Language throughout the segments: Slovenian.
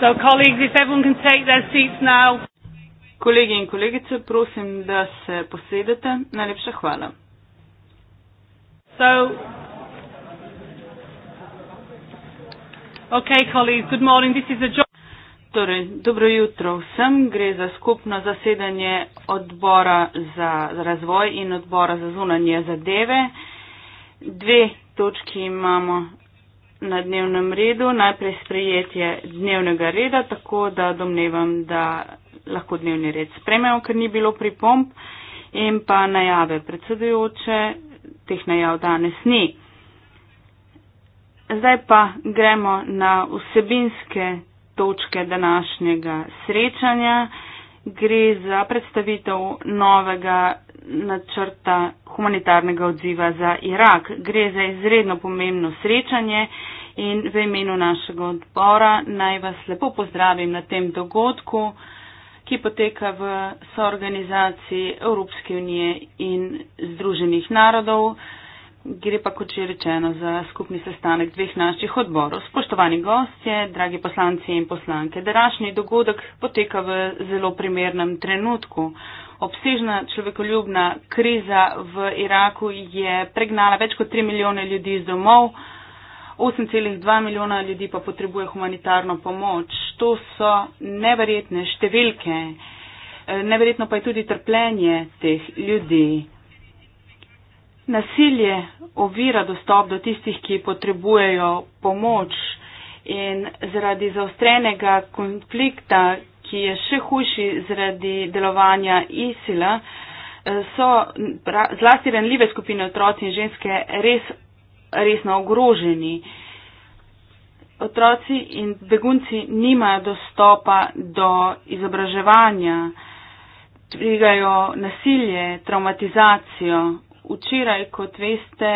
So, colleagues, if everyone can take their seats now. Kolegi in kolegice, prosim, da se posedete. Najlepša hvala. So, okay, colleagues, good morning. This is a job. Torej, dobro jutro vsem. Gre za skupno zasedanje odbora za razvoj in odbora za zunanje zadeve. Dve točki imamo na dnevnem redu najprej sprejetje dnevnega reda, tako da domnevam, da lahko dnevni red spremejo, ker ni bilo pripomp in pa najave predsedujoče, teh najav danes ni. Zdaj pa gremo na vsebinske točke današnjega srečanja. Gre za predstavitev novega načrta humanitarnega odziva za Irak. Gre za izredno pomembno srečanje in v imenu našega odbora naj vas lepo pozdravim na tem dogodku, ki poteka v soorganizaciji Evropske unije in Združenih narodov. Gre pa, kot je rečeno, za skupni sestanek dveh naših odborov. Spoštovani gostje, dragi poslanci in poslanke, današnji dogodek poteka v zelo primernem trenutku obsežna človekoljubna kriza v Iraku je pregnala več kot 3 milijone ljudi iz domov, 8,2 milijona ljudi pa potrebuje humanitarno pomoč. To so neverjetne številke. E, neverjetno pa je tudi trpljenje teh ljudi. Nasilje ovira dostop do tistih, ki potrebujejo pomoč in zaradi zaostrenega konflikta, ki je še hujši zaradi delovanja ISIL-a, eh, so zlasti renljive skupine otroci in ženske res, resno ogroženi. Otroci in begunci nimajo dostopa do izobraževanja, tvegajo nasilje, traumatizacijo. Včeraj, kot veste,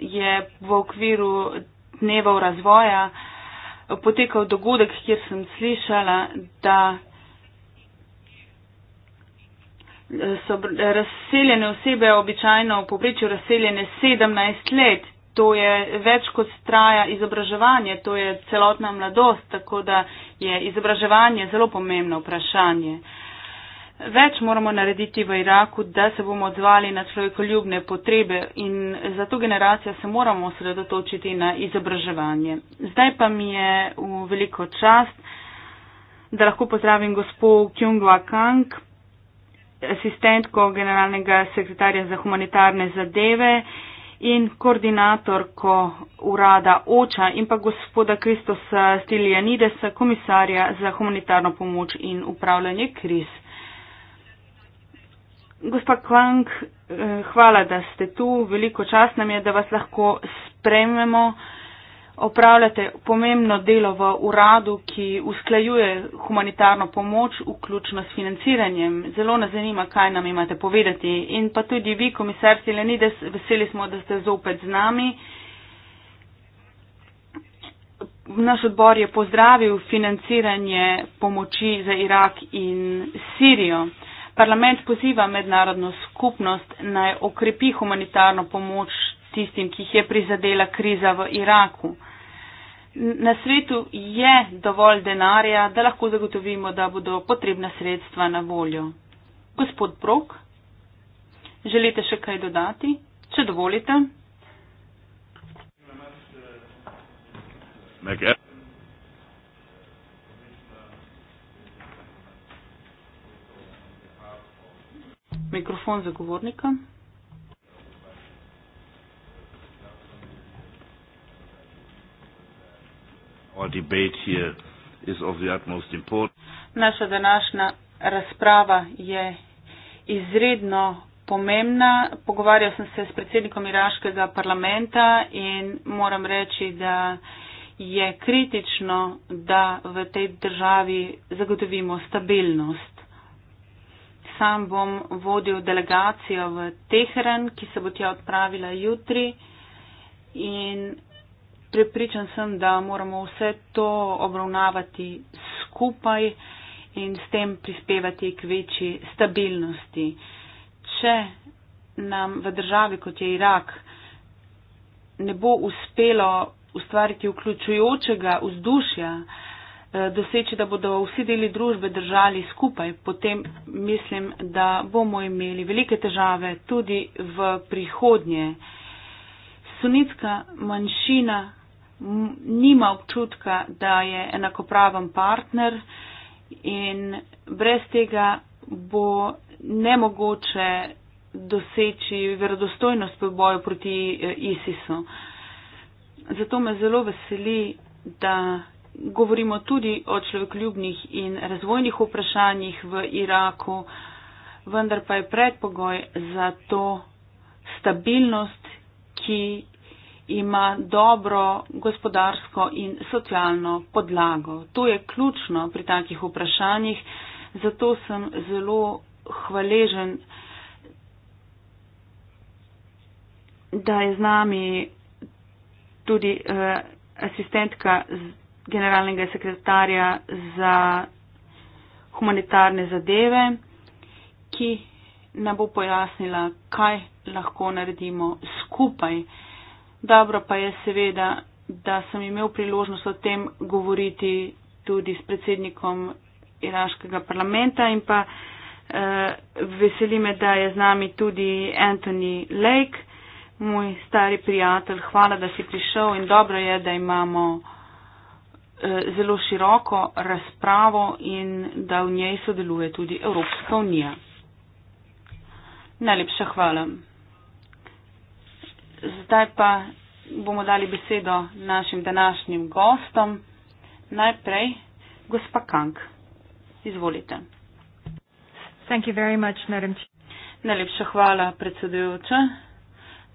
je v okviru dnevov razvoja potekal dogodek, kjer sem slišala, da so razseljene osebe običajno v povprečju razseljene 17 let. To je več kot straja izobraževanje, to je celotna mladost, tako da je izobraževanje zelo pomembno vprašanje. Več moramo narediti v Iraku, da se bomo odzvali na človekoljubne potrebe in za to generacijo se moramo osredotočiti na izobraževanje. Zdaj pa mi je v veliko čast, da lahko pozdravim gospod Kjungwa Kang, asistentko generalnega sekretarja za humanitarne zadeve in koordinatorko urada Oča in pa gospoda Kristosa Stilijanidesa, komisarja za humanitarno pomoč in upravljanje kriz. Gospa Klang, eh, hvala, da ste tu. Veliko čas nam je, da vas lahko spremljamo opravljate pomembno delo v uradu, ki usklajuje humanitarno pomoč, vključno s financiranjem. Zelo nas zanima, kaj nam imate povedati. In pa tudi vi, komisar Silenides, veseli smo, da ste zopet z nami. Naš odbor je pozdravil financiranje pomoči za Irak in Sirijo. Parlament poziva mednarodno skupnost naj okrepi humanitarno pomoč tistim, ki jih je prizadela kriza v Iraku na svetu je dovolj denarja, da lahko zagotovimo, da bodo potrebna sredstva na voljo. Gospod Brok, želite še kaj dodati? Če dovolite. Mikrofon za govornika. Naša današnja razprava je izredno pomembna. Pogovarjal sem se s predsednikom Iraškega parlamenta in moram reči, da je kritično, da v tej državi zagotovimo stabilnost. Sam bom vodil delegacijo v Teheran, ki se bo tja odpravila jutri in prepričan sem, da moramo vse to obravnavati skupaj in s tem prispevati k večji stabilnosti. Če nam v državi, kot je Irak, ne bo uspelo ustvariti vključujočega vzdušja, eh, doseči, da bodo vsi deli družbe držali skupaj, potem mislim, da bomo imeli velike težave tudi v prihodnje. Sunitska manjšina nima občutka, da je enakopraven partner in brez tega bo nemogoče doseči verodostojnost v boju proti eh, ISIS-u. Zato me zelo veseli, da govorimo tudi o človekoljubnih in razvojnih vprašanjih v Iraku, vendar pa je predpogoj za to stabilnost, ki ima dobro gospodarsko in socialno podlago. To je ključno pri takih vprašanjih, zato sem zelo hvaležen, da je z nami tudi eh, asistentka generalnega sekretarja za humanitarne zadeve, ki nam bo pojasnila, kaj lahko naredimo skupaj. Dobro pa je seveda, da sem imel priložnost o tem govoriti tudi s predsednikom iraškega parlamenta in pa eh, veseli me, da je z nami tudi Anthony Lake, moj stari prijatelj. Hvala, da si prišel in dobro je, da imamo eh, zelo široko razpravo in da v njej sodeluje tudi Evropska unija. Najlepša hvala. Zdaj pa bomo dali besedo našim današnjim gostom. Najprej gospa Kank. Izvolite. Thank you very much, madam. Najlepša hvala, predsedujoča.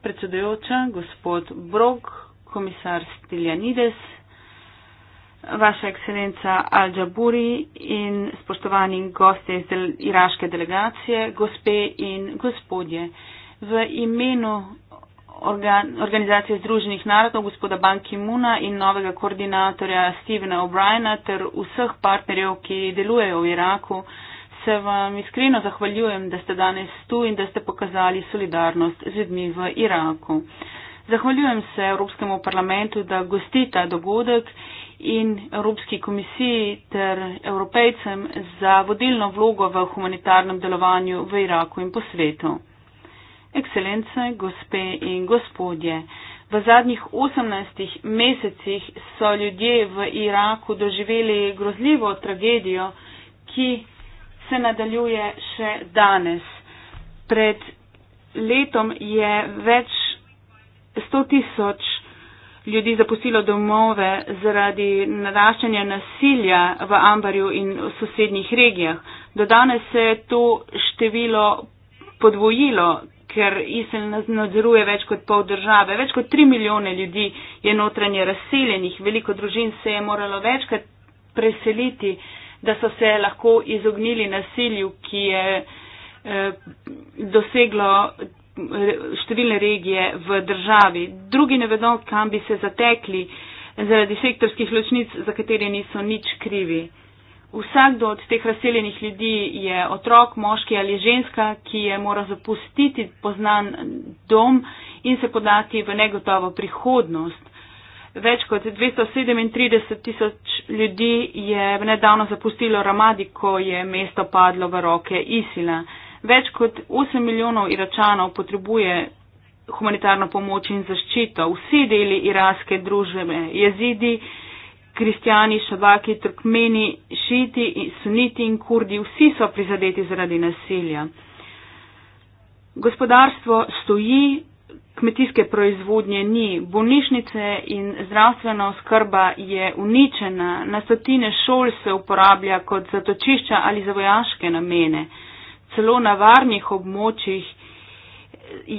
Predsedujoča, gospod Brok, komisar Stiljanides, vaša ekscelenca Al Džaburi in spoštovani gosti iz del iraške delegacije, gospe in gospodje. V imenu organ, organizacije Združenih narodov, gospoda Banki Muna in novega koordinatorja Stevena O'Briena ter vseh partnerjev, ki delujejo v Iraku, se vam iskreno zahvaljujem, da ste danes tu in da ste pokazali solidarnost z ljudmi v Iraku. Zahvaljujem se Evropskemu parlamentu, da gosti ta dogodek in Evropski komisiji ter evropejcem za vodilno vlogo v humanitarnem delovanju v Iraku in po svetu. Ekscelence, gospe in gospodje, v zadnjih 18 mesecih so ljudje v Iraku doživeli grozljivo tragedijo, ki se nadaljuje še danes. Pred letom je več 100 tisoč ljudi zapustilo domove zaradi naraščanja nasilja v Ambarju in v sosednjih regijah. Do danes se je to število podvojilo, ker ISIL nadzoruje več kot pol države. Več kot tri milijone ljudi je notranje razseljenih, veliko družin se je moralo večkrat preseliti, da so se lahko izognili nasilju, ki je eh, doseglo eh, številne regije v državi. Drugi ne vedo, kam bi se zatekli zaradi sektorskih ločnic, za katere niso nič krivi. Vsakdo od teh razseljenih ljudi je otrok, moški ali ženska, ki je mora zapustiti poznan dom in se podati v negotovo prihodnost. Več kot 237 tisoč ljudi je nedavno zapustilo Ramadi, ko je mesto padlo v roke Isila. Več kot 8 milijonov iračanov potrebuje humanitarno pomoč in zaščito. Vsi deli iraške družbe, jezidi, kristijani, šabaki, turkmeni, šiti, suniti in kurdi, vsi so prizadeti zaradi nasilja. Gospodarstvo stoji, kmetijske proizvodnje ni, bolnišnice in zdravstvena oskrba je uničena, na stotine šol se uporablja kot zatočišča ali za vojaške namene, celo na varnih območjih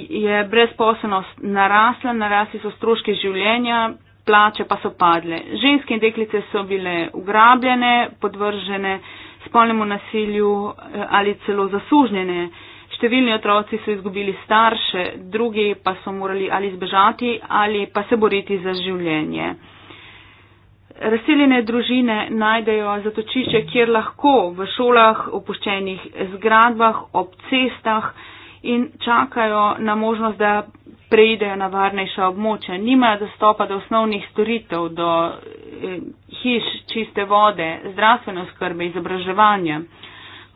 je brezposobnost narasla, narasli so stroške življenja, plače pa so padle. Ženske in deklice so bile ugrabljene, podvržene spolnemu nasilju eh, ali celo zasužnjene. Številni otroci so izgubili starše, drugi pa so morali ali zbežati ali pa se boriti za življenje. Razseljene družine najdejo zatočišče, kjer lahko v šolah, opuščenih zgradbah, ob cestah in čakajo na možnost, da preidejo na varnejša območja, nimajo dostopa do osnovnih storitev, do eh, hiš, čiste vode, zdravstvene oskrbe, izobraževanja.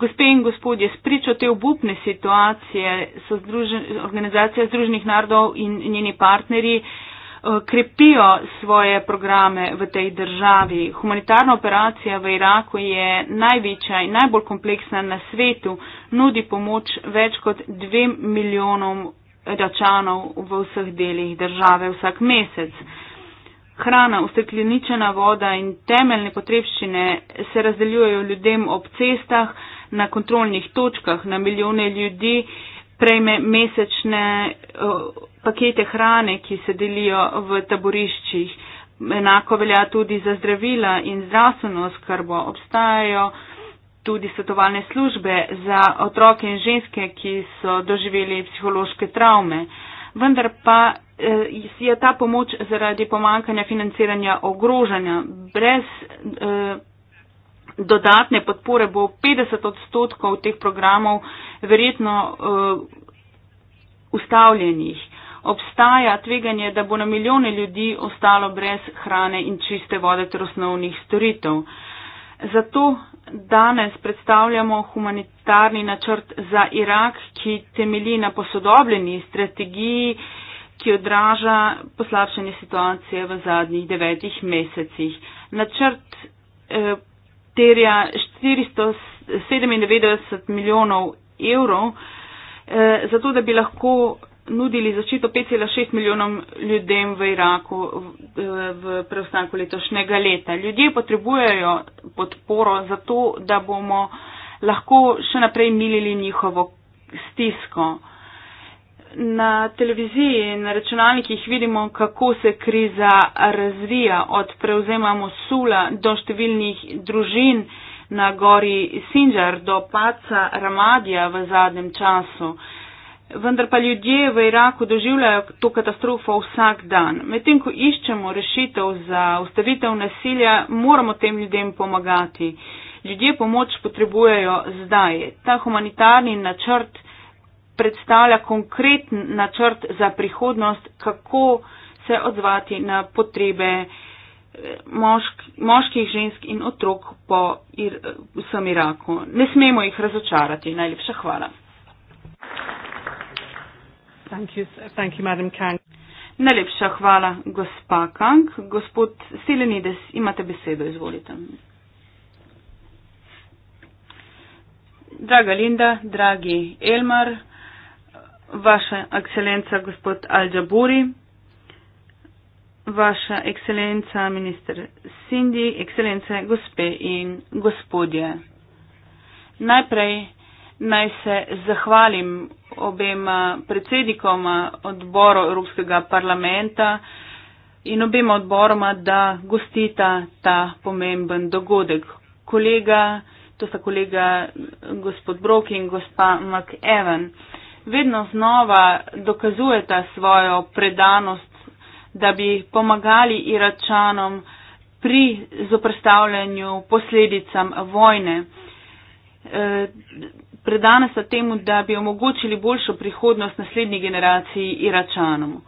Gospe in gospodje, spričo te obupne situacije so Združen, organizacija Združenih narodov in njeni partneri eh, krepijo svoje programe v tej državi. Humanitarna operacija v Iraku je največja in najbolj kompleksna na svetu, nudi pomoč več kot dvem milijonom računov v vseh delih države vsak mesec. Hrana, ustekleničena voda in temeljne potrebščine se razdeljujejo ljudem ob cestah, na kontrolnih točkah, na milijone ljudi prejme mesečne pakete hrane, ki se delijo v taboriščih. Enako velja tudi za zdravila in zdravstveno oskrbo. Obstajajo tudi svetovalne službe za otroke in ženske, ki so doživeli psihološke travme. Vendar pa eh, je ta pomoč zaradi pomankanja financiranja ogrožanja. Brez eh, dodatne podpore bo 50 odstotkov teh programov verjetno eh, ustavljenih. Obstaja tveganje, da bo na milijone ljudi ostalo brez hrane in čiste vode ter osnovnih storitev. Zato Danes predstavljamo humanitarni načrt za Irak, ki temelji na posodobljeni strategiji, ki odraža poslabšanje situacije v zadnjih devetih mesecih. Načrt eh, terja 497 milijonov evrov, eh, zato da bi lahko nudili začeto 5,6 milijonom ljudem v Iraku eh, v preostanku letošnjega leta. Ljudje potrebujejo podporo za to, da bomo lahko še naprej milili njihovo stisko. Na televiziji in na računalnikih vidimo, kako se kriza razvija od prevzema Mosula do številnih družin na gori Sinjar do paca Ramadija v zadnjem času vendar pa ljudje v Iraku doživljajo to katastrofo vsak dan. Medtem, ko iščemo rešitev za ustavitev nasilja, moramo tem ljudem pomagati. Ljudje pomoč potrebujejo zdaj. Ta humanitarni načrt predstavlja konkreten načrt za prihodnost, kako se odzvati na potrebe eh, mošk, moških, žensk in otrok po ir, vsem Iraku. Ne smemo jih razočarati. Najlepša hvala. Thank you, thank you, Madam Kang. Najlepša hvala, gospa Kang. Gospod Selenides, imate besedo, izvolite. Draga Linda, dragi Elmar, vaša ekscelenca gospod Al-Džaburi, vaša ekscelenca minister Sindi, ekscelence gospe in gospodje. Najprej naj se zahvalim obema predsednikoma eh, odboru Evropskega parlamenta in obema odboroma, da gostita ta pomemben dogodek. Kolega, to sta kolega eh, gospod Brok in gospa McEwen, vedno znova dokazujeta svojo predanost, da bi pomagali Iračanom pri zoprstavljanju posledicam vojne. Eh, predana sta temu, da bi omogočili boljšo prihodnost naslednji generaciji Iračanom.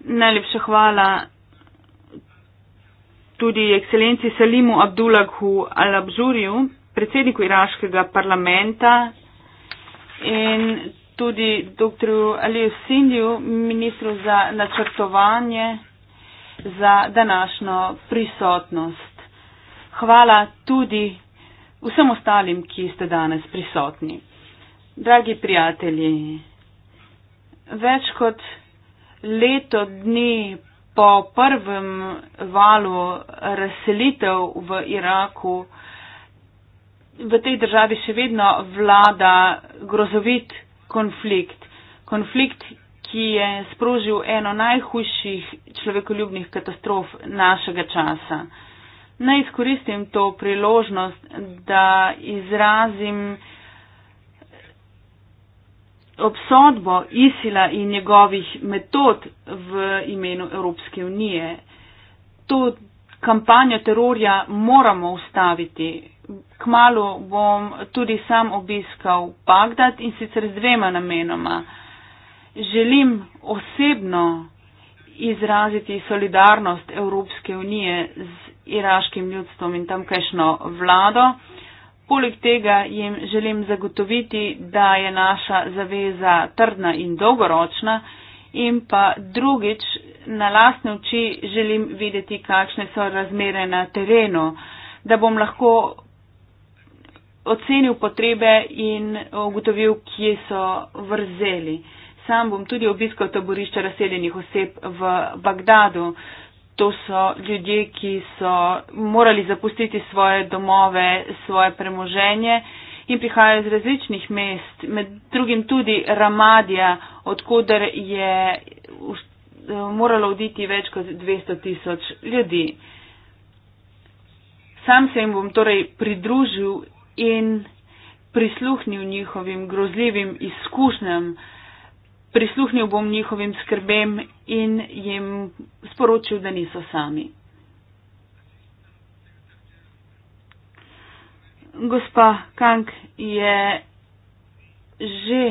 Najlepša hvala tudi ekscelenci Salimu Abdullahu Al-Abžuriju, predsedniku iraškega parlamenta in tudi dr. Aliju Sindiju, ministru za načrtovanje, za današnjo prisotnost. Hvala tudi vsem ostalim, ki ste danes prisotni. Dragi prijatelji, več kot leto dni po prvem valu razselitev v Iraku, v tej državi še vedno vlada grozovit konflikt. Konflikt, ki je sprožil eno najhujših človekoljubnih katastrof našega časa. Naj izkoristim to priložnost, da izrazim obsodbo Isila in njegovih metod v imenu Evropske unije. To kampanjo terorja moramo ustaviti. Kmalo bom tudi sam obiskal Bagdad in sicer z dvema namenoma. Želim osebno izraziti solidarnost Evropske unije z iraškim ljudstvom in tamkajšno vlado. Poleg tega jim želim zagotoviti, da je naša zaveza trdna in dolgoročna in pa drugič na lastne oči želim videti, kakšne so razmere na terenu, da bom lahko ocenil potrebe in ugotovil, kje so vrzeli sam bom tudi obiskal taborišča razseljenih oseb v Bagdadu. To so ljudje, ki so morali zapustiti svoje domove, svoje premoženje in prihajajo iz različnih mest, med drugim tudi Ramadija, odkuder je moralo oditi več kot 200 tisoč ljudi. Sam se jim bom torej pridružil in prisluhnil njihovim grozljivim izkušnjam prisluhnil bom njihovim skrbem in jim sporočil, da niso sami. Gospa Kank je že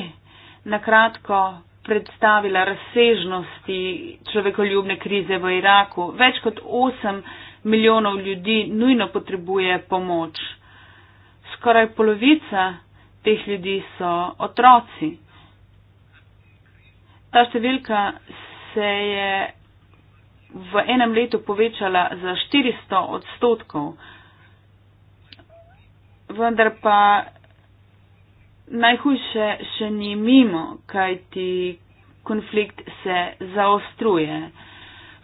nakratko predstavila razsežnosti človekoljubne krize v Iraku. Več kot 8 milijonov ljudi nujno potrebuje pomoč. Skoraj polovica teh ljudi so otroci. Ta številka se je v enem letu povečala za 400 odstotkov, vendar pa najhujše še ni mimo, kajti konflikt se zaostruje.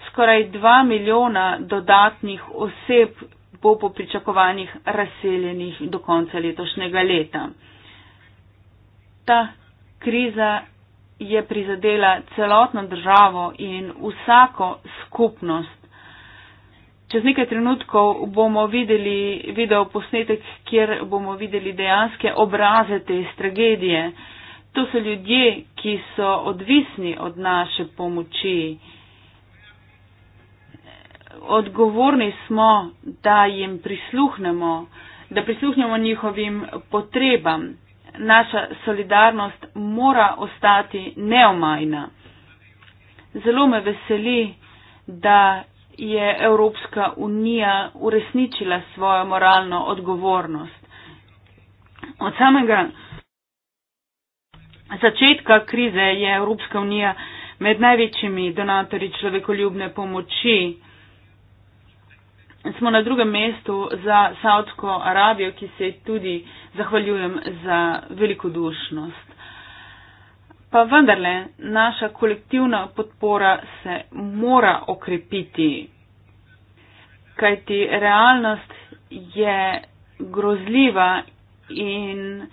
Skoraj 2 milijona dodatnih oseb bo po pričakovanjih razseljenih do konca letošnjega leta. Ta kriza je prizadela celotno državo in vsako skupnost. Čez nekaj trenutkov bomo videli video posnetek, kjer bomo videli dejanske obraze te tragedije. To so ljudje, ki so odvisni od naše pomoči. Odgovorni smo, da jim prisluhnemo, da prisluhnemo njihovim potrebam naša solidarnost mora ostati neomajna. Zelo me veseli, da je Evropska unija uresničila svojo moralno odgovornost. Od samega začetka krize je Evropska unija med največjimi donatorji človekoljubne pomoči smo na drugem mestu za Saudsko Arabijo, ki se tudi zahvaljujem za velikodušnost. Pa vendarle, naša kolektivna podpora se mora okrepiti, kajti realnost je grozljiva in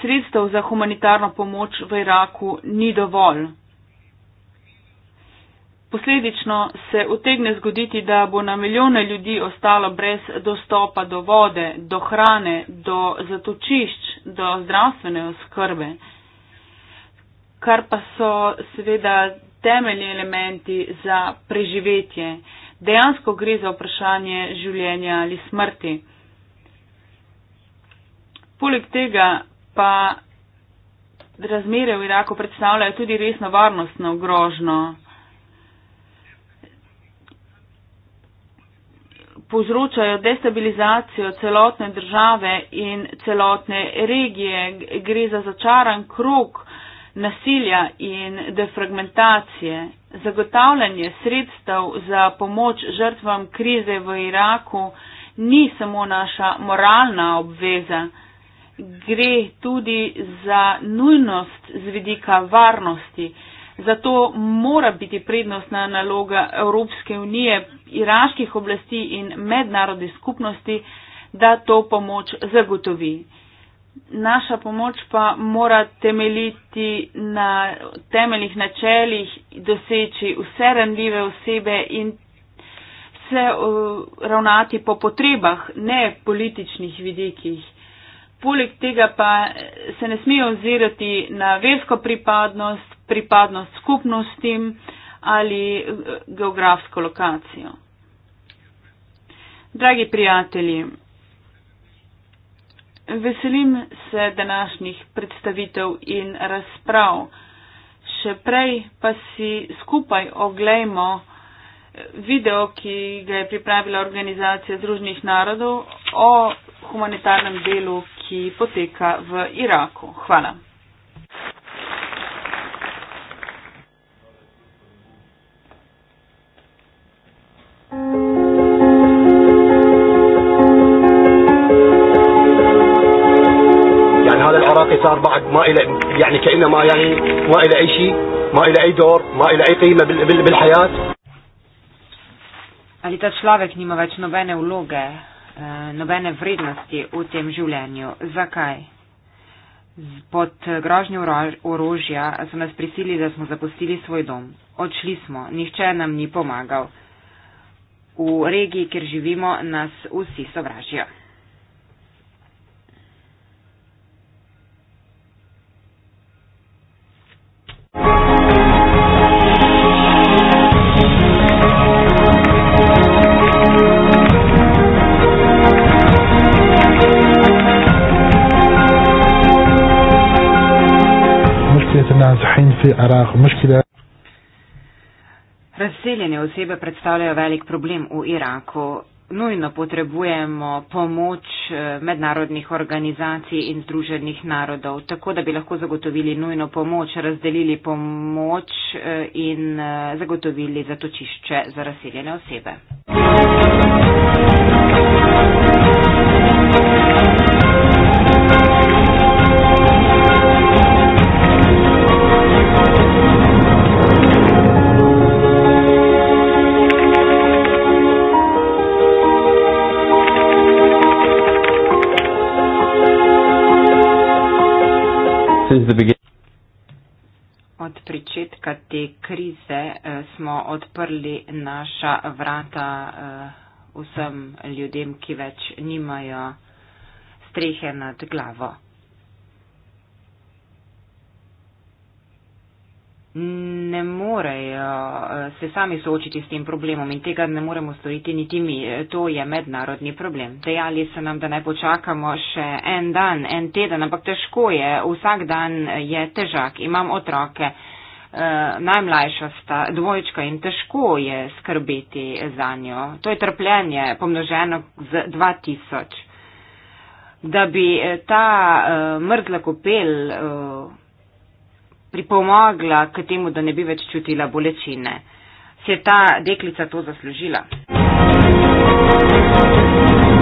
sredstev za humanitarno pomoč v Iraku ni dovolj. Posledično se utegne zgoditi, da bo na milijone ljudi ostalo brez dostopa do vode, do hrane, do zatočišč, do zdravstvene oskrbe, kar pa so seveda temeljni elementi za preživetje. Dejansko gre za vprašanje življenja ali smrti. Poleg tega pa razmere v Iraku predstavljajo tudi resno varnostno grožno. povzročajo destabilizacijo celotne države in celotne regije. Gre za začaran krok nasilja in defragmentacije. Zagotavljanje sredstev za pomoč žrtvam krize v Iraku ni samo naša moralna obveza, gre tudi za nujnost z vidika varnosti. Zato mora biti prednostna naloga Evropske unije, iraških oblasti in mednarodne skupnosti, da to pomoč zagotovi. Naša pomoč pa mora temeljiti na temeljnih načeljih, doseči vse ranljive osebe in se uh, ravnati po potrebah, ne političnih vidikih. Poleg tega pa se ne smejo ozirati na versko pripadnost, pripadnost skupnostim ali eh, geografsko lokacijo. Dragi prijatelji, veselim se današnjih predstavitev in razprav. Še prej pa si skupaj oglejmo eh, video, ki ga je pripravila organizacija Združenih narodov o humanitarnem delu, ki poteka v Iraku. Hvala. ما إلى يعني كأنه ما يعني ما إلى أي شيء ما إلى أي دور ما إلى أي قيمة بال بالحياة. Ali ta človek nima več nobene vloge, eh, nobene vrednosti v tem življenju? Zakaj? Pod eh, grožnjo orožja so nas prisili, da smo zapustili svoj dom. Odšli smo, nihče nam ni pomagal. V regiji, kjer živimo, nas vsi sovražijo. نازحين في العراق مشكلة Razseljene osebe predstavljajo velik problem v Iraku. Nujno potrebujemo pomoč eh, mednarodnih organizacij in združenih narodov, tako da bi lahko zagotovili nujno pomoč, razdelili pomoč eh, in eh, zagotovili zatočišče za razseljene osebe. Muzika. since the beginning. Od pričetka te krize eh, smo odprli naša vrata eh, vsem ljudem, ki več nimajo strehe nad glavo. ne morejo eh, se sami soočiti s tem problemom in tega ne moremo storiti niti mi. Eh, to je mednarodni problem. Dejali so nam, da naj počakamo še en dan, en teden, ampak težko je. Vsak dan je težak. Imam otroke, eh, najmlajša sta dvojčka in težko je skrbeti za njo. To je trpljenje pomnoženo z 2000. Da bi ta mrzla kopel pripomogla k temu, da ne bi več čutila bolečine. Se je ta deklica to zaslužila? Thank you.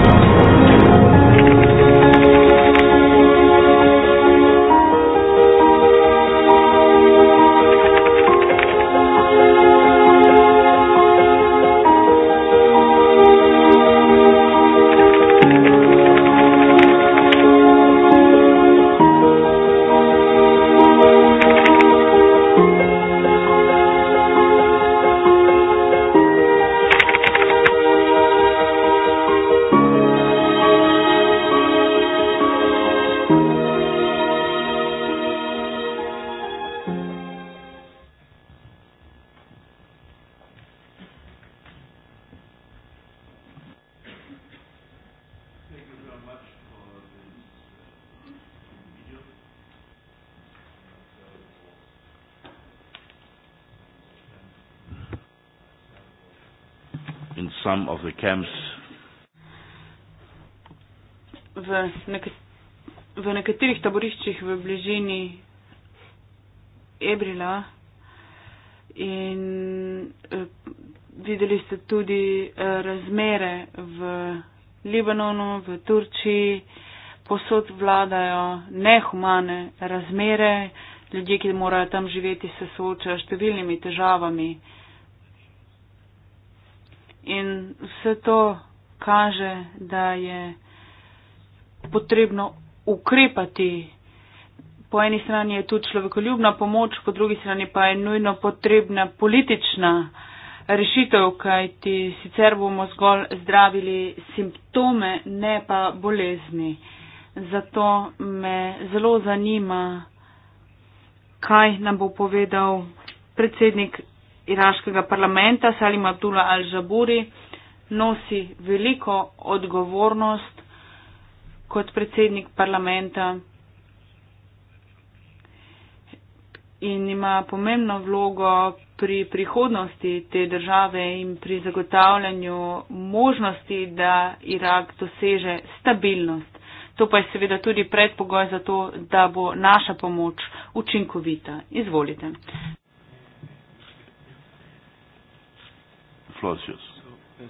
camps. V, nek v nekaterih taboriščih v bližini Ebrila in eh, videli ste tudi eh, razmere v Libanonu, v Turčiji, posod vladajo nehumane razmere, ljudje, ki morajo tam živeti, se soočajo s številnimi težavami. Eh, In vse to kaže, da je potrebno ukrepati. Po eni strani je tu človekoljubna pomoč, po drugi strani pa je nujno potrebna politična rešitev, kajti sicer bomo zgolj zdravili simptome, ne pa bolezni. Zato me zelo zanima, kaj nam bo povedal predsednik iraškega parlamenta Salim Abdullah al-Žaburi nosi veliko odgovornost kot predsednik parlamenta in ima pomembno vlogo pri prihodnosti te države in pri zagotavljanju možnosti, da Irak doseže stabilnost. To pa je seveda tudi predpogoj za to, da bo naša pomoč učinkovita. Izvolite. Flossius. They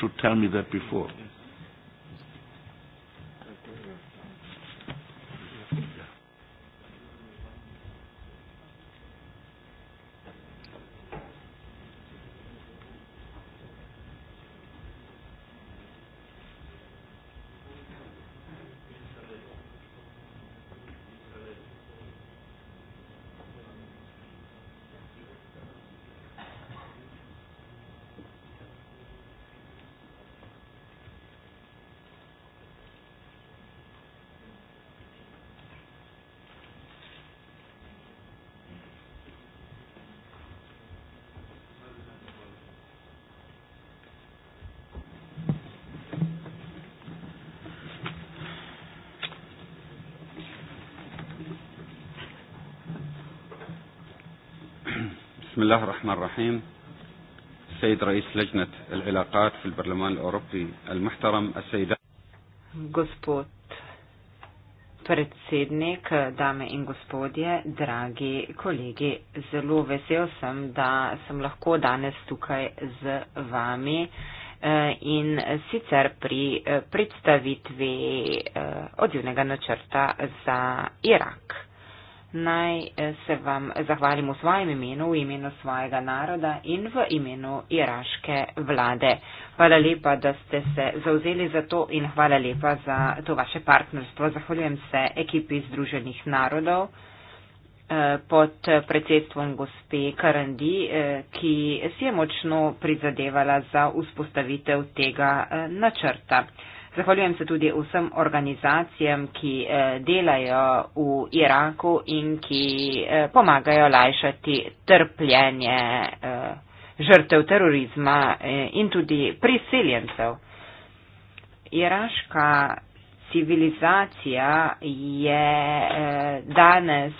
should tell me that before. Yes. الله الرحمن الرحيم السيد رئيس لجنة العلاقات في البرلمان الأوروبي المحترم السيدة Gospod predsednik, dame in gospodje, dragi kolegi, zelo vesel sem, da sem lahko danes tukaj z vami eh, in sicer pri eh, predstavitvi eh, odjivnega načrta za Irak naj eh, se vam zahvalim v svojem imenu, v imenu svojega naroda in v imenu iraške vlade. Hvala lepa, da ste se zauzeli za to in hvala lepa za to vaše partnerstvo. Zahvaljujem se ekipi Združenih narodov eh, pod predsedstvom gospe Karandi, eh, ki si je močno prizadevala za vzpostavitev tega načrta. Zahvaljujem se tudi vsem organizacijam, ki eh, delajo v Iraku in ki eh, pomagajo lajšati trpljenje eh, žrtev terorizma in tudi prisiljencev. Iraška civilizacija je danes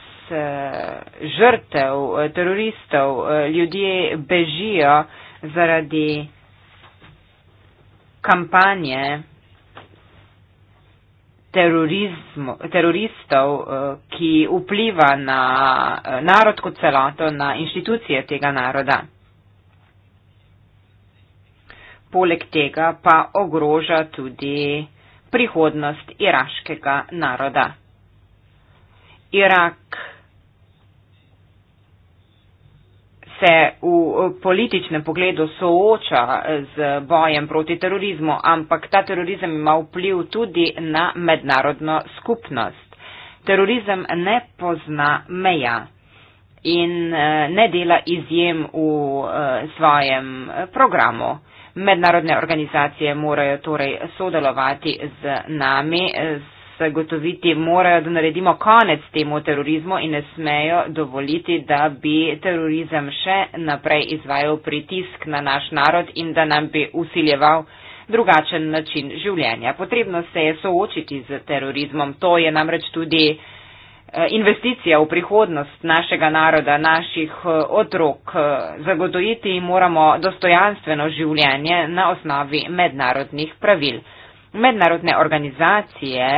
žrtev teroristov. Ljudje bežijo zaradi kampanje, teroristov, eh, ki vpliva na eh, narod kot celoto, na inštitucije tega naroda. Poleg tega pa ogroža tudi prihodnost iraškega naroda. Irak se v političnem pogledu sooča z bojem proti terorizmu, ampak ta terorizem ima vpliv tudi na mednarodno skupnost. Terorizem ne pozna meja in eh, ne dela izjem v eh, svojem programu. Mednarodne organizacije morajo torej sodelovati z nami, z eh, zagotoviti, morajo, da naredimo konec temu terorizmu in ne smejo dovoliti, da bi terorizem še naprej izvajal pritisk na naš narod in da nam bi usiljeval drugačen način življenja. Potrebno se je soočiti z terorizmom, to je namreč tudi eh, investicija v prihodnost našega naroda, naših eh, otrok. Eh, zagotoviti moramo dostojanstveno življenje na osnovi mednarodnih pravil. Mednarodne organizacije,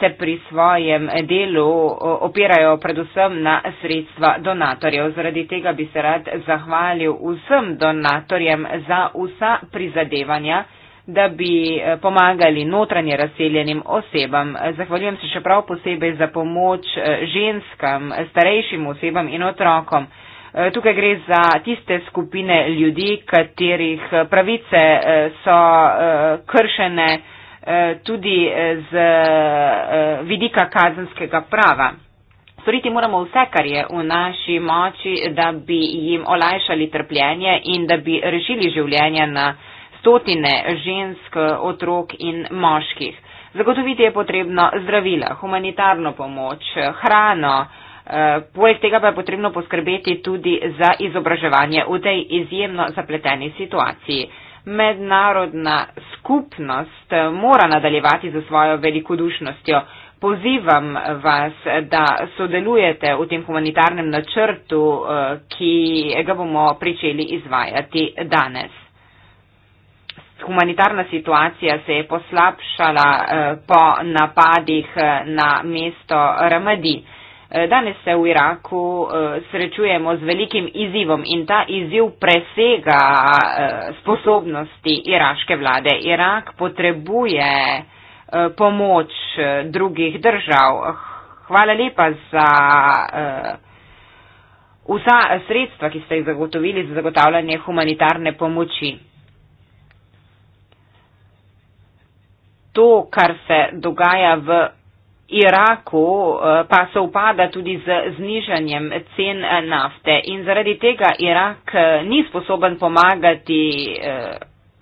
se pri svojem delu opirajo predvsem na sredstva donatorjev. Zaradi tega bi se rad zahvalil vsem donatorjem za vsa prizadevanja, da bi eh, pomagali notranje razseljenim osebam. Zahvaljujem se še prav posebej za pomoč eh, ženskam, starejšim osebam in otrokom. Eh, tukaj gre za tiste skupine ljudi, katerih pravice so kršene. Eh, tudi eh, z eh, vidika kazanskega prava. Storiti moramo vse, kar je v naši moči, da bi jim olajšali trpljenje in da bi rešili življenje na stotine žensk, otrok in moških. Zagotoviti je potrebno zdravila, humanitarno pomoč, hrano, poleg tega pa je potrebno poskrbeti tudi za izobraževanje v tej izjemno zapleteni situaciji mednarodna skupnost eh, mora nadaljevati za svojo velikodušnostjo. Pozivam vas, da sodelujete v tem humanitarnem načrtu, eh, ki ga bomo pričeli izvajati danes. Humanitarna situacija se je poslabšala eh, po napadih na mesto Ramadi. Eh, danes se v Iraku eh, srečujemo z velikim izzivom in ta izziv presega eh, sposobnosti iraške vlade. Irak potrebuje pomoč drugih držav. Hvala lepa za vsa sredstva, ki ste jih zagotovili za zagotavljanje humanitarne pomoči. To, kar se dogaja v Iraku eh, pa se upada tudi z znižanjem cen eh, nafte in zaradi tega Irak eh, ni sposoben pomagati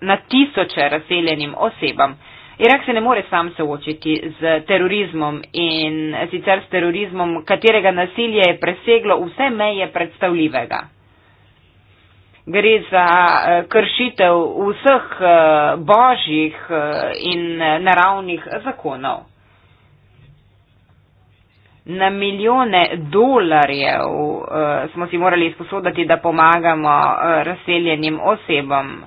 na tisoče razseljenim osebam. Irak se ne more sam soočiti z terorizmom in sicer s terorizmom, katerega nasilje je preseglo vse meje predstavljivega. Gre za kršitev vseh božjih in naravnih zakonov na milijone dolarjev uh, smo si morali izposoditi, da pomagamo uh, razseljenim osebam.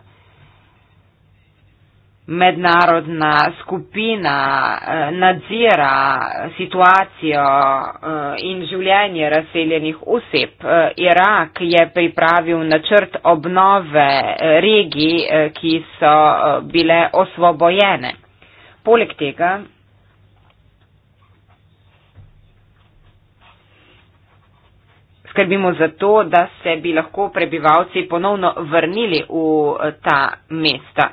Mednarodna skupina uh, nadzira situacijo uh, in življenje razseljenih oseb. Uh, Irak je pripravil načrt obnove uh, regij, uh, ki so uh, bile osvobojene. Poleg tega, skrbimo za to, da se bi lahko prebivalci ponovno vrnili v eh, ta mesta.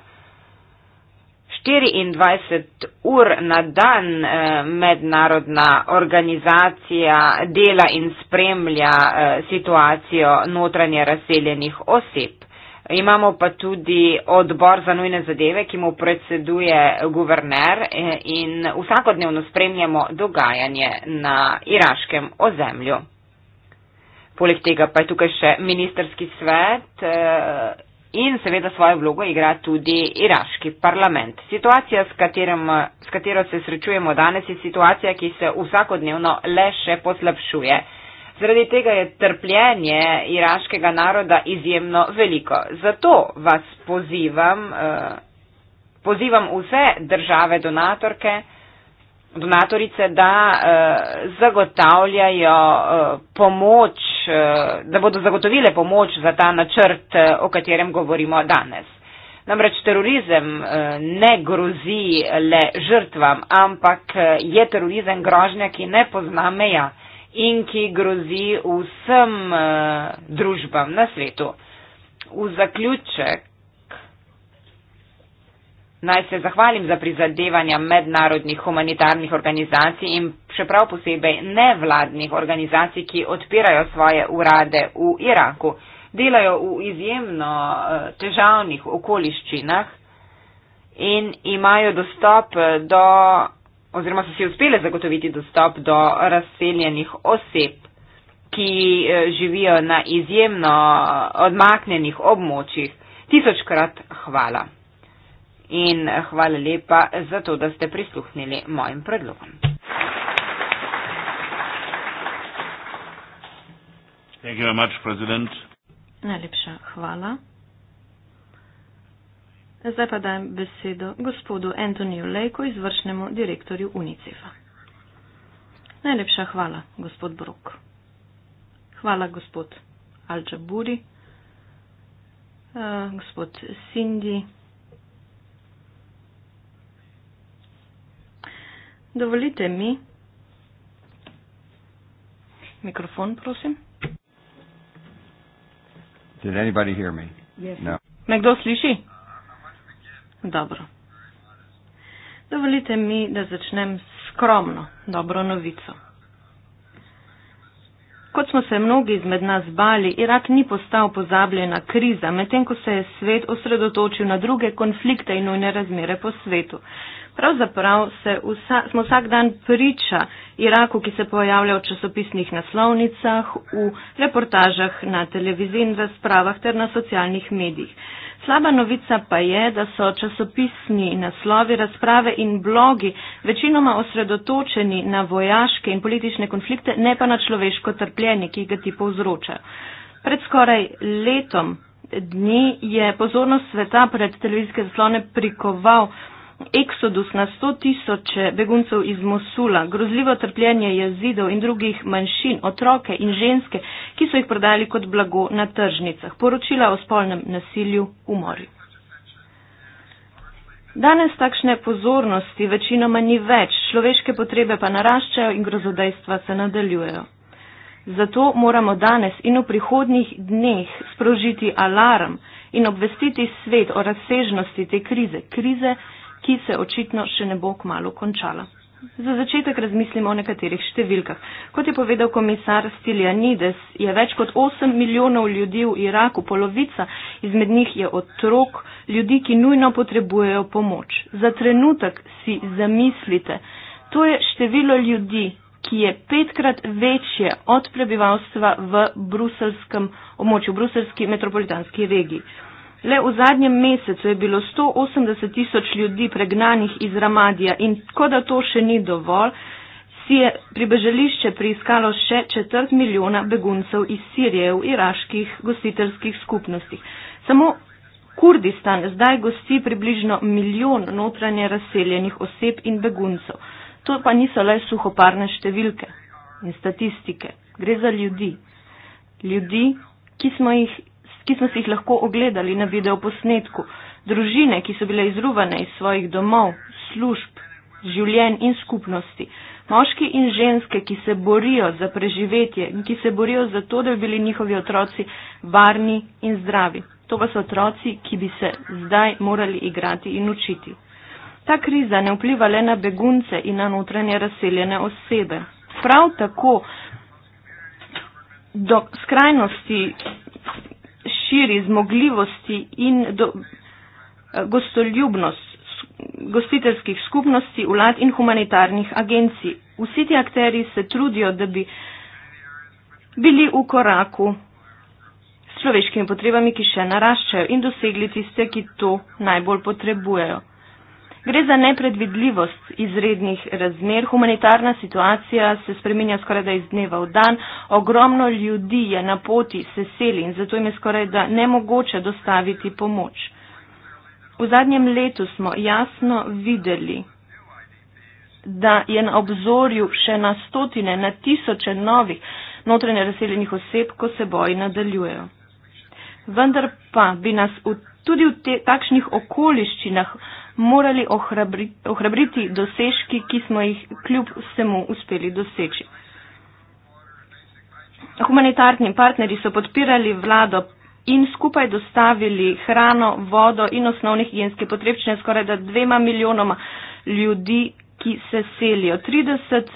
24 ur na dan eh, mednarodna organizacija dela in spremlja eh, situacijo notranje razseljenih oseb. Imamo pa tudi odbor za nujne zadeve, ki mu predseduje guverner in vsakodnevno spremljamo dogajanje na iraškem ozemlju. Poleg tega pa je tukaj še ministerski svet eh, in seveda svojo vlogo igra tudi iraški parlament. Situacija, s, katerem, s katero se srečujemo danes, je situacija, ki se vsakodnevno le še poslabšuje. Zaradi tega je trpljenje iraškega naroda izjemno veliko. Zato vas pozivam, eh, pozivam vse države donatorke, donatorice, da uh, zagotavljajo uh, pomoč, uh, da bodo zagotovile pomoč za ta načrt, uh, o katerem govorimo danes. Namreč terorizem uh, ne grozi le žrtvam, ampak uh, je terorizem grožnja, ki ne pozna meja in ki grozi vsem uh, družbam na svetu. V zaključek Naj se zahvalim za prizadevanja mednarodnih humanitarnih organizacij in še prav posebej nevladnih organizacij, ki odpirajo svoje urade v Iraku. Delajo v izjemno eh, težavnih okoliščinah in imajo dostop eh, do, oziroma so si uspele zagotoviti dostop do razseljenih oseb ki eh, živijo na izjemno odmaknjenih območjih. Tisočkrat hvala in hvala lepa za to, da ste prisluhnili mojim predlogom. Much, Najlepša hvala. Zdaj pa dajem besedo gospodu Antoniju Lejko, izvršnemu direktorju UNICEF-a. Najlepša hvala, gospod Brok. Hvala, gospod Al-Džaburi, uh, gospod Sindi, Dovolite mi. Mikrofon, prosim. Did anybody hear me? Yes. No. Nekdo sliši? Dobro. Dovolite mi, da začnem skromno dobro novico. Kot smo se mnogi izmed nas bali, Irak ni postal pozabljena kriza, medtem ko se je svet osredotočil na druge konflikte in nujne razmere po svetu. Pravzaprav se vsa, smo vsak dan priča Iraku, ki se pojavlja v časopisnih naslovnicah, v reportažah na televiziji in razpravah ter na socialnih medijih. Slaba novica pa je, da so časopisni naslovi, razprave in blogi večinoma osredotočeni na vojaške in politične konflikte, ne pa na človeško trpljenje, ki ga ti povzročajo. Pred skoraj letom dni je pozornost sveta pred televizijske zaslone prikoval eksodus na sto tisoče beguncev iz Mosula, grozljivo trpljenje jazidov in drugih manjšin, otroke in ženske, ki so jih prodali kot blago na tržnicah, poročila o spolnem nasilju v morju. Danes takšne pozornosti večinoma ni več, človeške potrebe pa naraščajo in grozodejstva se nadaljujejo. Zato moramo danes in v prihodnjih dneh sprožiti alarm in obvestiti svet o razsežnosti te krize, krize, ki se očitno še ne bo kmalo končala. Za začetek razmislimo o nekaterih številkah. Kot je povedal komisar Stiljanides, je več kot 8 milijonov ljudi v Iraku, polovica izmed njih je otrok, ljudi, ki nujno potrebujejo pomoč. Za trenutek si zamislite, to je število ljudi, ki je petkrat večje od prebivalstva v bruselskem območju, bruselski metropolitanski regiji. Le v zadnjem mesecu je bilo 180 tisoč ljudi pregnanih iz Ramadija in kot da to še ni dovolj, si je pribežališče priiskalo še četrt milijona beguncev iz Sirije v iraških gostiteljskih skupnostih. Samo Kurdistan zdaj gosti približno milijon notranje razseljenih oseb in beguncev. To pa niso le suhoparne številke in statistike. Gre za ljudi. Ljudi, ki smo jih ki smo si jih lahko ogledali na videoposnetku, družine, ki so bile izruvane iz svojih domov, služb, življenj in skupnosti, moški in ženske, ki se borijo za preživetje in ki se borijo za to, da bi bili njihovi otroci varni in zdravi. To pa so otroci, ki bi se zdaj morali igrati in učiti. Ta kriza ne vpliva le na begunce in na notranje razseljene osebe. Prav tako do skrajnosti širi zmogljivosti in do, eh, gostoljubnost gostiteljskih skupnosti, vlad in humanitarnih agencij. Vsi ti akteri se trudijo, da bi bili v koraku s človeškimi potrebami, ki še naraščajo in dosegli tiste, ki to najbolj potrebujejo. Gre za nepredvidljivost izrednih razmer, humanitarna situacija se spreminja skoraj da iz dneva v dan, ogromno ljudi je na poti, se seli in zato jim je skoraj da nemogoče dostaviti pomoč. V zadnjem letu smo jasno videli, da je na obzorju še na stotine, na tisoče novih notranje razseljenih oseb, ko se boji nadaljujejo. Vendar pa bi nas v tudi v te, takšnih okoliščinah morali ohrabri, ohrabriti dosežki, ki smo jih kljub vsemu uspeli doseči. Humanitarni partnerji so podpirali vlado in skupaj dostavili hrano, vodo in osnovne higijenske potrebščine skoraj da dvema milijonoma ljudi, ki se selijo. 30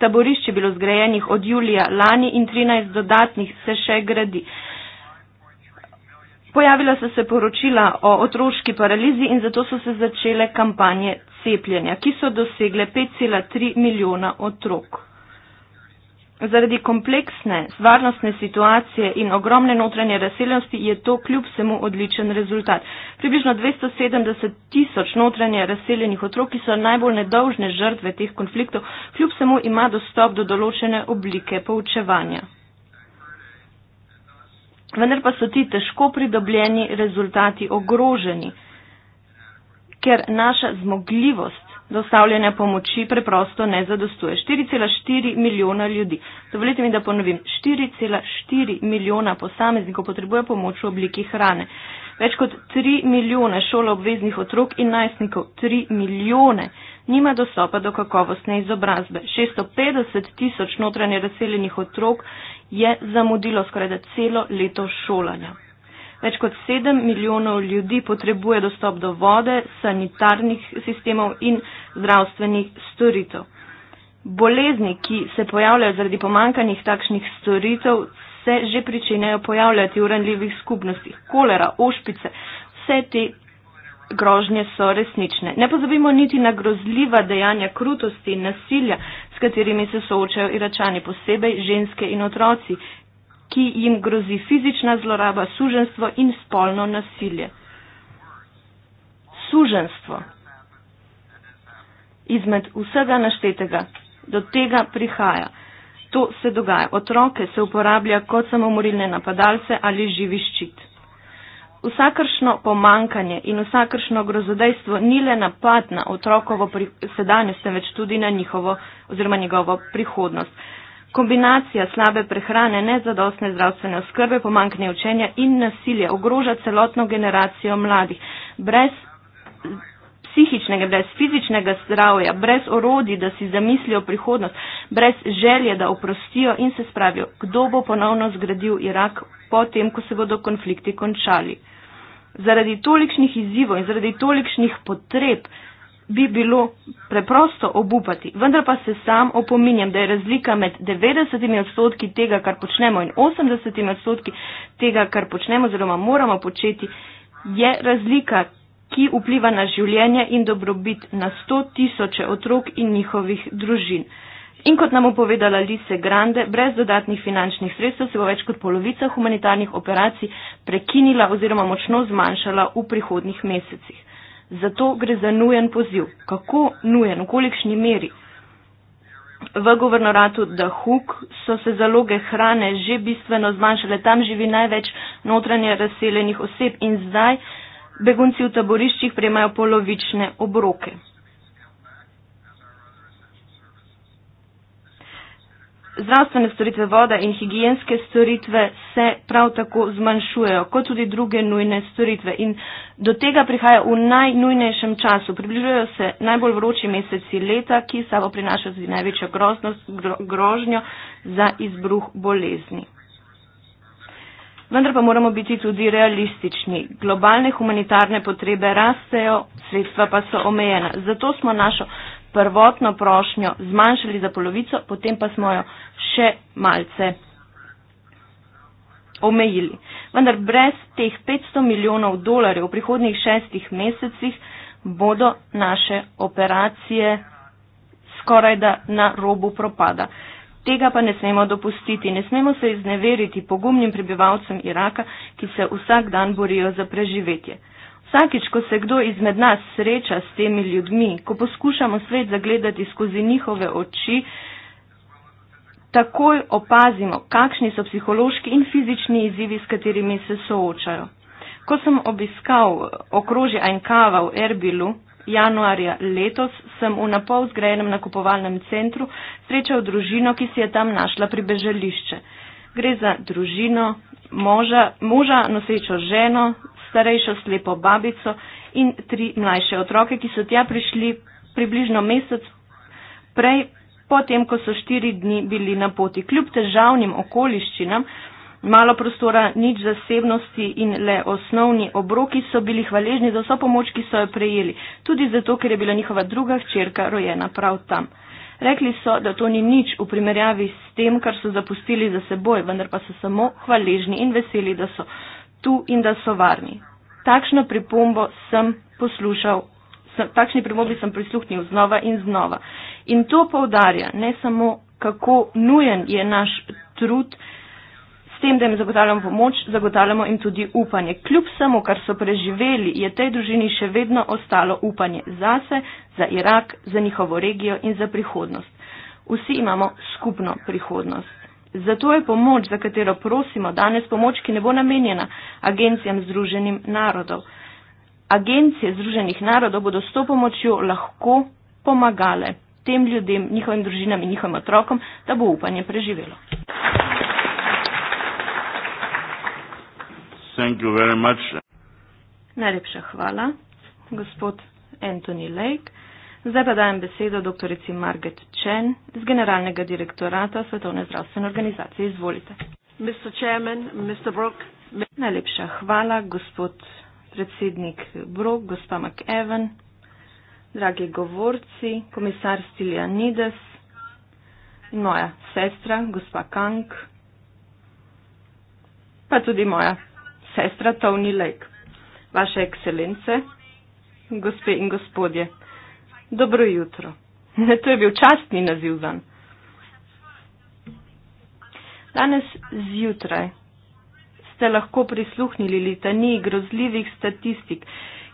taborišč je bilo zgrajenih od julija lani in 13 dodatnih se še gradi. Pojavila so se poročila o otroški paralizi in zato so se začele kampanje cepljenja, ki so dosegle 5,3 milijona otrok. Zaradi kompleksne varnostne situacije in ogromne notranje razseljenosti je to kljub vsemu odličen rezultat. Približno 270 tisoč notranje razseljenih otrok, ki so najbolj nedolžne žrtve teh konfliktov, kljub vsemu ima dostop do določene oblike poučevanja vendar pa so ti težko pridobljeni rezultati ogroženi, ker naša zmogljivost dostavljanja pomoči preprosto ne zadostuje. 4,4 milijona ljudi. Dovolite mi, da ponovim. 4,4 milijona posameznikov potrebuje pomoč v obliki hrane. Več kot 3 milijone šoloobveznih otrok in najstnikov, 3 milijone, nima dostopa do kakovostne izobrazbe. 650 tisoč notranje razseljenih otrok je zamudilo skoraj da celo leto šolanja. Več kot 7 milijonov ljudi potrebuje dostop do vode, sanitarnih sistemov in zdravstvenih storitev. Bolezni, ki se pojavljajo zaradi pomankanih takšnih storitev, se že pričenjajo pojavljati v ranljivih skupnostih. Kolera, ošpice, vse te grožnje so resnične. Ne pozabimo niti na grozljiva dejanja krutosti in nasilja, s katerimi se soočajo iračani, posebej ženske in otroci, ki jim grozi fizična zloraba, suženstvo in spolno nasilje. Suženstvo. Izmed vsega naštetega do tega prihaja. To se dogaja. Otroke se uporablja kot samomorilne napadalce ali živi ščit. Vsakršno pomankanje in vsakršno grozodejstvo ni le napad na otrokovo sedanjost, temveč tudi na njihovo oziroma njegovo prihodnost. Kombinacija slabe prehrane, nezadostne zdravstvene oskrbe, pomankanje učenja in nasilja ogroža celotno generacijo mladih. Brez psihičnega, brez fizičnega zdravja, brez orodij, da si zamislijo prihodnost, brez želje, da oprostijo in se spravijo, kdo bo ponovno zgradil Irak potem, ko se bodo konflikti končali. Zaradi tolikšnih izzivov in zaradi tolikšnih potreb bi bilo preprosto obupati. Vendar pa se sam opominjam, da je razlika med 90 odstotki tega, kar počnemo in 80 odstotki tega, kar počnemo oziroma moramo početi, je razlika, ki vpliva na življenje in dobrobit na sto tisoče otrok in njihovih družin. In kot nam je povedala Lise Grande, brez dodatnih finančnih sredstev se bo več kot polovica humanitarnih operacij prekinila oziroma močno zmanjšala v prihodnih mesecih. Zato gre za nujen poziv. Kako nujen, v kolikšni meri? V govornoratu Dahuk so se zaloge hrane že bistveno zmanjšale, tam živi največ notranje razseljenih oseb in zdaj begunci v taboriščih prejmajo polovične obroke. Zdravstvene storitve voda in higijenske storitve se prav tako zmanjšujejo, kot tudi druge nujne storitve. In do tega prihaja v najnujnejšem času. Približujejo se najbolj vroči meseci leta, ki sabo prinaša tudi največjo grožnost, gro, grožnjo za izbruh bolezni vendar pa moramo biti tudi realistični. Globalne humanitarne potrebe rastejo, sredstva pa so omejena. Zato smo našo prvotno prošnjo zmanjšali za polovico, potem pa smo jo še malce omejili. Vendar brez teh 500 milijonov dolarjev v prihodnjih šestih mesecih bodo naše operacije skoraj da na robu propada. Tega pa ne smemo dopustiti, ne smemo se izneveriti pogumnim prebivalcem Iraka, ki se vsak dan borijo za preživetje. Vsakič, ko se kdo izmed nas sreča s temi ljudmi, ko poskušamo svet zagledati skozi njihove oči, takoj opazimo, kakšni so psihološki in fizični izzivi, s katerimi se soočajo. Ko sem obiskal eh, okrožje Ankava v Erbilu, januarja letos sem v napol zgrajenem nakupovalnem centru srečal družino, ki si je tam našla pribežališče. Gre za družino, moža, moža nosečo ženo, starejšo slepo babico in tri mlajše otroke, ki so tja prišli približno mesec prej, potem, ko so štiri dni bili na poti. Kljub težavnim okoliščinam Malo prostora, nič zasebnosti in le osnovni obroki so bili hvaležni za vso pomoč, ki so jo prejeli, tudi zato, ker je bila njihova druga hčerka rojena prav tam. Rekli so, da to ni nič v primerjavi s tem, kar so zapustili za seboj, vendar pa so samo hvaležni in veseli, da so tu in da so varni. Takšno pripombo sem poslušal, sem, takšni pripombi sem prisluhnil znova in znova. In to povdarja ne samo, kako nujen je naš trud, tem, da jim zagotavljamo pomoč, zagotavljamo jim tudi upanje. Kljub samo, kar so preživeli, je tej družini še vedno ostalo upanje zase, za Irak, za njihovo regijo in za prihodnost. Vsi imamo skupno prihodnost. Zato je pomoč, za katero prosimo danes, pomoč, ki ne bo namenjena agencijam Združenim narodov. Agencije Združenih narodov bodo s to pomočjo lahko pomagale tem ljudem, njihovim družinam in njihovim otrokom, da bo upanje preživelo. Thank you very much. Najlepša hvala, gospod Anthony Lake. Zdaj pa dajem besedo dr. Margaret Chen z Generalnega direktorata Svetovne zdravstvene organizacije. Izvolite. Mr. Chairman, Mr. Brook. Najlepša hvala, gospod predsednik Brook, gospa McEwen, dragi govorci, komisar Stilianides in moja sestra, gospa Kang, pa tudi moja Sestra Tony Lake, vaše ekscelence, gospe in gospodje, dobro jutro. To je bil častni naziv dan. Danes zjutraj ste lahko prisluhnili litaniji grozljivih statistik,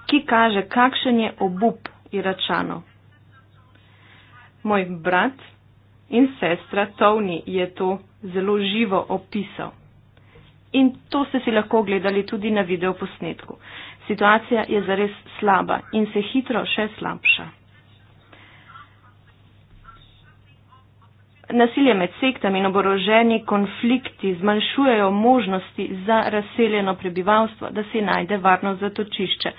ki kaže, kakšen je obup Iračanov. Moj brat in sestra Tony je to zelo živo opisal in to ste si lahko ogledali tudi na videoposnetku. Situacija je zares slaba in se hitro še slabša. Nasilje med sektami in oboroženi konflikti zmanjšujejo možnosti za razseljeno prebivalstvo, da si najde varno zatočišče.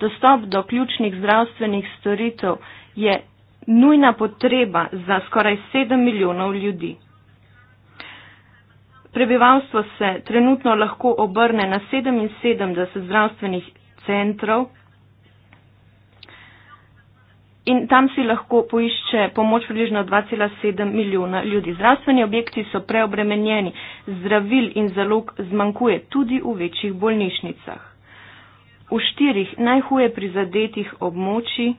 Dostop do ključnih zdravstvenih storitev je nujna potreba za skoraj 7 milijonov ljudi. Prebivalstvo se trenutno lahko obrne na 77 zdravstvenih centrov in tam si lahko poišče pomoč približno 2,7 milijona ljudi. Zdravstveni objekti so preobremenjeni, zdravil in zalog zmanjkuje tudi v večjih bolnišnicah. V štirih najhuje prizadetih območjih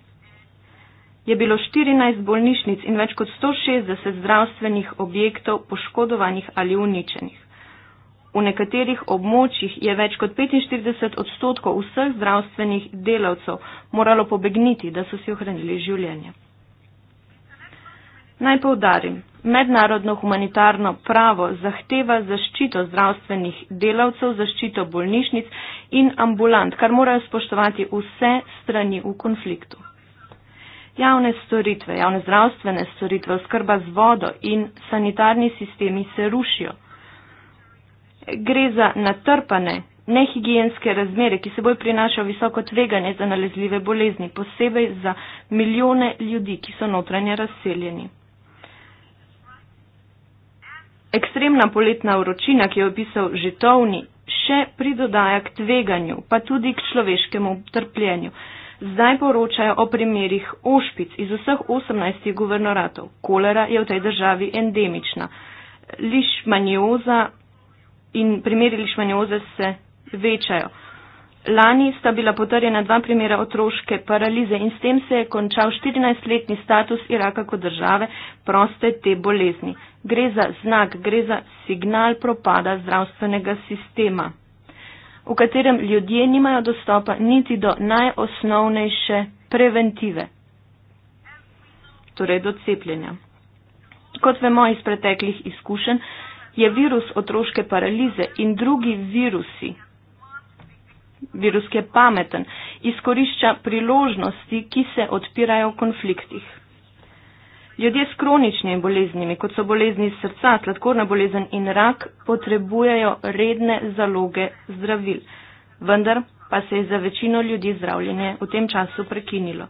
je bilo 14 bolnišnic in več kot 160 zdravstvenih objektov poškodovanih ali uničenih. V nekaterih območjih je več kot 45 odstotkov vseh zdravstvenih delavcev moralo pobegniti, da so si ohranili življenje. Naj povdarim, mednarodno humanitarno pravo zahteva zaščito zdravstvenih delavcev, zaščito bolnišnic in ambulant, kar morajo spoštovati vse strani v konfliktu javne storitve, javne zdravstvene storitve, oskrba z vodo in sanitarni sistemi se rušijo. Gre za natrpane, nehigijenske razmere, ki seboj prinašajo visoko tveganje za nalezljive bolezni, posebej za milijone ljudi, ki so notranje razseljeni. Ekstremna poletna vročina, ki jo je opisal Žitovni, še pridodaja k tveganju, pa tudi k človeškemu trpljenju zdaj poročajo o primerih ošpic iz vseh 18 guvernoratov. Kolera je v tej državi endemična. Lišmanjoza in primeri lišmanjoze se večajo. Lani sta bila potrjena dva primera otroške paralize in s tem se je končal 14-letni status Iraka kot države proste te bolezni. Gre za znak, gre za signal propada zdravstvenega sistema v katerem ljudje nimajo dostopa niti do najosnovnejše preventive, torej do cepljenja. Kot vemo iz preteklih izkušenj, je virus otroške paralize in drugi virusi, virus, ki je pameten, izkorišča priložnosti, ki se odpirajo v konfliktih. Ljudje s kroničnimi boleznimi, kot so bolezni srca, sladkorna bolezen in rak, potrebujejo redne zaloge zdravil. Vendar pa se je za večino ljudi zdravljenje v tem času prekinilo.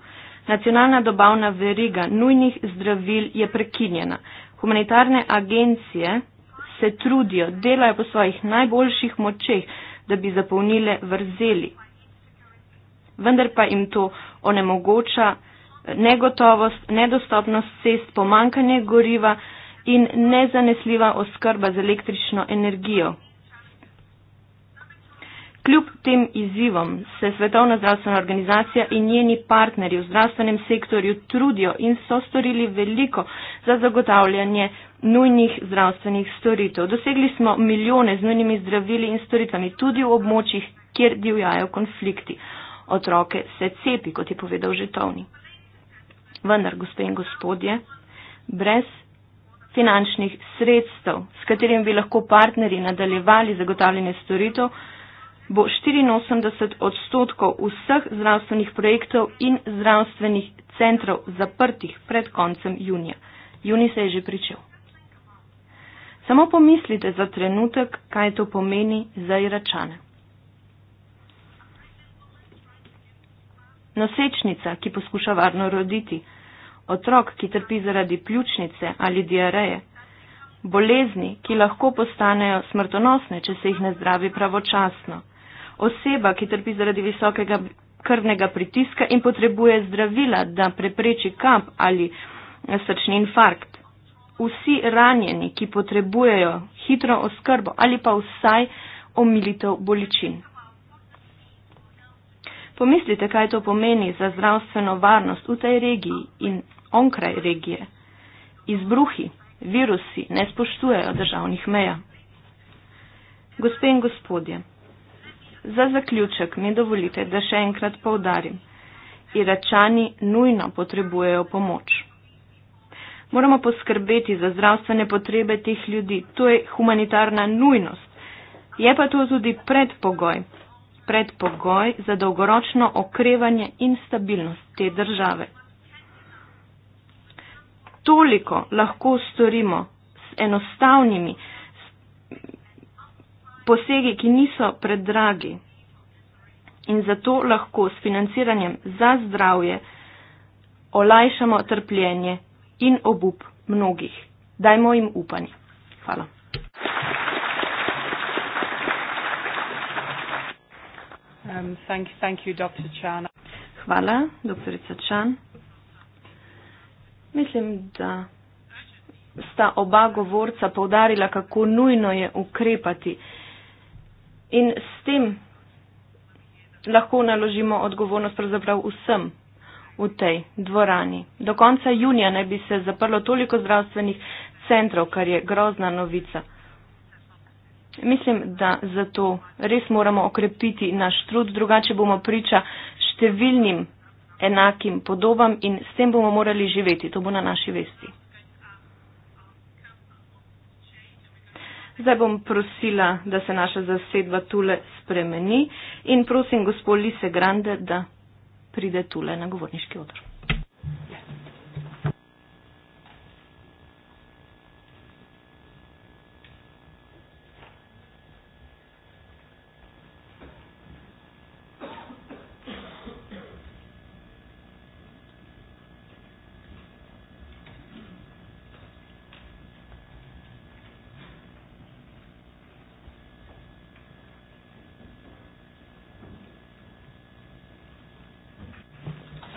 Nacionalna dobavna veriga nujnih zdravil je prekinjena. Humanitarne agencije se trudijo, delajo po svojih najboljših močeh, da bi zapolnile vrzeli. Vendar pa jim to onemogoča negotovost, nedostopnost cest, pomankanje goriva in nezanesljiva oskrba z električno energijo. Kljub tem izzivom se Svetovna zdravstvena organizacija in njeni partnerji v zdravstvenem sektorju trudijo in so storili veliko za zagotavljanje nujnih zdravstvenih storitev. Dosegli smo milijone z nujnimi zdravili in storitvami tudi v območjih, kjer divjajo konflikti. Otroke se cepi, kot je povedal Žetovnik. Vendar, gospe in gospodje, brez finančnih sredstev, s katerim bi lahko partnerji nadaljevali zagotavljanje storitev, bo 84 odstotkov vseh zdravstvenih projektov in zdravstvenih centrov zaprtih pred koncem junija. Juni se je že pričel. Samo pomislite za trenutek, kaj to pomeni za Iračane. Nosečnica, ki poskuša varno roditi, otrok, ki trpi zaradi pljučnice ali diareje, bolezni, ki lahko postanejo smrtonosne, če se jih ne zdravi pravočasno, oseba, ki trpi zaradi visokega krvnega pritiska in potrebuje zdravila, da prepreči kap ali srčni infarkt, vsi ranjeni, ki potrebujejo hitro oskrbo ali pa vsaj omilitev bolečin. Pomislite, kaj to pomeni za zdravstveno varnost v tej regiji in onkraj regije. Izbruhi, virusi ne spoštujejo državnih meja. Gospe in gospodje, za zaključek mi dovolite, da še enkrat povdarim. Iračani nujno potrebujejo pomoč. Moramo poskrbeti za zdravstvene potrebe teh ljudi. To je humanitarna nujnost. Je pa to tudi predpogoj predpogoj za dolgoročno okrevanje in stabilnost te države. Toliko lahko storimo s enostavnimi posegi, ki niso predragi in zato lahko s financiranjem za zdravje olajšamo trpljenje in obup mnogih. Dajmo jim upanje. Hvala. Um, thank, thank you, Dr. Chan. Hvala, doktorica Chan. Mislim, da sta oba govorca povdarila, kako nujno je ukrepati. In s tem lahko naložimo odgovornost pravzaprav vsem v tej dvorani. Do konca junija naj bi se zaprlo toliko zdravstvenih centrov, kar je grozna novica. Mislim, da zato res moramo okrepiti naš trud, drugače bomo priča številnim enakim podobam in s tem bomo morali živeti. To bo na naši vesti. Zdaj bom prosila, da se naša zasedba tule spremeni in prosim gospod Lise Grande, da pride tule na govorniški odr.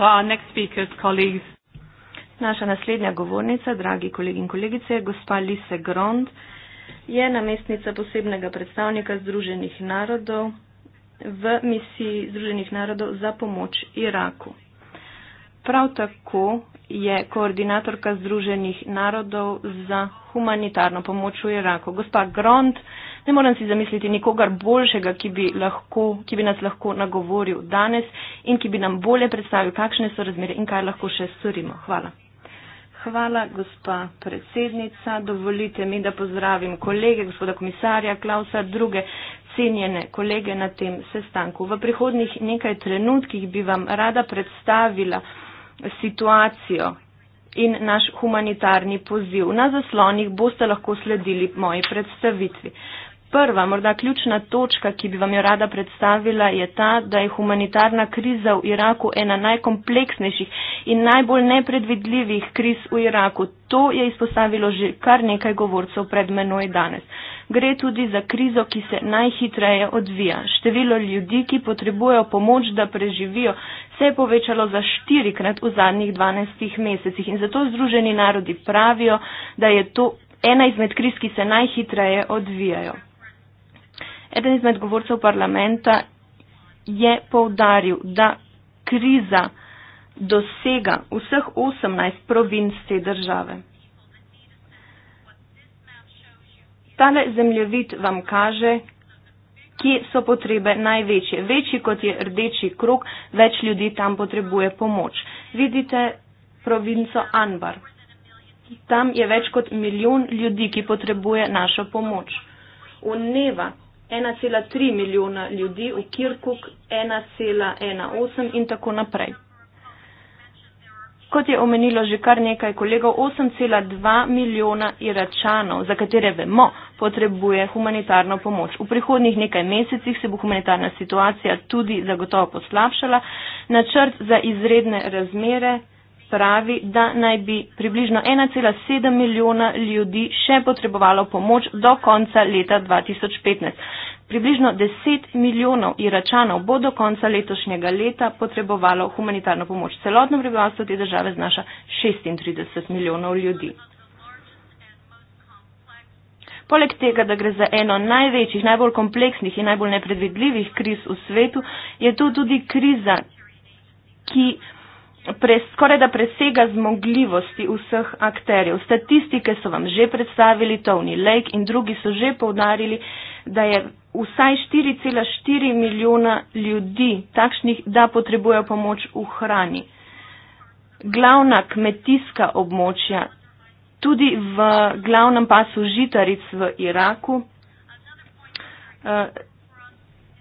our next speakers, colleagues. Naša naslednja govornica, dragi kolegi in kolegice, je gospa Lise Grond, je namestnica posebnega predstavnika Združenih narodov v misiji Združenih narodov za pomoč Iraku. Prav tako je koordinatorka Združenih narodov za humanitarno pomoč v Iraku. Gospa Grond, Ne morem si zamisliti nikogar boljšega, ki bi, lahko, ki bi nas lahko nagovoril danes in ki bi nam bolje predstavil, kakšne so razmere in kaj lahko še storimo. Hvala. Hvala, gospa predsednica. Dovolite mi, da pozdravim kolege, gospoda komisarja Klausa, druge cenjene kolege na tem sestanku. V prihodnih nekaj trenutkih bi vam rada predstavila situacijo in naš humanitarni poziv. Na zaslonih boste lahko sledili moji predstavitvi. Prva, morda ključna točka, ki bi vam jo rada predstavila, je ta, da je humanitarna kriza v Iraku ena najkompleksnejših in najbolj nepredvidljivih kriz v Iraku. To je izpostavilo že kar nekaj govorcev pred menoj danes. Gre tudi za krizo, ki se najhitreje odvija. Število ljudi, ki potrebujejo pomoč, da preživijo, se je povečalo za štirikrat v zadnjih 12 mesecih in zato Združeni narodi pravijo, da je to ena izmed kriz, ki se najhitreje odvijajo. Eden izmed govorcev parlamenta je povdaril, da kriza dosega vseh 18 provinc te države. Tale zemljevid vam kaže, kje so potrebe največje. Večji kot je rdeči krok, več ljudi tam potrebuje pomoč. Vidite provinco Anbar. Tam je več kot milijon ljudi, ki potrebuje našo pomoč. V Neva 1,3 milijona ljudi, v Kirkuk 1,18 in tako naprej. Kot je omenilo že kar nekaj kolegov, 8,2 milijona iračanov, za katere vemo, potrebuje humanitarno pomoč. V prihodnih nekaj mesecih se bo humanitarna situacija tudi zagotovo poslabšala. Načrt za izredne razmere pravi, da naj bi približno 1,7 milijona ljudi še potrebovalo pomoč do konca leta 2015. Približno 10 milijonov iračanov bo do konca letošnjega leta potrebovalo humanitarno pomoč. Celotno prebivalstvo te države znaša 36 milijonov ljudi. Poleg tega, da gre za eno največjih, najbolj kompleksnih in najbolj nepredvidljivih kriz v svetu, je to tudi kriza, ki pre, skoraj da presega zmogljivosti vseh akterjev. Statistike so vam že predstavili, Tony Lake in drugi so že povdarili, da je vsaj 4,4 milijona ljudi takšnih, da potrebujejo pomoč v hrani. Glavna kmetijska območja, tudi v glavnem pasu žitaric v Iraku, eh,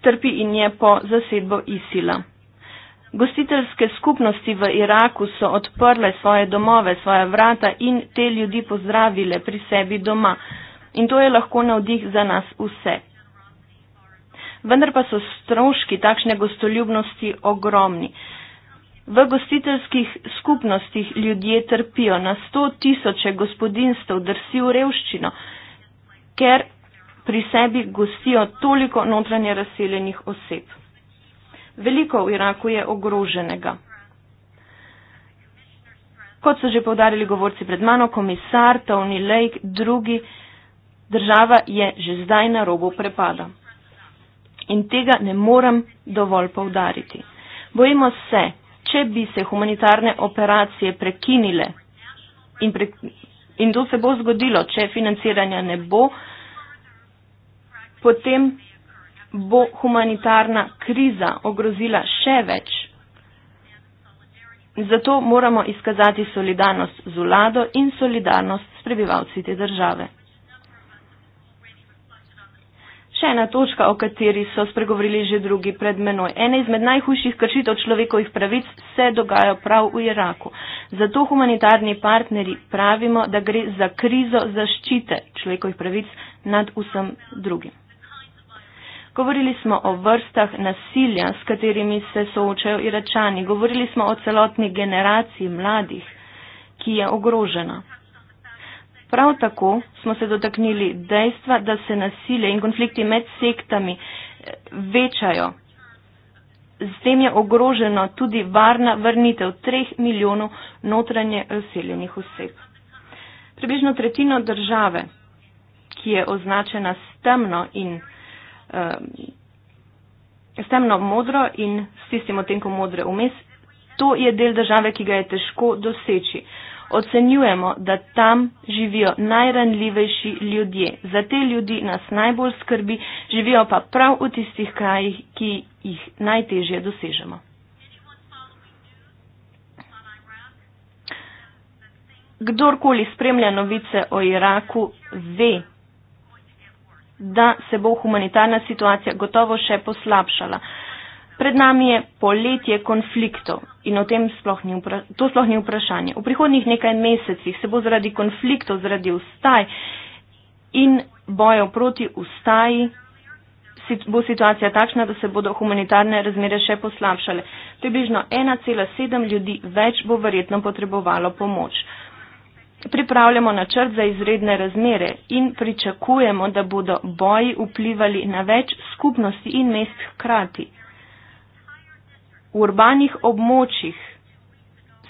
trpi in je po zasedbo Isila. Gostiteljske skupnosti v Iraku so odprle svoje domove, svoje vrata in te ljudi pozdravile pri sebi doma. In to je lahko navdih za nas vse. Vendar pa so stroški takšne gostoljubnosti ogromni. V gostiteljskih skupnostih ljudje trpijo, na sto tisoče gospodinstv drsi v revščino, ker pri sebi gostijo toliko notranje razseljenih oseb. Veliko v Iraku je ogroženega. Kot so že povdarili govorci pred mano, komisar Tony Lake, drugi, država je že zdaj na robu prepada. In tega ne morem dovolj povdariti. Bojimo se, če bi se humanitarne operacije prekinile in, pre, in to se bo zgodilo, če financiranja ne bo, potem bo humanitarna kriza ogrozila še več. Zato moramo izkazati solidarnost z vlado in solidarnost s prebivalci te države. Še ena točka, o kateri so spregovorili že drugi pred menoj. Ene izmed najhujših kršitev človekovih pravic se dogajajo prav v Iraku. Zato humanitarni partneri pravimo, da gre za krizo zaščite človekovih pravic nad vsem drugim. Govorili smo o vrstah nasilja, s katerimi se soočajo iračani. Govorili smo o celotni generaciji mladih, ki je ogrožena. Prav tako smo se dotaknili dejstva, da se nasilje in konflikti med sektami eh, večajo. Z tem je ogroženo tudi varna vrnitev treh milijonov notranje razseljenih oseb. Približno tretjino države, ki je označena s temno in temno, Eh, s temno modro in s tistim odtenkom modre vmes. To je del države, ki ga je težko doseči. Ocenjujemo, da tam živijo najranljivejši ljudje. Za te ljudi nas najbolj skrbi, živijo pa prav v tistih krajih, ki jih najtežje dosežemo. Kdorkoli spremlja novice o Iraku, ve, da se bo humanitarna situacija gotovo še poslabšala. Pred nami je poletje konfliktov in o tem sploh ni, vpra to sploh ni vprašanje. V prihodnjih nekaj mesecih se bo zaradi konfliktov, zaradi ustaj in bojev proti ustaji, bo situacija takšna, da se bodo humanitarne razmere še poslabšale. Približno 1,7 ljudi več bo verjetno potrebovalo pomoč pripravljamo načrt za izredne razmere in pričakujemo, da bodo boji vplivali na več skupnosti in mest hkrati. V urbanih območjih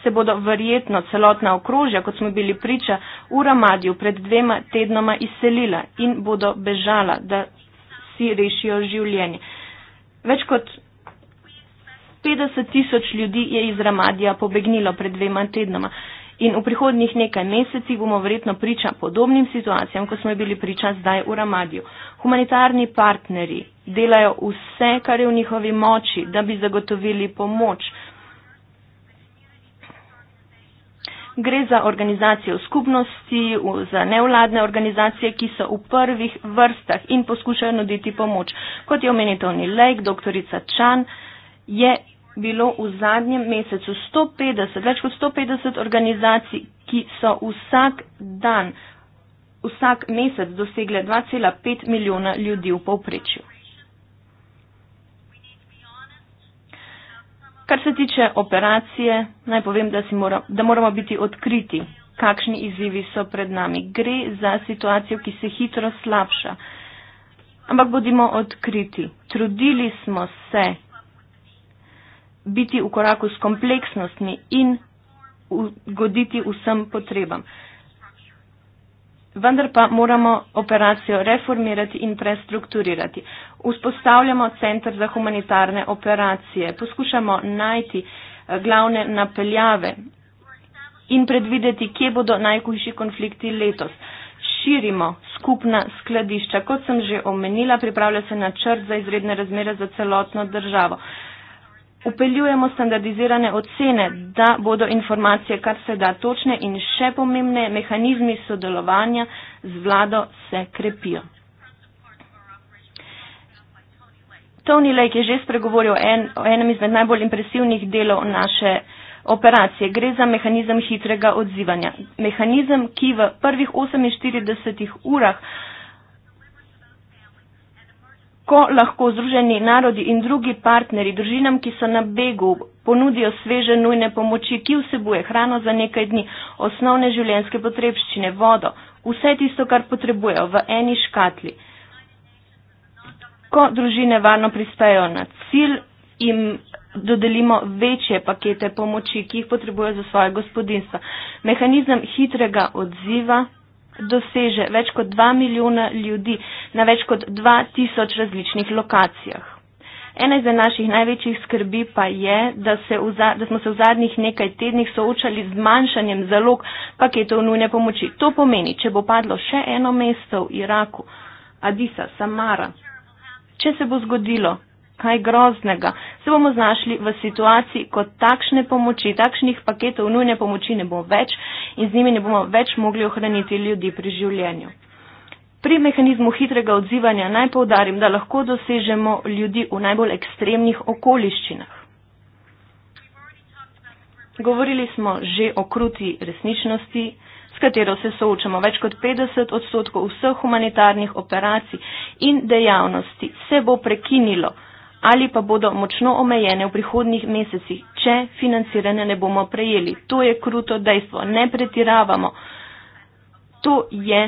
se bodo verjetno celotna okrožja, kot smo bili priča v Ramadju pred dvema tednoma, izselila in bodo bežala, da si rešijo življenje. Več kot 50 tisoč ljudi je iz Ramadja pobegnilo pred dvema tednoma. In v prihodnjih nekaj mesecih bomo verjetno priča podobnim situacijam, kot smo bili priča zdaj v Ramadju. Humanitarni partneri delajo vse, kar je v njihovi moči, da bi zagotovili pomoč. Gre za organizacije v skupnosti, za nevladne organizacije, ki so v prvih vrstah in poskušajo nuditi pomoč. Kot je omenil Tony Lake, doktorica Chan je bilo v zadnjem mesecu 150, več kot 150 organizacij, ki so vsak dan, vsak mesec dosegle 2,5 milijona ljudi v povprečju. Kar se tiče operacije, naj povem, da, mora, da moramo biti odkriti, kakšni izzivi so pred nami. Gre za situacijo, ki se hitro slabša. Ampak bodimo odkriti. Trudili smo se biti v koraku s kompleksnostmi in ugoditi vsem potrebam. Vendar pa moramo operacijo reformirati in prestrukturirati. Vzpostavljamo centr za humanitarne operacije, poskušamo najti eh, glavne napeljave in predvideti, kje bodo najhujši konflikti letos. Širimo skupna skladišča. Kot sem že omenila, pripravlja se načrt za izredne razmere za celotno državo upeljujemo standardizirane ocene, da bodo informacije kar se da točne in še pomembne mehanizmi sodelovanja z vlado se krepijo. Tony Lake je že spregovoril en, o enem izmed najbolj impresivnih delov naše operacije. Gre za mehanizem hitrega odzivanja. Mehanizem, ki v prvih 48 urah ko lahko Združeni narodi in drugi partneri družinam, ki so na begu, ponudijo sveže nujne pomoči, ki vsebuje hrano za nekaj dni, osnovne življenjske potrebščine, vodo, vse tisto, kar potrebujejo v eni škatli. Ko družine varno prispejo na cilj, jim dodelimo večje pakete pomoči, ki jih potrebujejo za svoje gospodinstva. Mehanizem hitrega odziva doseže več kot 2 milijona ljudi na več kot 2000 različnih lokacijah. Ena iz naših največjih skrbi pa je, da, se za, da smo se v zadnjih nekaj tednih soočali z manjšanjem zalog paketov nujne pomoči. To pomeni, če bo padlo še eno mesto v Iraku, Adisa, Samara, če se bo zgodilo, kaj groznega. Se bomo znašli v situaciji, ko takšne pomoči, takšnih paketov nujne pomoči ne bo več in z njimi ne bomo več mogli ohraniti ljudi pri življenju. Pri mehanizmu hitrega odzivanja naj povdarim, da lahko dosežemo ljudi v najbolj ekstremnih okoliščinah. Govorili smo že o kruti resničnosti, s katero se soočamo. Več kot 50 odstotkov vseh humanitarnih operacij in dejavnosti se bo prekinilo ali pa bodo močno omejene v prihodnih mesecih, če financiranja ne bomo prejeli. To je kruto dejstvo. Ne pretiravamo. To je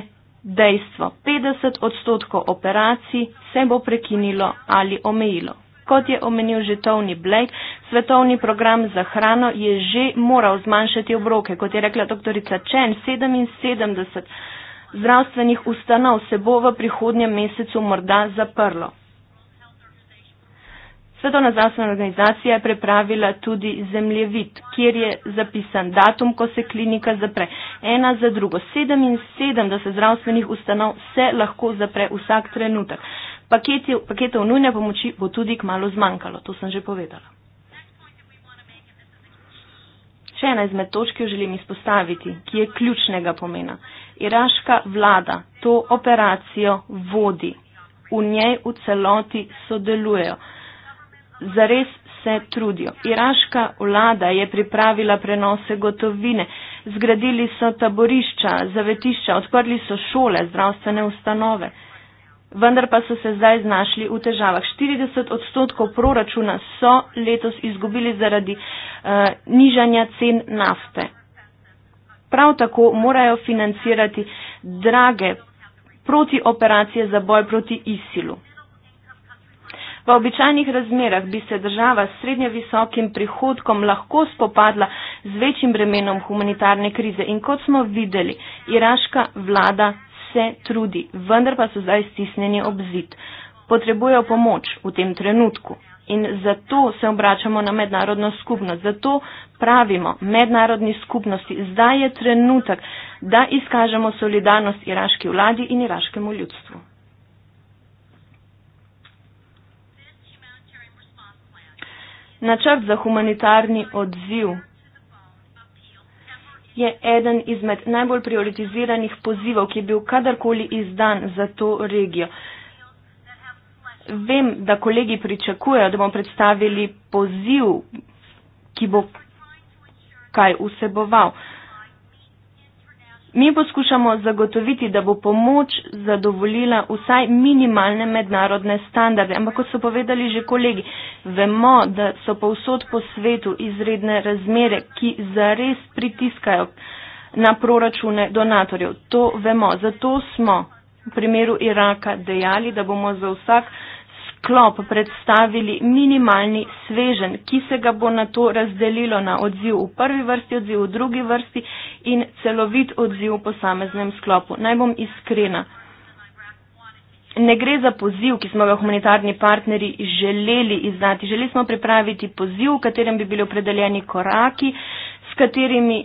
dejstvo. 50 odstotkov operacij se bo prekinilo ali omejilo. Kot je omenil že Tony Blake, svetovni program za hrano je že moral zmanjšati obroke. Kot je rekla doktorica Čen, 77 zdravstvenih ustanov se bo v prihodnjem mesecu morda zaprlo. Svetovna zdravstvena organizacija je prepravila tudi zemljevid, kjer je zapisan datum, ko se klinika zapre. Ena za drugo. 77 zdravstvenih ustanov se lahko zapre vsak trenutek. Paketi, paketov nujne pomoči bo tudi kmalo zmanjkalo, to sem že povedala. Še ena izmed točk, ki jo želim izpostaviti, ki je ključnega pomena. Iraška vlada to operacijo vodi. V njej v celoti sodelujejo zares se trudijo. Iraška vlada je pripravila prenose gotovine, zgradili so taborišča, zavetišča, odprli so šole, zdravstvene ustanove. Vendar pa so se zdaj znašli v težavah. 40 odstotkov proračuna so letos izgubili zaradi uh, nižanja cen nafte. Prav tako morajo financirati drage protioperacije za boj proti ISIL-u. V običajnih razmerah bi se država s srednje visokim prihodkom lahko spopadla z večjim bremenom humanitarne krize in kot smo videli, iraška vlada se trudi, vendar pa so zdaj stisnjeni ob zid. Potrebujejo pomoč v tem trenutku. In zato se obračamo na mednarodno skupnost, zato pravimo mednarodni skupnosti, zdaj je trenutek, da izkažemo solidarnost iraški vladi in iraškemu ljudstvu. Načrt za humanitarni odziv je eden izmed najbolj prioritiziranih pozivov, ki je bil kadarkoli izdan za to regijo. Vem, da kolegi pričakujejo, da bomo predstavili poziv, ki bo kaj vseboval. Mi poskušamo zagotoviti, da bo pomoč zadovoljila vsaj minimalne mednarodne standarde, ampak kot so povedali že kolegi, vemo, da so povsod po svetu izredne razmere, ki zares pritiskajo na proračune donatorjev. To vemo. Zato smo v primeru Iraka dejali, da bomo za vsak sklop predstavili minimalni svežen, ki se ga bo na to razdelilo na odziv v prvi vrsti, odziv v drugi vrsti in celovit odziv v posameznem sklopu. Naj bom iskrena. Ne gre za poziv, ki smo ga humanitarni partneri želeli izdati. Želeli smo pripraviti poziv, v katerem bi bili opredeljeni koraki, s katerimi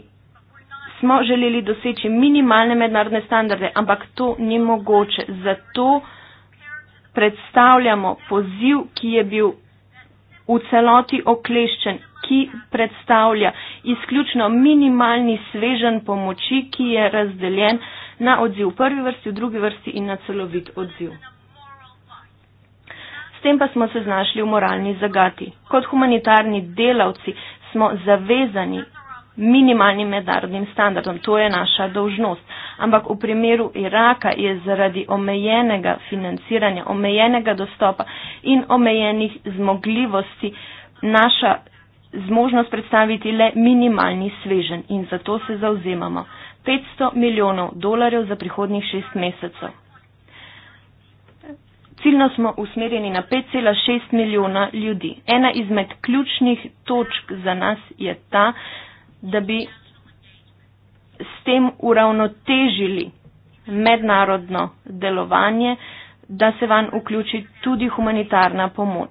smo želeli doseči minimalne mednarodne standarde, ampak to ni mogoče. Zato predstavljamo poziv, ki je bil v celoti okleščen, ki predstavlja izključno minimalni svežen pomoči, ki je razdeljen na odziv v prvi vrsti, v drugi vrsti in na celovit odziv. S tem pa smo se znašli v moralni zagati. Kot humanitarni delavci smo zavezani minimalnim mednarodnim standardom. To je naša dolžnost. Ampak v primeru Iraka je zaradi omejenega financiranja, omejenega dostopa in omejenih zmogljivosti naša zmožnost predstaviti le minimalni svežen in zato se zauzemamo. 500 milijonov dolarjev za prihodnjih šest mesecev. Ciljno smo usmerjeni na 5,6 milijona ljudi. Ena izmed ključnih točk za nas je ta, da bi s tem uravnotežili mednarodno delovanje, da se van vključi tudi humanitarna pomoč.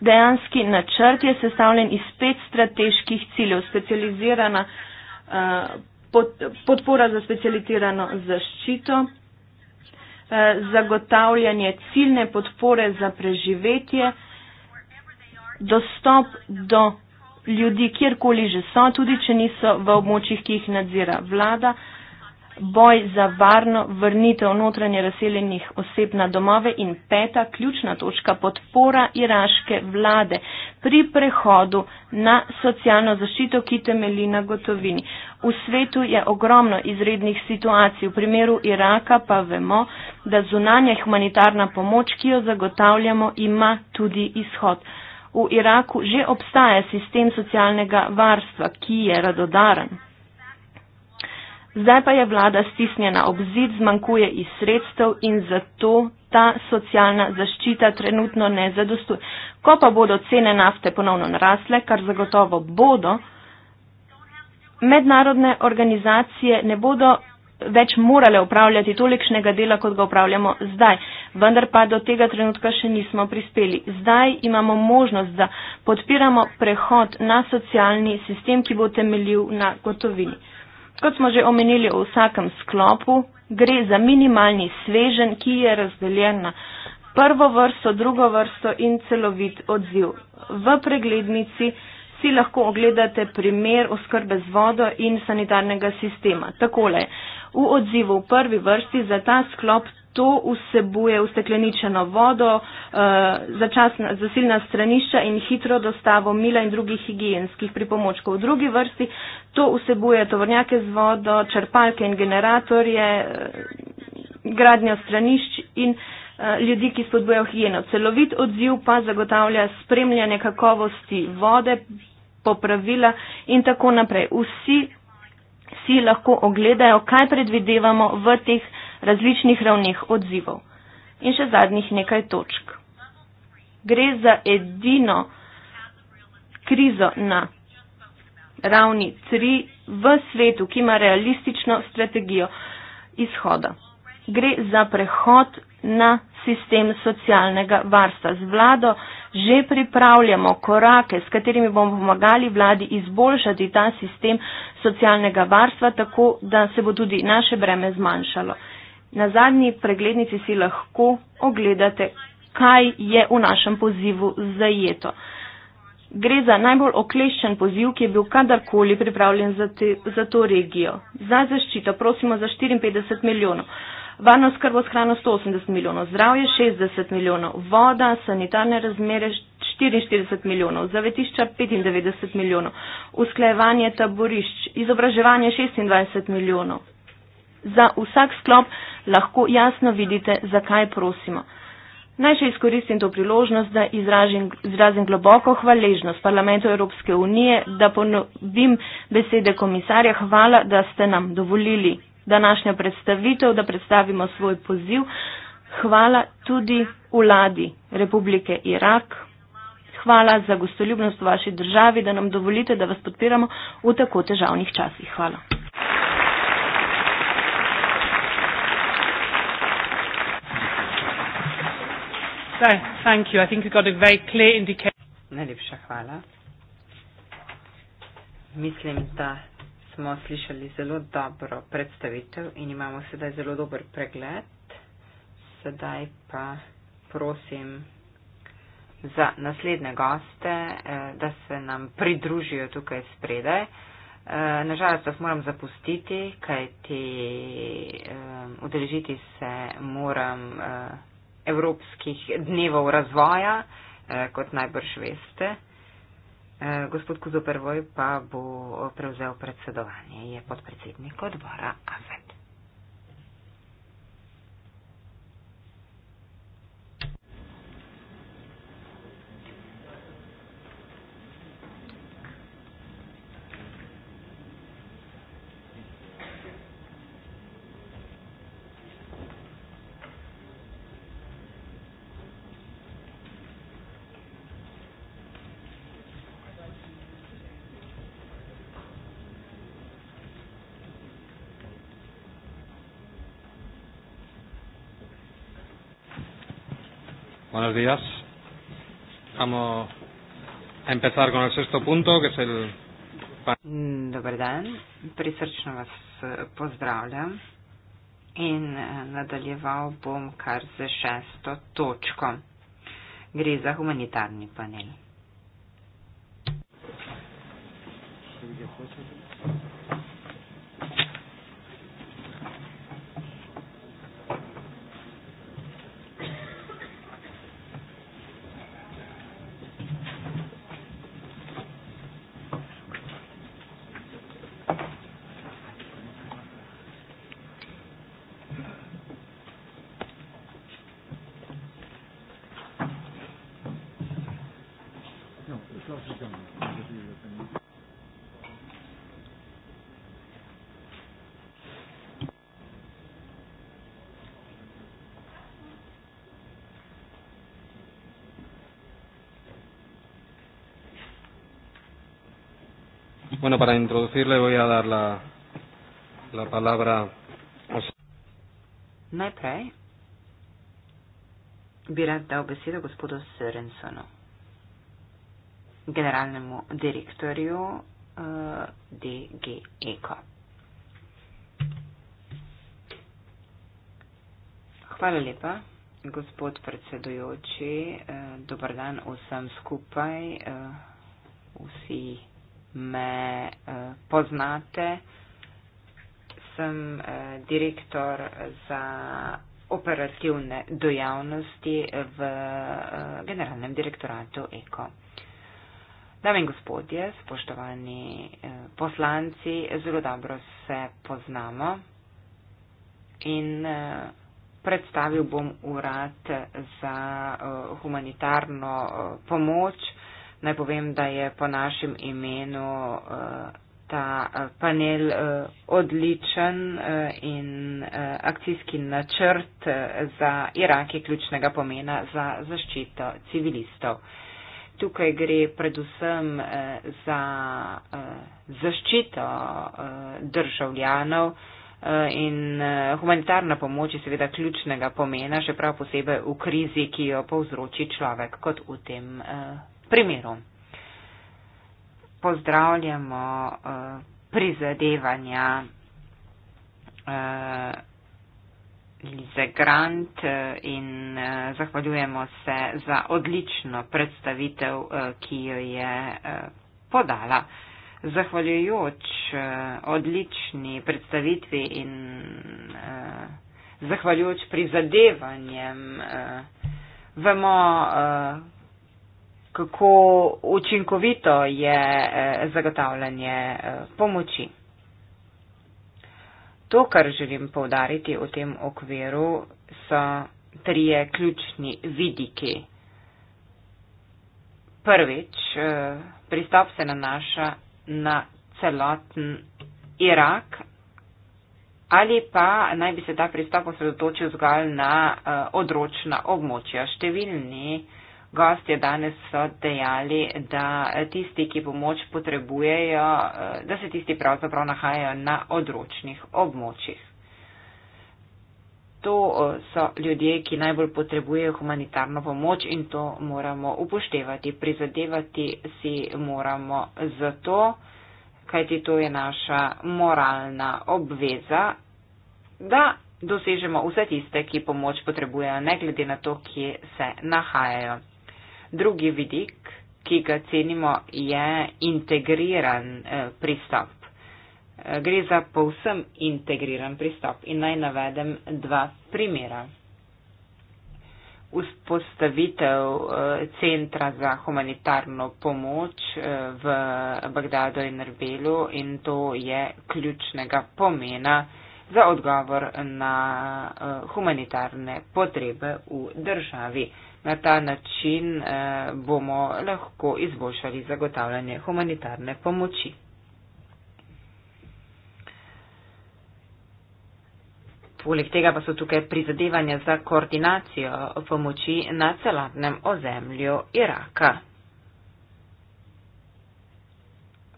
Dejanski načrt je sestavljen iz pet strateških ciljev. Specializirana uh, eh, pod, podpora za specializirano zaščito, zagotavljanje ciljne podpore za preživetje, dostop do ljudi, kjerkoli že so, tudi če niso v območjih, ki jih nadzira vlada, boj za varno vrnitev notranje razseljenih oseb na domove in peta ključna točka podpora iraške vlade pri prehodu na socialno zaščito, ki temelji na gotovini. V svetu je ogromno izrednih situacij, v primeru Iraka pa vemo, da zunanja humanitarna pomoč, ki jo zagotavljamo, ima tudi izhod. V Iraku že obstaja sistem socialnega varstva, ki je radodaren. Zdaj pa je vlada stisnjena ob zid, zmanjkuje iz sredstev in zato ta socialna zaščita trenutno ne zadostuje. Ko pa bodo cene nafte ponovno narasle, kar zagotovo bodo, mednarodne organizacije ne bodo več morale upravljati tolikšnega dela, kot ga upravljamo zdaj. Vendar pa do tega trenutka še nismo prispeli. Zdaj imamo možnost, da podpiramo prehod na socialni sistem, ki bo temeljil na gotovini. Kot smo že omenili v vsakem sklopu, gre za minimalni svežen, ki je razdeljen na prvo vrsto, drugo vrsto in celovit odziv. V preglednici si lahko ogledate primer oskrbe z vodo in sanitarnega sistema. Takole, v odzivu v prvi vrsti za ta sklop to vsebuje ustekleničeno vodo, eh, začasna, zasilna stranišča in hitro dostavo mila in drugih higijenskih pripomočkov. V drugi vrsti to vsebuje tovornjake z vodo, črpalke in generatorje, eh, gradnjo stranišč in eh, ljudi, ki spodbujajo higieno. Celovit odziv pa zagotavlja spremljanje kakovosti vode, popravila in tako naprej. Vsi si lahko ogledajo, kaj predvidevamo v teh različnih ravneh odzivov. In še zadnjih nekaj točk. Gre za edino krizo na ravni 3 v svetu, ki ima realistično strategijo izhoda. Gre za prehod na sistem socialnega varstva. Z vlado že pripravljamo korake, s katerimi bomo pomagali vladi izboljšati ta sistem socialnega varstva, tako da se bo tudi naše breme zmanjšalo. Na zadnji preglednici si lahko ogledate, kaj je v našem pozivu zajeto. Gre za najbolj okleščen poziv, ki je bil kadarkoli pripravljen za, te, za to regijo. Za zaščito prosimo za 54 milijonov, varnost, krvo, hrano 180 milijonov, zdravje 60 milijonov, voda, sanitarne razmere 44 milijonov, zavetišča 95 milijonov, usklajevanje taborišč, izobraževanje 26 milijonov, za vsak sklop lahko jasno vidite, zakaj prosimo. Naj še izkoristim to priložnost, da izražim, izrazim globoko hvaležnost parlamentu Evropske unije, da ponovim besede komisarja. Hvala, da ste nam dovolili današnjo predstavitev, da predstavimo svoj poziv. Hvala tudi vladi Republike Irak. Hvala za gostoljubnost v vaši državi, da nam dovolite, da vas podpiramo v tako težavnih časih. Hvala. thank you. I think you got a very clear indication. Najlepša hvala. Mislim, da smo slišali zelo dobro predstavitev in imamo sedaj zelo dober pregled. Sedaj pa prosim za naslednje goste, eh, da se nam pridružijo tukaj sprede. Eh, Nažalost, vas moram zapustiti, kajti eh, udeležiti se moram evropskih dnevov razvoja, eh, kot najbrž veste. Eh, gospod Kuzoprvoj pa bo prevzel predsedovanje, je podpredsednik odbora AFED. buenos días. Vamos a empezar con el sexto punto, que es el. Dobar dan, prisrčno vas eh, pozdravljam in eh, nadaljeval bom kar z šesto točko. Gre za humanitarni panel. Bueno, para introducirle voy a dar la, la palabra. Najprej bi rad dal besedo gospodu Sørensonu, generalnemu direktorju uh, eh, DG Eko. Hvala lepa, gospod predsedujoči. Uh, eh, dobar dan vsem skupaj, uh, vsi me eh, poznate. Sem eh, direktor za operativne dojavnosti v eh, generalnem direktoratu ECO. Dame in gospodje, spoštovani poslanci, zelo dobro se poznamo in predstavil bom urad za humanitarno pomoč Naj povem, da je po našem imenu eh, ta eh, panel eh, odličen in akcijski načrt za Irak je ključnega pomena za zaščito civilistov. Tukaj gre predvsem za zaščito državljanov in humanitarna pomoč je seveda ključnega pomena, še prav posebej v krizi, ki jo povzroči človek kot v tem primeru. Pozdravljamo eh, prizadevanja eh, Lize Grant eh, in zahvaljujemo se za odlično predstavitev, ki jo je podala. Zahvaljujoč odlični predstavitvi in zahvaljujoč prizadevanjem vemo, kako učinkovito je eh, zagotavljanje eh, pomoči. To, kar želim povdariti v tem okviru, so trije ključni vidiki. Prvič, eh, pristop se nanaša na celoten Irak ali pa naj bi se ta pristop osredotočil zgolj na odročna območja številni gostje danes so dejali, da tisti, ki pomoč potrebujejo, eh, da se tisti pravzaprav nahajajo na odročnih območjih. To eh, so ljudje, ki najbolj potrebujejo humanitarno pomoč in to moramo upoštevati. Prizadevati si moramo za to, kajti to je naša moralna obveza, da dosežemo vse tiste, ki pomoč potrebujejo, ne glede na to, kje se nahajajo. Drugi vidik, ki ga cenimo, je integriran eh, pristop. Eh, gre za povsem integriran pristop in naj navedem dva primera. Vzpostavitev eh, centra za humanitarno pomoč v Bagdado in Erbelu in to je ključnega pomena za odgovor na humanitarne potrebe v državi. Na ta način eh, bomo lahko izboljšali zagotavljanje humanitarne pomoči. Poleg tega pa so tukaj prizadevanja za koordinacijo pomoči na celotnem ozemlju Iraka.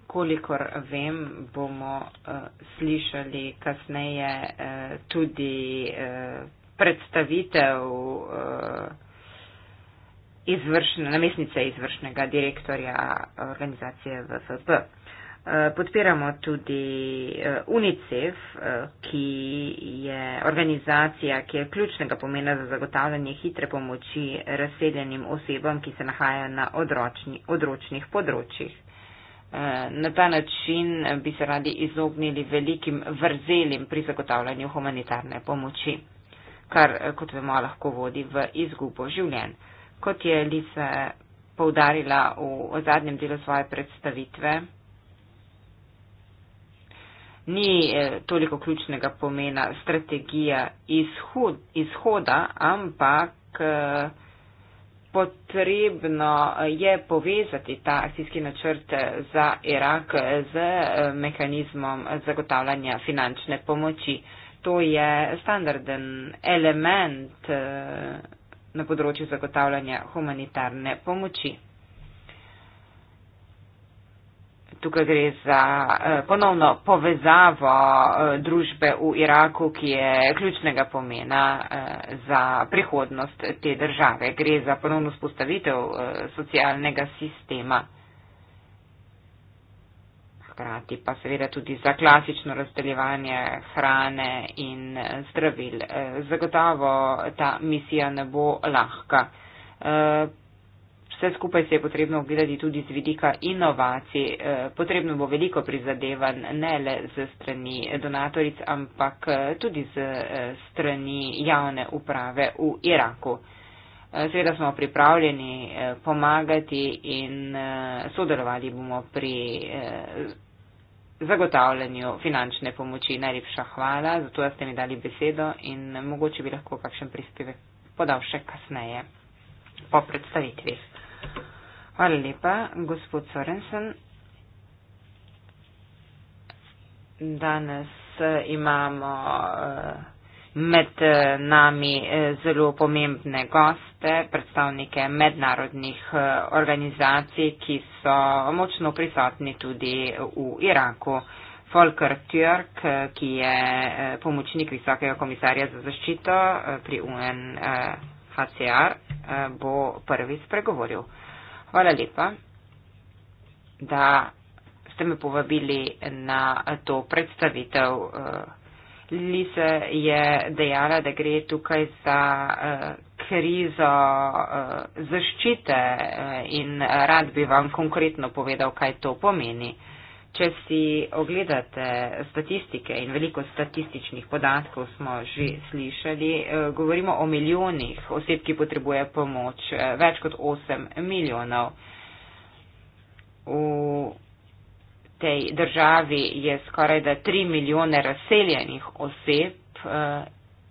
Kolikor vem, bomo eh, slišali kasneje eh, tudi eh, predstavitev. Eh, izvršne, namestnice izvršnega direktorja organizacije VFP. Eh, podpiramo tudi eh, UNICEF, eh, ki je organizacija, ki je ključnega pomena za zagotavljanje hitre pomoči razseljenim osebam, ki se nahajajo na odročni, odročnih področjih. Na ta način bi se radi izognili velikim vrzelim pri zagotavljanju humanitarne pomoči, kar, kot vemo, lahko vodi v izgubo življenj kot je Elise poudarila v, v zadnjem delu svoje predstavitve, ni eh, toliko ključnega pomena strategija izhod, izhoda, ampak eh, potrebno je povezati ta akcijski načrt eh, za Irak z mehanizmom zagotavljanja finančne pomoči. To je standarden element na področju zagotavljanja humanitarne pomoči. Tukaj gre za eh, ponovno povezavo eh, družbe v Iraku, ki je ključnega pomena eh, za prihodnost te države. Gre za ponovno spostavitev socialnega sistema aparati, pa seveda tudi za klasično razdeljevanje hrane in zdravil. Eh, zagotovo ta misija ne bo lahka. Eh, vse skupaj se je potrebno ogledati tudi z vidika inovacij. Eh, potrebno bo veliko prizadevan ne le z strani donatoric, ampak tudi z strani javne uprave v Iraku. Seveda smo pripravljeni pomagati in sodelovali bomo pri zagotavljanju finančne pomoči. Najlepša hvala, zato da ste mi dali besedo in mogoče bi lahko kakšen prispevek podal še kasneje po predstavitvi. Hvala lepa, gospod Sorensen. Danes eh, imamo. Uh, med eh, nami eh, zelo pomembne goste, predstavnike mednarodnih eh, organizacij, ki so močno prisotni tudi v Iraku. Volker Türk, ki je pomočnik visokega komisarja za zaščito pri UNHCR, bo prvi spregovoril. Hvala lepa, da ste me povabili na to predstavitev. Liz je dejala, da gre tukaj za uh, krizo uh, zaščite eh, in rad bi vam konkretno povedal, kaj to pomeni. Če si ogledate statistike in veliko statističnih podatkov smo že slišali, govorimo o milijonih oseb, ki potrebuje pomoč, več kot 8 milijonov. V tej državi je skoraj da 3 milijone razseljenih oseb eh,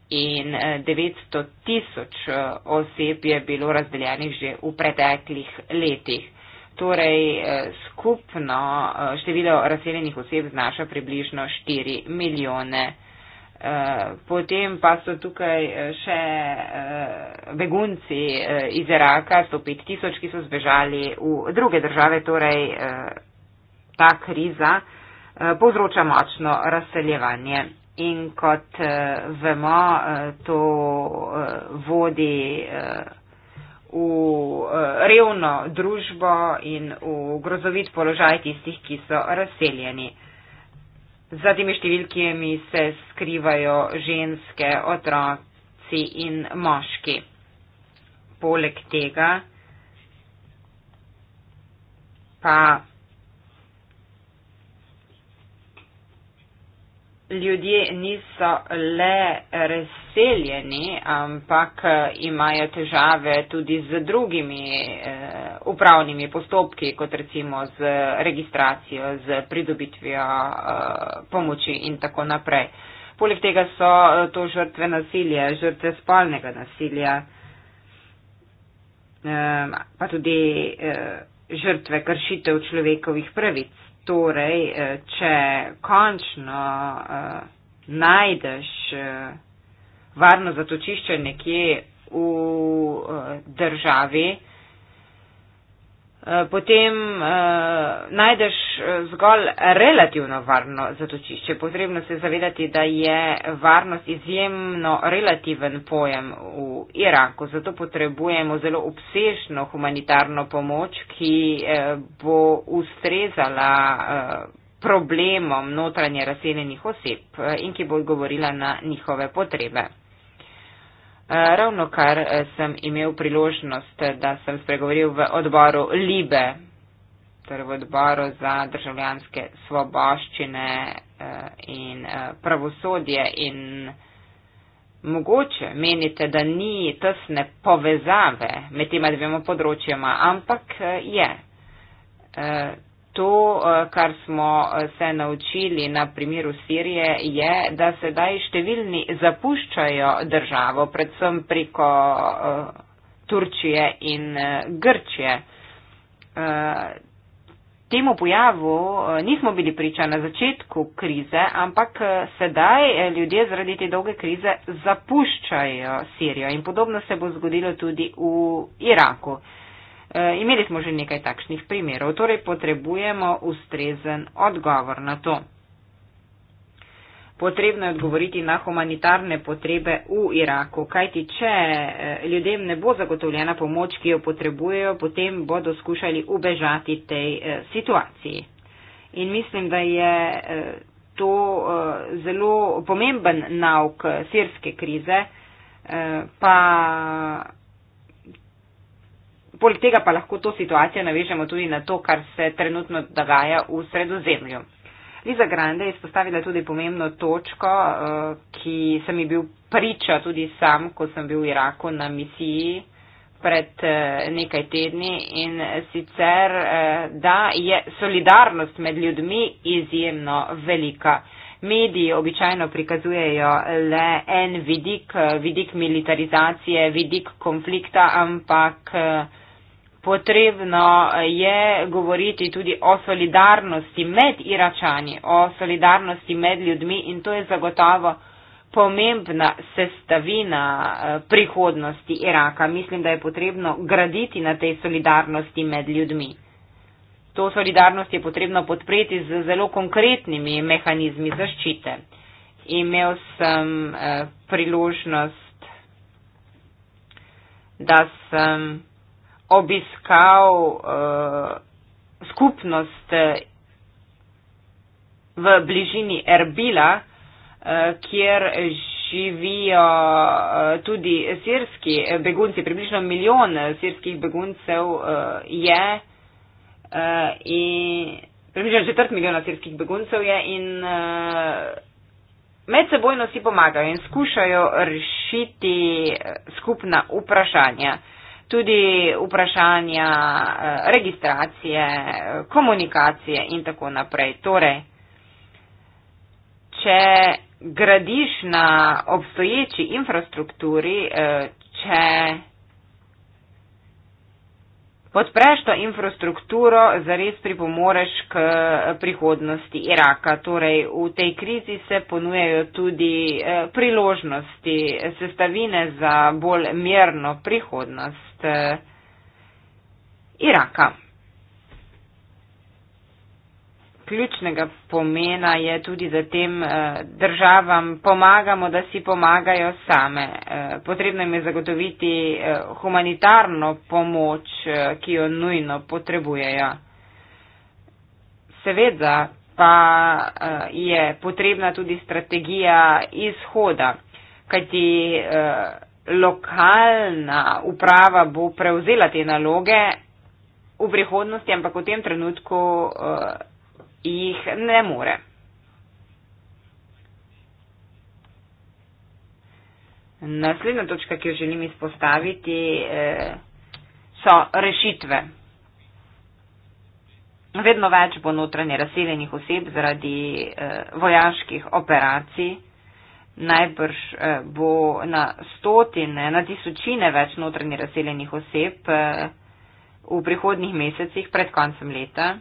in 900 eh, tisoč eh, oseb je bilo razdeljenih že v preteklih letih. Torej skupno število razseljenih oseb znaša približno 4 milijone. Potem pa so tukaj še begunci iz Iraka, 105 tisoč, ki so zbežali v druge države, torej ta kriza eh, povzroča močno razseljevanje. In kot eh, vemo, eh, to vodi v revno družbo in v grozovit položaj tistih, ki so razseljeni. Za temi številkami se skrivajo ženske, otroci in moški. Poleg tega pa ljudje niso le razseljeni, ampak eh, imajo težave tudi z drugimi eh, upravnimi postopki, kot recimo z registracijo, z pridobitvijo eh, pomoči in tako naprej. Poleg tega so to žrtve nasilja, žrtve spolnega nasilja, pa tudi žrtve kršitev človekovih pravic torej, eh, če končno eh, najdeš eh, varno zatočišče nekje v državi, Eh, potem uh, najdeš eh, zgolj relativno varno zatočišče. Potrebno se zavedati, da je varnost izjemno relativen pojem v Iraku, zato potrebujemo zelo obsežno humanitarno pomoč, ki uh, bo ustrezala uh, problemom notranje razseljenih oseb uh, in ki bo odgovorila na njihove potrebe. Eh, ravno kar eh, sem imel priložnost, eh, da sem spregovoril v odboru Libe, torej v odboru za državljanske svoboščine in pravosodje in mogoče menite, da ni tesne povezave med tema dvema področjama, ampak je to, eh, kar smo eh, se naučili na primeru Sirije, je, da sedaj številni zapuščajo državo, predvsem preko eh, Turčije in Grčije. Temu pojavu nismo bili priča na začetku krize, ampak sedaj ljudje zaradi te dolge krize zapuščajo Sirijo in podobno se bo zgodilo tudi v Iraku. E, imeli smo že nekaj takšnih primerov, torej potrebujemo ustrezen odgovor na to. Potrebno je odgovoriti na humanitarne potrebe v Iraku, kajti če eh, ljudem ne bo zagotovljena pomoč, ki jo potrebujejo, potem bodo skušali ubežati tej eh, situaciji. In mislim, da je to zelo pomemben nauk sirske krize, pa Poleg tega pa lahko to situacijo navežemo tudi na to, kar se trenutno dogaja v sredozemlju. Liza Grande je izpostavila tudi pomembno točko, eh, ki sem ji bil priča tudi sam, ko sem bil v Iraku na misiji pred eh, nekaj tedni in sicer, eh, da je solidarnost med ljudmi izjemno velika. Mediji običajno prikazujejo le en vidik, vidik militarizacije, vidik konflikta, ampak potrebno je govoriti tudi o solidarnosti med iračani, o solidarnosti med ljudmi in to je zagotovo pomembna sestavina eh, prihodnosti Iraka. Mislim, da je potrebno graditi na tej solidarnosti med ljudmi. To solidarnost je potrebno podpreti z zelo konkretnimi mehanizmi zaščite. Imel sem eh, priložnost, da sem obiskal uh, skupnost eh, v bližini Erbila, uh, kjer živijo uh, tudi sirski begunci. Približno milijon sirskih beguncev uh, je uh, in približno četrt milijona sirskih beguncev je in uh, med sebojno si pomagajo in skušajo rešiti skupna vprašanja. Uh, tudi vprašanja eh, registracije, komunikacije in tako naprej. Torej, če gradiš na obstoječi infrastrukturi, eh, če podpreš to infrastrukturo, zares pripomoreš k prihodnosti Iraka. Torej, v tej krizi se ponujajo tudi eh, priložnosti, sestavine za bolj mirno prihodnost eh, Iraka ključnega pomena je tudi, da tem eh, državam pomagamo, da si pomagajo same. Eh, potrebno jim je zagotoviti eh, humanitarno pomoč, ki jo nujno potrebujejo. Seveda pa je potrebna tudi strategija izhoda, kajti lokalna uprava bo prevzela te naloge. V prihodnosti, ampak v tem trenutku jih ne more. Naslednja točka, ki jo želim izpostaviti, eh, so rešitve. Vedno več bo notranje razseljenih oseb zaradi eh, vojaških operacij. Najbrž eh, bo na stotine, na tisočine več notranje razseljenih oseb v prihodnih mesecih pred koncem leta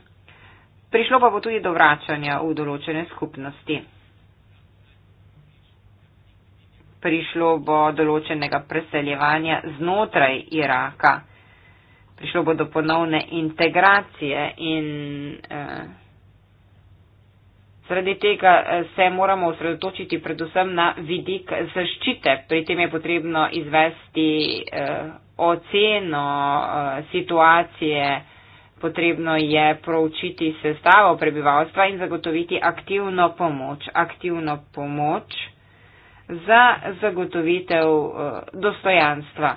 prišlo pa bo tudi do vračanja v določene skupnosti. Prišlo bo določenega preseljevanja znotraj Iraka, prišlo bo do ponovne integracije in eh, zaradi tega eh, se moramo osredotočiti predvsem na vidik zaščite. Pri tem je potrebno izvesti eh, oceno eh, situacije, eh, Potrebno je proučiti sestavo prebivalstva in zagotoviti aktivno pomoč. Aktivno pomoč za zagotovitev eh, dostojanstva.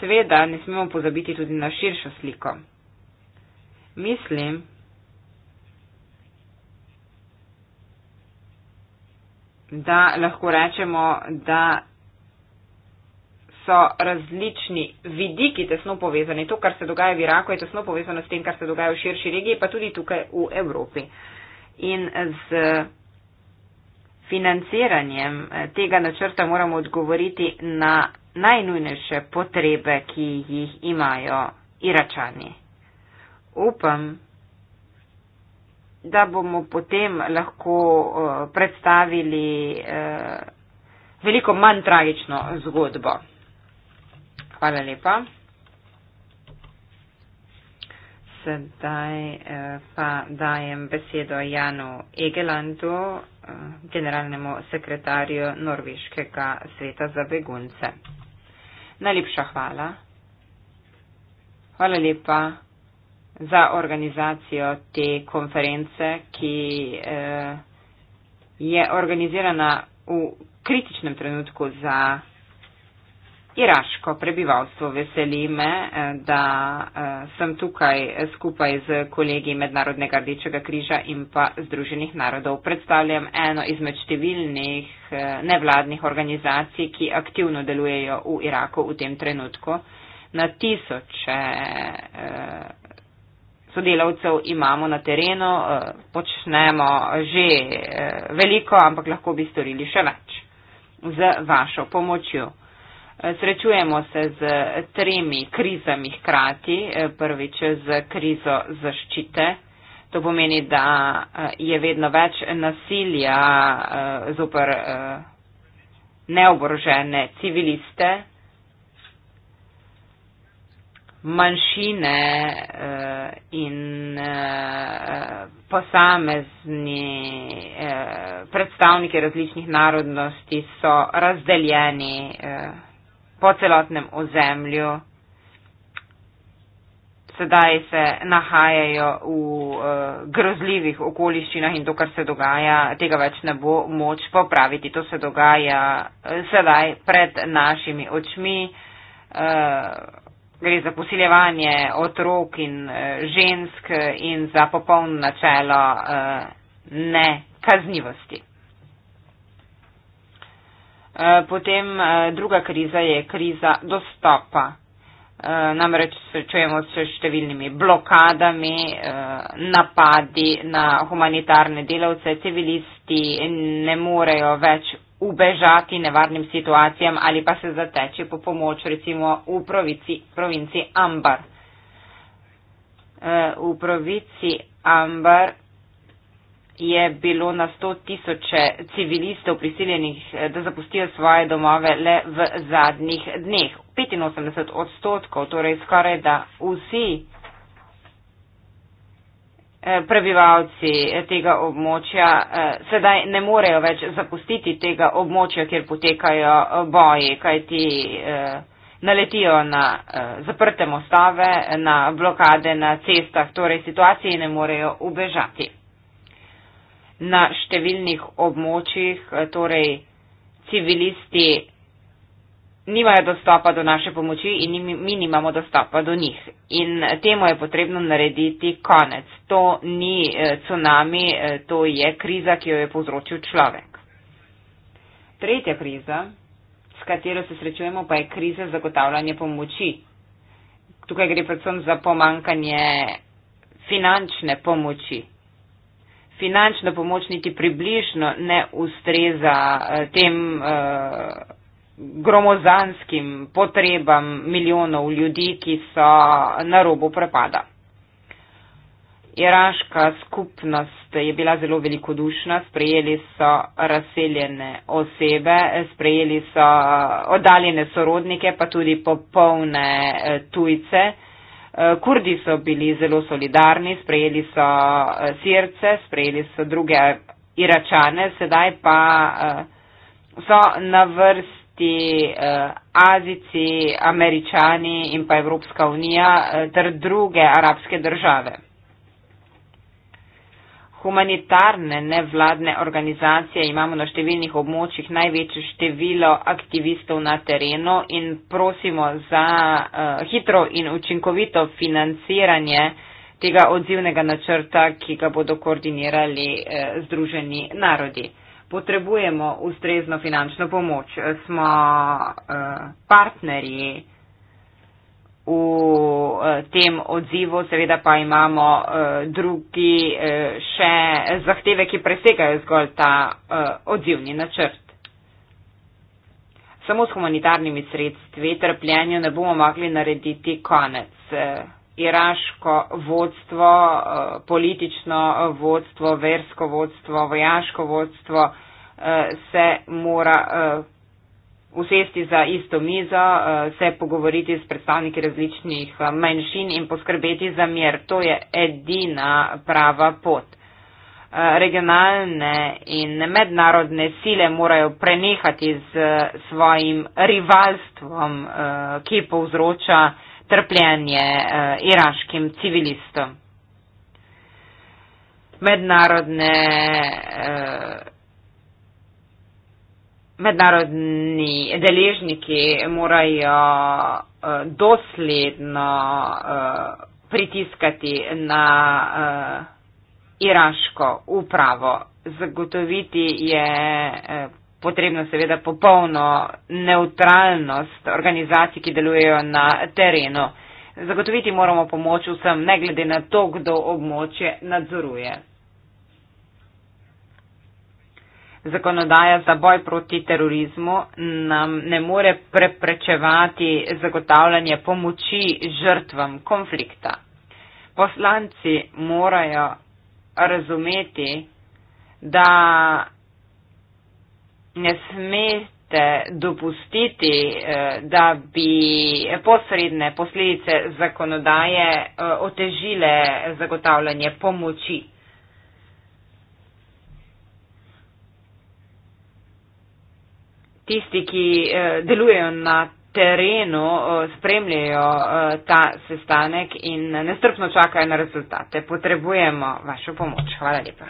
Seveda ne smemo pozabiti tudi na širšo sliko. Mislim, da lahko rečemo, da so različni vidiki tesno povezani. To, kar se dogaja v Iraku, je tesno povezano s tem, kar se dogaja v širši regiji, pa tudi tukaj v Evropi. In z financiranjem eh, tega načrta moramo odgovoriti na najnujnejše potrebe, ki jih imajo iračani. Upam, da bomo potem lahko eh, predstavili eh, veliko manj tragično zgodbo. Hvala lepa. Sedaj eh, pa dajem besedo Janu Egelandu, eh, generalnemu sekretarju Norveškega sveta za begunce. Najlepša hvala. Hvala lepa za organizacijo te konference, ki eh, je organizirana v kritičnem trenutku za iraško prebivalstvo. Veseli me, eh, da eh, sem tukaj skupaj z kolegi Mednarodnega rdečega križa in pa Združenih narodov. Predstavljam eno izmed številnih eh, nevladnih organizacij, ki aktivno delujejo v Iraku v tem trenutku. Na tisoče sodelavcev imamo na terenu, počnemo že veliko, ampak lahko bi storili še več z vašo pomočjo. Eh, srečujemo se z tremi krizami hkrati. Eh, prvič z krizo zaščite. To pomeni, da eh, je vedno več nasilja zoper neoborožene civiliste, manjšine in posamezni predstavniki različnih narodnosti so razdeljeni po celotnem ozemlju. Sedaj se nahajajo v uh, grozljivih okoliščinah in to, kar se dogaja, tega več ne bo moč popraviti. To se dogaja uh, sedaj pred našimi očmi. Uh, gre za posiljevanje otrok in uh, žensk in za popolno načelo uh, nekaznivosti. Eh, potem eh, druga kriza je kriza dostopa. Eh, namreč se čujemo s številnimi blokadami, napadi na humanitarne delavce, civilisti ne morejo več ubežati nevarnim situacijam ali pa se zateči po pomoč recimo v provici, provinci Ambar. V provici Ambar je bilo na sto tisoče civilistov prisiljenih, eh, da zapustijo svoje domove le v zadnjih dneh. 85 odstotkov, torej skoraj da vsi eh, prebivalci eh, tega območja sedaj ne morejo več zapustiti tega območja, kjer potekajo boji, kajti naletijo na zaprte mostove, na blokade na cestah, torej situaciji ne morejo ubežati na številnih območjih, eh, torej civilisti nimajo dostopa do naše pomoči in mi nimamo dostopa do njih. In eh, temu je potrebno narediti konec. To ni eh, tsunami, to je kriza, ki jo je povzročil človek. Tretja kriza, s katero se srečujemo, pa je kriza zagotavljanja pomoči. Tukaj gre predvsem za pomankanje finančne pomoči finančna pomoč niti približno ne ustreza eh, tem eh, gromozanskim potrebam milijonov ljudi, ki so na robu prepada. Iraška skupnost je bila zelo velikodušna, sprejeli so razseljene osebe, sprejeli so oddaljene sorodnike, pa tudi popolne eh, tujce. Kurdi so bili zelo solidarni, sprejeli so eh, Sirce, sprejeli so druge Iračane, sedaj pa eh, so na vrsti eh, Azici, Američani in pa Evropska unija ter druge arabske države humanitarne nevladne organizacije imamo na številnih območjih največje število aktivistov na terenu in prosimo za uh, hitro in učinkovito financiranje tega odzivnega načrta, ki ga bodo koordinirali uh, Združeni narodi. Potrebujemo ustrezno finančno pomoč, eh, smo uh, partnerji v eh, tem odzivu, seveda pa imamo eh, drugi eh, še zahteve, ki presegajo zgolj ta odzivni načrt. Samo s humanitarnimi sredstvi trpljenju ne bomo mogli narediti konec. Iraško vodstvo, politično vodstvo, versko vodstvo, vojaško vodstvo se mora usesti za isto mizo, eh, se pogovoriti s predstavniki različnih eh, manjšin in poskrbeti za mir. To je edina prava pot. Eh, regionalne in mednarodne sile morajo prenehati z svojim rivalstvom, ki povzroča trpljenje iraškim civilistom. Mednarodne mednarodni deležniki morajo uh, dosledno uh, pritiskati na uh, iraško upravo. Zagotoviti je uh, potrebno seveda popolno neutralnost organizacij, ki delujejo na terenu. Zagotoviti moramo pomoč vsem, ne glede na to, kdo območje nadzoruje zakonodaja za boj proti terorizmu nam ne more preprečevati zagotavljanje pomoči žrtvam konflikta. Poslanci morajo razumeti, da ne smete dopustiti, eh, da bi posredne posledice zakonodaje eh, otežile zagotavljanje pomoči tisti, ki eh, delujejo na terenu, eh, spremljajo eh, ta sestanek in nestrpno čakajo na rezultate. Potrebujemo vašo pomoč. Hvala lepa.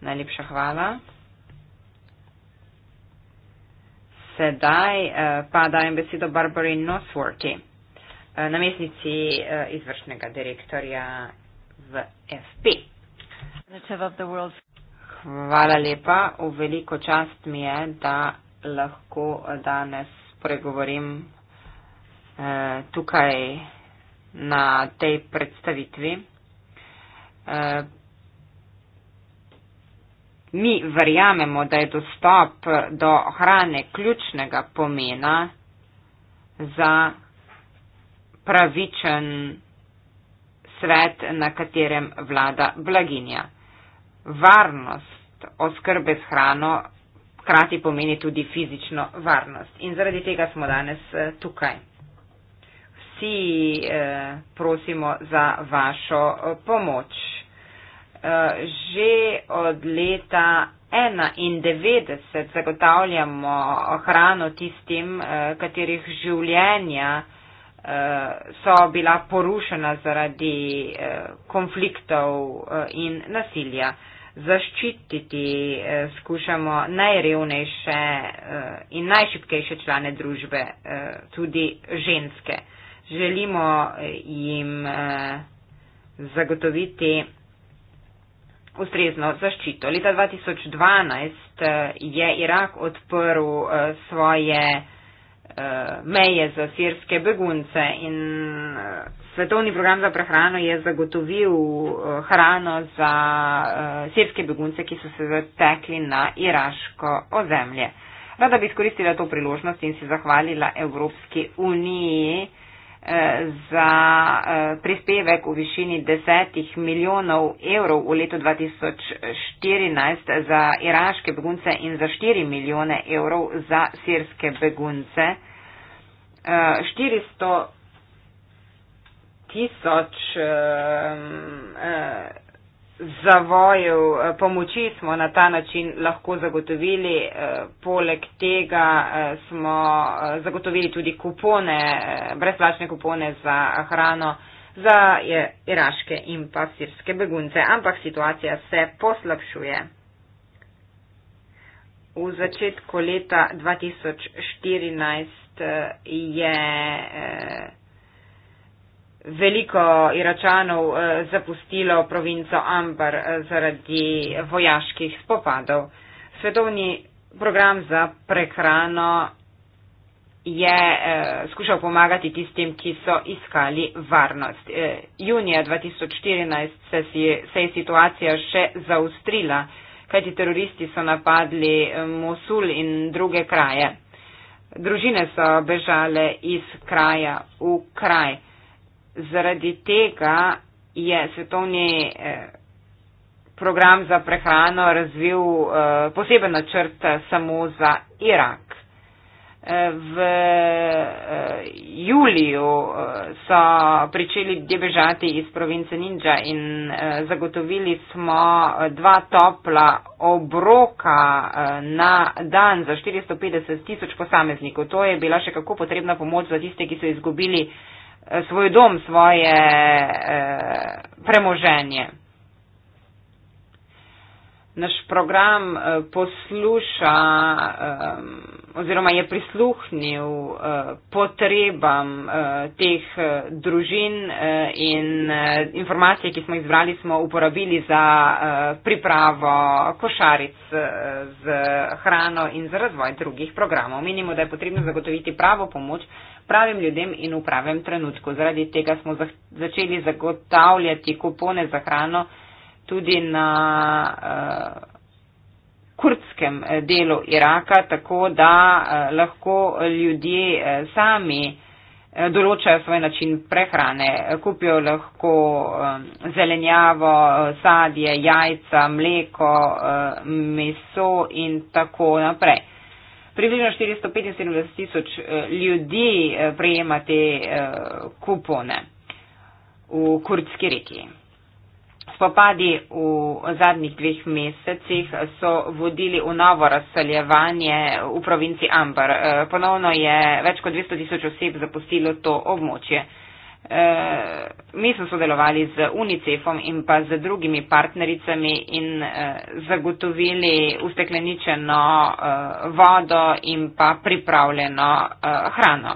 Najlepša hvala. Sedaj pa dajem besedo Barbari Nosworthy, namestnici izvršnega direktorja v FP. Hvala lepa. V veliko čast mi je, da lahko danes pregovorim eh, tukaj na tej predstavitvi. Eh, mi verjamemo, da je dostop do hrane ključnega pomena za pravičen svet, na katerem vlada blaginja varnost oskrbe s hrano hkrati pomeni tudi fizično varnost. In zaradi tega smo danes eh, tukaj. Vsi eh, prosimo za vašo eh, pomoč. Že od leta 1991 zagotavljamo hrano tistim, katerih življenja so bila porušena zaradi konfliktov in nasilja zaščititi eh, skušamo najrevnejše eh, in najšipkejše člane družbe, eh, tudi ženske. Želimo jim zagotoviti ustrezno zaščito. Leta 2012 je Irak odprl svoje meje za sirske begunce in Svetovni program za prehrano je zagotovil eh, hrano za eh, sirske begunce, ki so se zatekli na iraško ozemlje. Rada bi izkoristila to priložnost in se zahvalila Evropski uniji eh, za prispevek v višini 10 milijonov evrov v letu 2014 za iraške begunce in za 4 milijone evrov za sirske begunce. 400 tisoč eh, eh, zavojev eh, pomoči smo na ta način lahko zagotovili. Eh, poleg tega eh, smo eh, zagotovili tudi kupone, eh, brezplačne kupone za hrano za eh, iraške in pa sirske begunce. Ampak situacija se poslabšuje. V začetku leta 2014 eh, je. Eh, veliko Iračanov eh, zapustilo provinco Ambar eh, zaradi vojaških spopadov. Svetovni program za prehrano je eh, skušal pomagati tistim, ki so iskali varnost. Eh, junija 2014 se, si, se je situacija še zaustrila, kajti teroristi so napadli eh, Mosul in druge kraje. Družine so bežale iz kraja v kraj. Eh, zaradi tega je svetovni eh, program za prehrano razvil eh, poseben načrt eh, samo za Irak. V juliju so pričeli debežati iz province Ninja in zagotovili smo dva topla obroka na dan za 450 tisoč posameznikov. To je bila še kako potrebna pomoč za tiste, ki so izgubili Eh, svoj dom, svoje e, premoženje. Naš program eh, posluša oziroma je prisluhnil potrebam teh družin in informacije, ki smo jih zbrali, smo uporabili za pripravo košaric z hrano in za razvoj drugih programov. Menimo, da je potrebno zagotoviti pravo pomoč pravim ljudem in v pravem trenutku. Zaradi tega smo zah začeli zagotavljati kupone za hrano tudi na uh, kurdskem eh, delu Iraka, tako da uh, lahko ljudje uh, sami določajo svoj način prehrane. Kupijo lahko zelenjavo, sadje, jajca, mleko, meso in tako naprej približno 475 tisoč eh, ljudi eh, prejema te eh, kupone v kurdski reki. Spopadi v zadnjih dveh mesecih so vodili v novo razseljevanje v provinci Ambar. Ponovno je več kot 200 tisoč oseb zapustilo to območje. Eh, mi smo sodelovali z UNICEF-om in pa z drugimi partnericami in eh, zagotovili ustekleničeno eh, vodo in pa pripravljeno eh, hrano.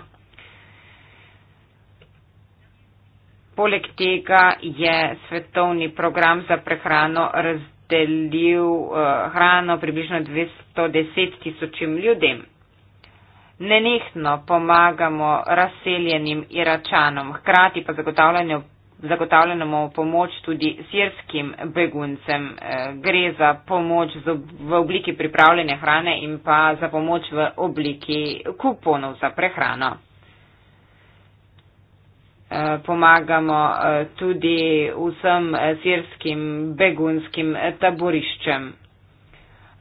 Poleg tega je svetovni program za prehrano razdelil eh, hrano približno 210 tisočim ljudem nenehno pomagamo razseljenim Iračanom, hkrati pa zagotavljamo pomoč tudi sirskim beguncem. Eh, gre za pomoč v obliki pripravljene hrane in pa za pomoč v obliki kuponov za prehrano. Eh, pomagamo eh, tudi vsem sirskim begunskim taboriščem.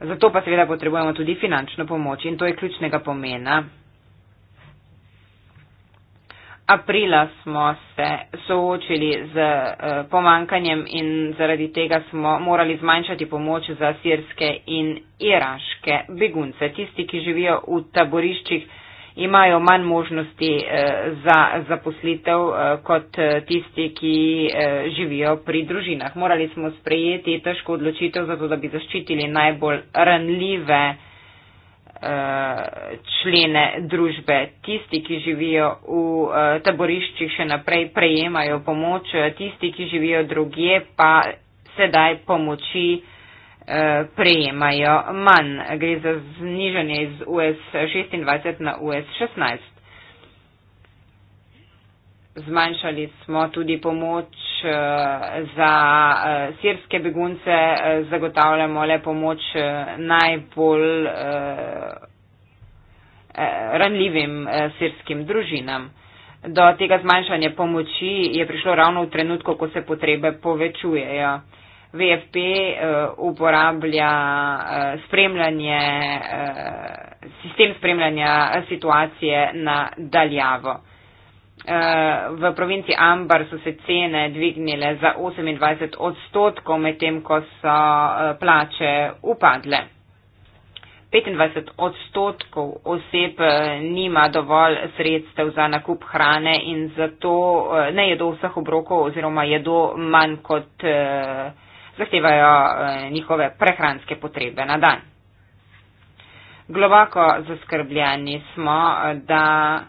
Zato pa seveda potrebujemo tudi finančno pomoč in to je ključnega pomena. Aprila smo se soočili z eh, pomankanjem in zaradi tega smo morali zmanjšati pomoč za sirske in iraške begunce, tisti, ki živijo v taboriščih imajo manj možnosti eh, za zaposlitev eh, kot eh, tisti, ki živijo pri družinah. Morali smo sprejeti težko odločitev za to, da bi zaščitili najbolj ranljive člene družbe. Tisti, ki živijo v taboriščih, še naprej prejemajo pomoč, tisti, ki živijo drugje, pa sedaj pomoči. Eh, prejemajo manj. Gre za znižanje iz US 26 na US 16. Zmanjšali smo tudi pomoč eh, za eh, sirske begunce, zagotavljamo le pomoč najbolj ranljivim sirskim družinam. Do tega zmanjšanja pomoči je prišlo ravno v trenutku, ko se potrebe povečujejo. VFP uh, eh, uporablja uh, spremljanje, uh, sistem spremljanja situacije na daljavo. Uh, v provinci Ambar so se cene dvignile za 28 odstotkov, medtem ko so uh, plače upadle. 25 odstotkov oseb nima dovolj sredstev za nakup hrane in zato ne jedo vseh obrokov oziroma jedo manj kot. Uh, zahtevajo eh, njihove prehranske potrebe na dan. Globoko zaskrbljeni smo, eh, da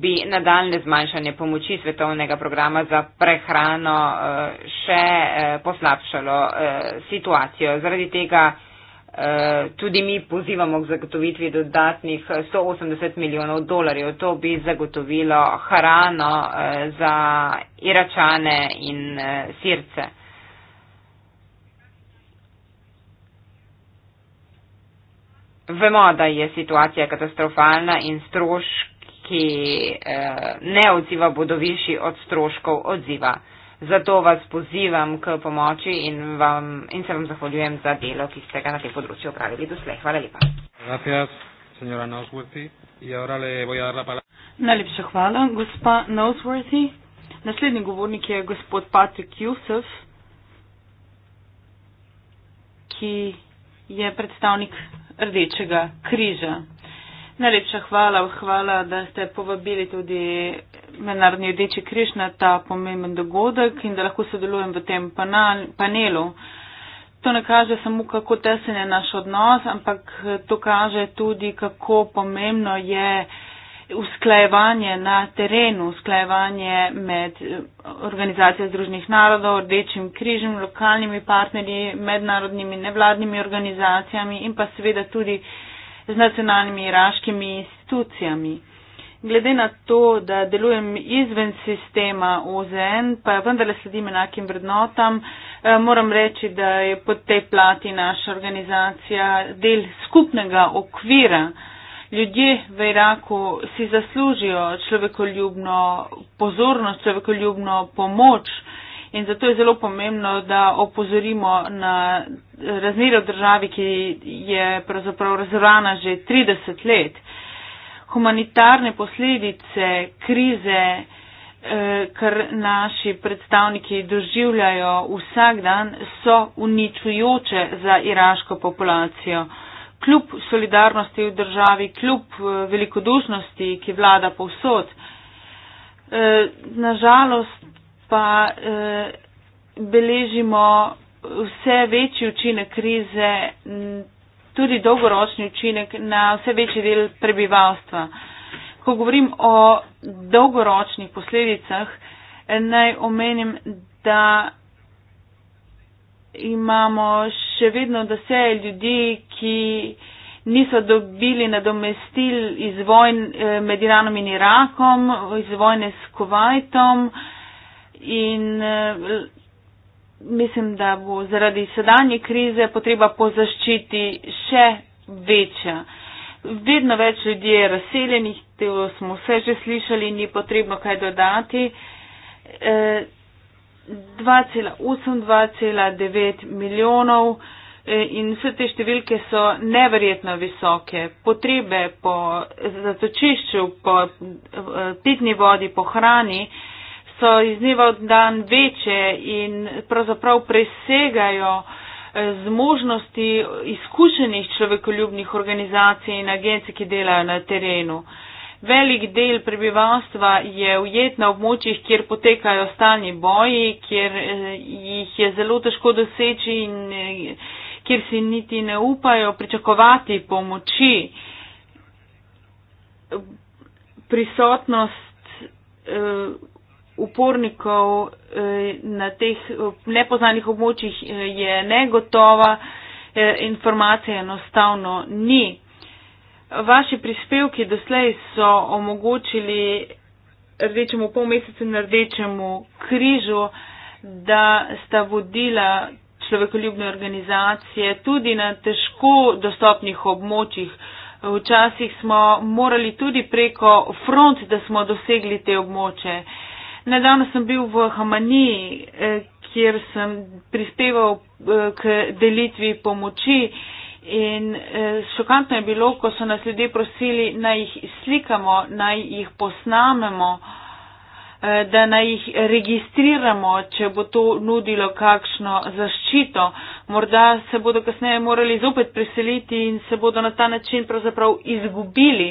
bi nadaljne zmanjšanje pomoči svetovnega programa za prehrano eh, še poslabšalo situacijo. Zaradi tega tudi mi pozivamo k zagotovitvi dodatnih 180 milijonov dolarjev. To bi zagotovilo hrano za iračane in sirce. Vemo, da je situacija katastrofalna in stroški eh, neodziva bodo višji od stroškov odziva. Zato vas pozivam k pomoči in, vam, in se vam zahvaljujem za delo, ki ste ga na tem področju opravili doslej. Hvala lepa. Najlepša hvala, gospa Noseworthy. Naslednji govornik je gospod Patrick Youssef, ki je predstavnik Rdečega križa. Najlepša hvala, hvala, da ste povabili tudi Mednarodni Rdeči križ na ta pomemben dogodek in da lahko sodelujem v tem panal, panelu. To ne kaže samo, kako tesen je naš odnos, ampak to kaže tudi, kako pomembno je usklajevanje na terenu, usklajevanje med eh, organizacijo Združenih narodov, Rdečim križem, lokalnimi partnerji, mednarodnimi nevladnimi organizacijami in pa seveda tudi z nacionalnimi iraškimi institucijami. Glede na to, da delujem izven sistema OZN, pa vendarle sledim enakim vrednotam, eh, moram reči, da je pod tej plati naša organizacija del skupnega okvira, ljudje v Iraku si zaslužijo človekoljubno pozornost, človekoljubno pomoč in zato je zelo pomembno, da opozorimo na razmero državi, ki je pravzaprav razvrana že 30 let. Humanitarne posledice krize, eh, kar naši predstavniki doživljajo vsak dan, so uničujoče za iraško populacijo kljub solidarnosti v državi, kljub eh, velikodušnosti, ki vlada povsod. Eh, Nažalost pa eh, beležimo vse večji učinek krize, tudi dolgoročni učinek na vse večji del prebivalstva. Ko govorim o dolgoročnih posledicah, naj omenim, da imamo še vedno do vse ljudi, ki niso dobili nadomestil iz vojn eh, med Iranom in Irakom, iz vojne s Kuwaitom in eh, mislim, da bo zaradi sedanje krize potreba po zaščiti še večja. Vedno več ljudi je razseljenih, to smo vse že slišali in ni potrebno kaj dodati. Eh, 2,8-2,9 milijonov eh, in vse te številke so neverjetno visoke. Potrebe po zatočišču, po eh, pitni vodi, po hrani so iz dneva v dan večje in pravzaprav presegajo eh, zmožnosti izkušenih človekoljubnih organizacij in agencij, ki delajo na terenu. Velik del prebivalstva je ujet na območjih, kjer potekajo stalni boji, kjer eh, jih je zelo težko doseči in eh, kjer si niti ne upajo pričakovati pomoči. Prisotnost eh, upornikov na teh nepoznanih območjih je negotova, informacije enostavno ni. Vaši prispevki doslej so omogočili rdečemu polmesecu in rdečemu križu, da sta vodila človekoljubne organizacije tudi na težko dostopnih območjih. Včasih smo morali tudi preko front, da smo dosegli te območje. Nedavno sem bil v Hamaniji, eh, kjer sem prispeval eh, k delitvi pomoči. In eh, šokantno je bilo, ko so nas ljudje prosili, naj jih slikamo, naj jih posnamemo, eh, da naj jih registriramo, če bo to nudilo kakšno zaščito. Morda se bodo kasneje morali zopet priseliti in se bodo na ta način pravzaprav izgubili.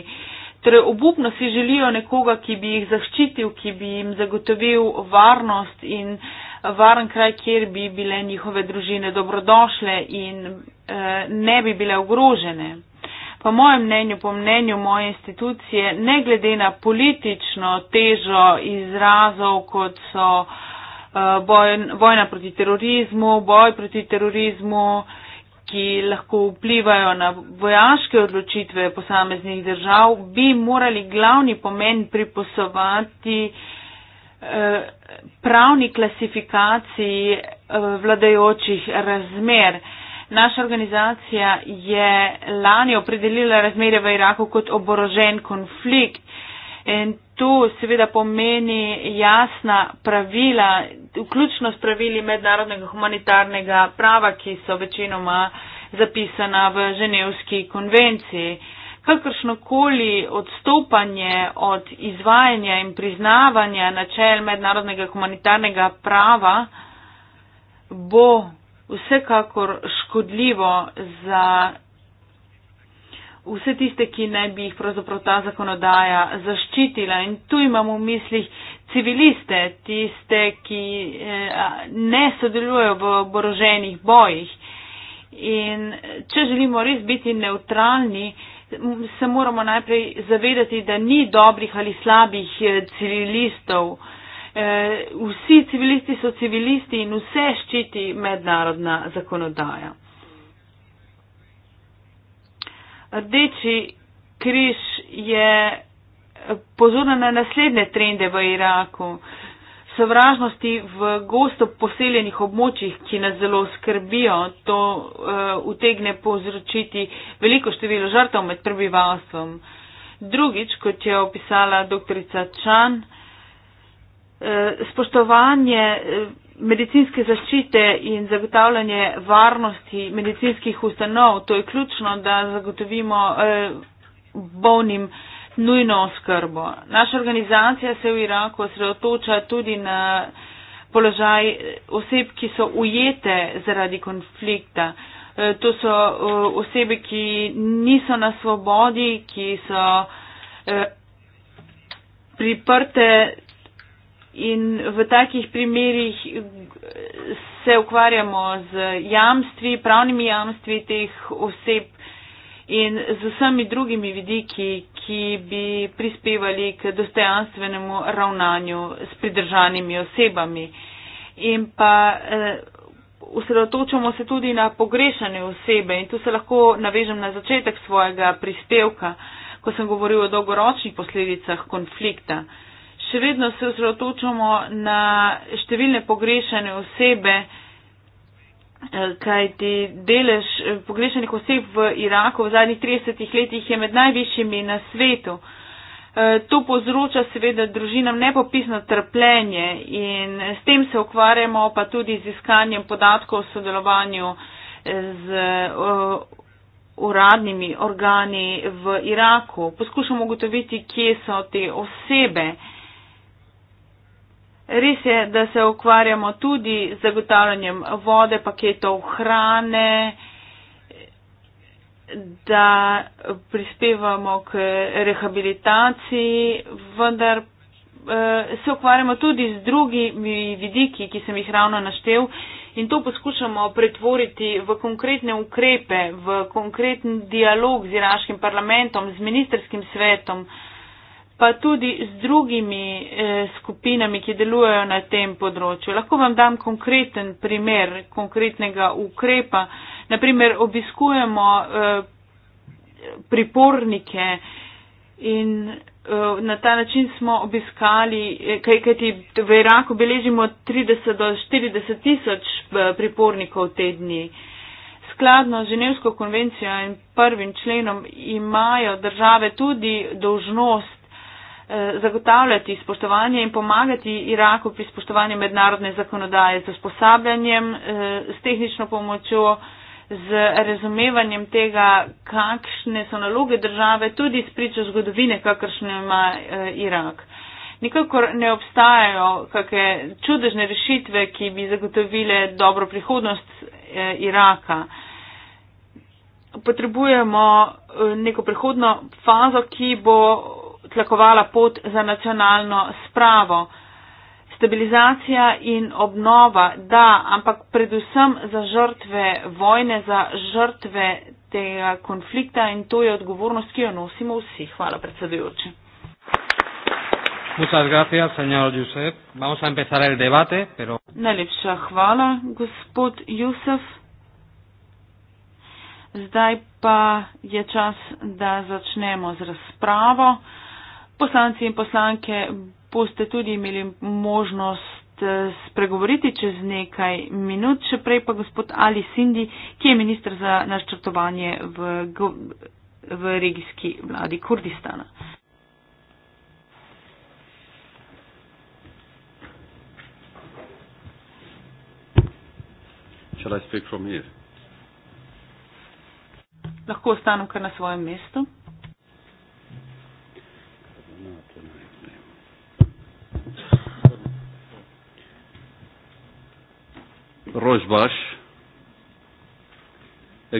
Torej, obupno si želijo nekoga, ki bi jih zaščitil, ki bi jim zagotovil varnost in eh, varen kraj, kjer bi bile njihove družine dobrodošle in eh, ne bi bile ogrožene. Po mojem mnenju, po mnenju moje institucije, ne glede na politično težo izrazov, kot so eh, boj, vojna proti terorizmu, boj proti terorizmu, ki lahko vplivajo na vojaške odločitve posameznih držav, bi morali glavni pomen priposovati eh, Eh, pravni klasifikaciji eh, vladajočih razmer. Naša organizacija je lani opredelila razmerje v Iraku kot oborožen konflikt in to seveda pomeni jasna pravila, vključno s pravili mednarodnega humanitarnega prava, ki so večinoma zapisana v Ženevski konvenciji kakršnokoli odstopanje od izvajanja in priznavanja načel mednarodnega humanitarnega prava bo vsekakor škodljivo za vse tiste, ki ne bi jih pravzaprav ta zakonodaja zaščitila. In tu imamo v mislih civiliste, tiste, ki eh, ne sodelujo v oboroženih bojih. In če želimo res biti neutralni, se moramo najprej zavedati, da ni dobrih ali slabih eh, civilistov. Eh, vsi civilisti so civilisti in vse ščiti mednarodna zakonodaja. Rdeči križ je eh, pozoren na naslednje trende v Iraku sovražnosti v gosto poseljenih območjih, ki nas zelo skrbijo, to uh, utegne povzročiti veliko število žrtev med prebivalstvom. Drugič, kot je opisala doktorica Čan, eh, spoštovanje eh, medicinske zaščite in zagotavljanje varnosti medicinskih ustanov, to je ključno, da zagotovimo bolnim nujno oskrbo. Naša organizacija se v Iraku osredotoča tudi na položaj oseb, ki so ujete zaradi konflikta. E, to so e, osebe, ki niso na svobodi, ki so e, priprte in v takih primerjih se ukvarjamo z jamstvi, pravnimi jamstvi teh oseb in z vsemi drugimi vidiki, ki bi prispevali k dostojanstvenemu ravnanju s pridržanimi osebami. In pa usredotočamo eh, se tudi na pogrešane osebe in tu se lahko navežem na začetek svojega prispevka, ko sem govoril o dolgoročnih posledicah konflikta. Še vedno se usredotočamo na številne pogrešane osebe, Eh, kaj ti delež eh, pogrešanih oseb v Iraku v zadnjih 30 letih je med najvišjimi na svetu. Eh, to povzroča seveda družinam nepopisno trpljenje in s tem se ukvarjamo pa tudi z iskanjem podatkov o sodelovanju z uradnimi organi v Iraku. Poskušamo ugotoviti, kje so te osebe. Res je, da se ukvarjamo tudi z zagotavljanjem vode, paketov hrane, da prispevamo k rehabilitaciji, vendar eh, se ukvarjamo tudi z drugimi vidiki, ki sem jih ravno naštel in to poskušamo pretvoriti v konkretne ukrepe, v konkreten dialog z iraškim parlamentom, z ministerskim svetom, pa tudi z drugimi eh, skupinami, ki delujejo na tem področju. Lahko vam dam konkreten primer konkretnega ukrepa. Naprimer, obiskujemo eh, pripornike in eh, na ta način smo obiskali, eh, kajti v Iraku beležimo 30 do 40 tisoč eh, pripornikov tedni. Skladno z Ženevsko konvencijo in prvim členom imajo države tudi dožnost, Eh, zagotavljati spoštovanje in pomagati Iraku pri spoštovanju mednarodne zakonodaje z usposabljanjem, eh, s tehnično pomočjo, z razumevanjem tega, kakšne so naloge države, tudi s pričo zgodovine, kakršne ima eh, Irak. Nikakor ne obstajajo kakšne čudežne rešitve, ki bi zagotovile dobro prihodnost Iraka. Potrebujemo neko prihodno fazo, ki bo tlakovala pot za nacionalno spravo. Stabilizacija in obnova, da, ampak predvsem za žrtve vojne, za žrtve tega konflikta in to je odgovornost, ki jo nosimo vsi. Hvala, predsedujoči. Muchas gracias, señor Josep. Vamos a empezar el debate, pero... Najlepša hvala, gospod Josef. Zdaj pa je čas, da začnemo z razpravo poslanci in poslanke boste tudi imeli možnost eh, spregovoriti čez nekaj minut. Še prej pa gospod Ali Sindi, ki je ministr za naštrtovanje v, v regijski vladi Kurdistana. Lahko ostanem kar na svojem mestu.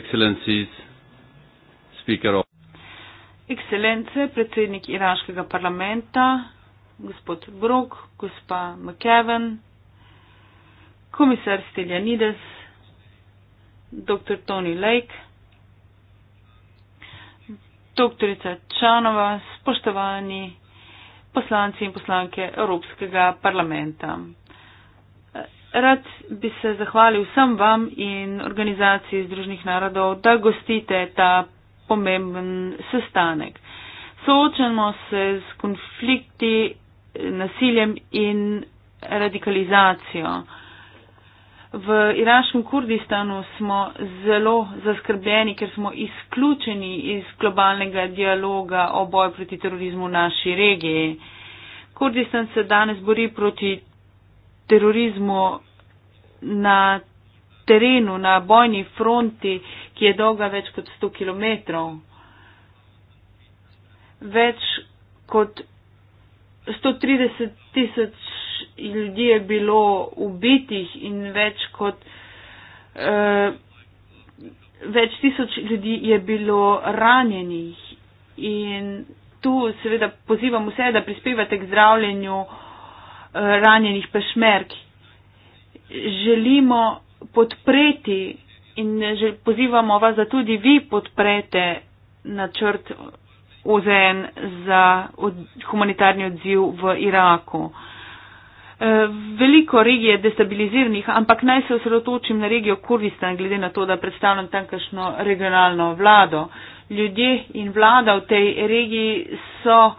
Excellencies, speaker of. Ekscelence, predsednik iraškega parlamenta, gospod Brok, gospa McKeven, komisar Steljanides, dr. Tony Lake, doktorica Čanova, spoštovani poslanci in poslanke Evropskega parlamenta rad bi se zahvalil vsem vam in organizaciji Združenih narodov, da gostite ta pomemben sestanek. Soočamo se z konflikti, nasiljem in radikalizacijo. V iraškem Kurdistanu smo zelo zaskrbljeni, ker smo izključeni iz globalnega dialoga o boju proti terorizmu v naši regiji. Kurdistan se danes bori proti terorizmu na terenu, na bojni fronti, ki je dolga več kot 100 km. Več kot 130 tisoč ljudi je bilo ubitih in več kot uh, več tisoč ljudi je bilo ranjenih. In tu seveda pozivam vse, da prispevate k zdravljenju uh, ranjenih pešmerk, želimo podpreti in že pozivamo vas, da tudi vi podprete načrt OZN za humanitarni odziv v Iraku. E, veliko regij je destabiliziranih, ampak naj se osredotočim na regijo Kurdistan, glede na to, da predstavljam tamkajšno regionalno vlado. Ljudje in vlada v tej regiji so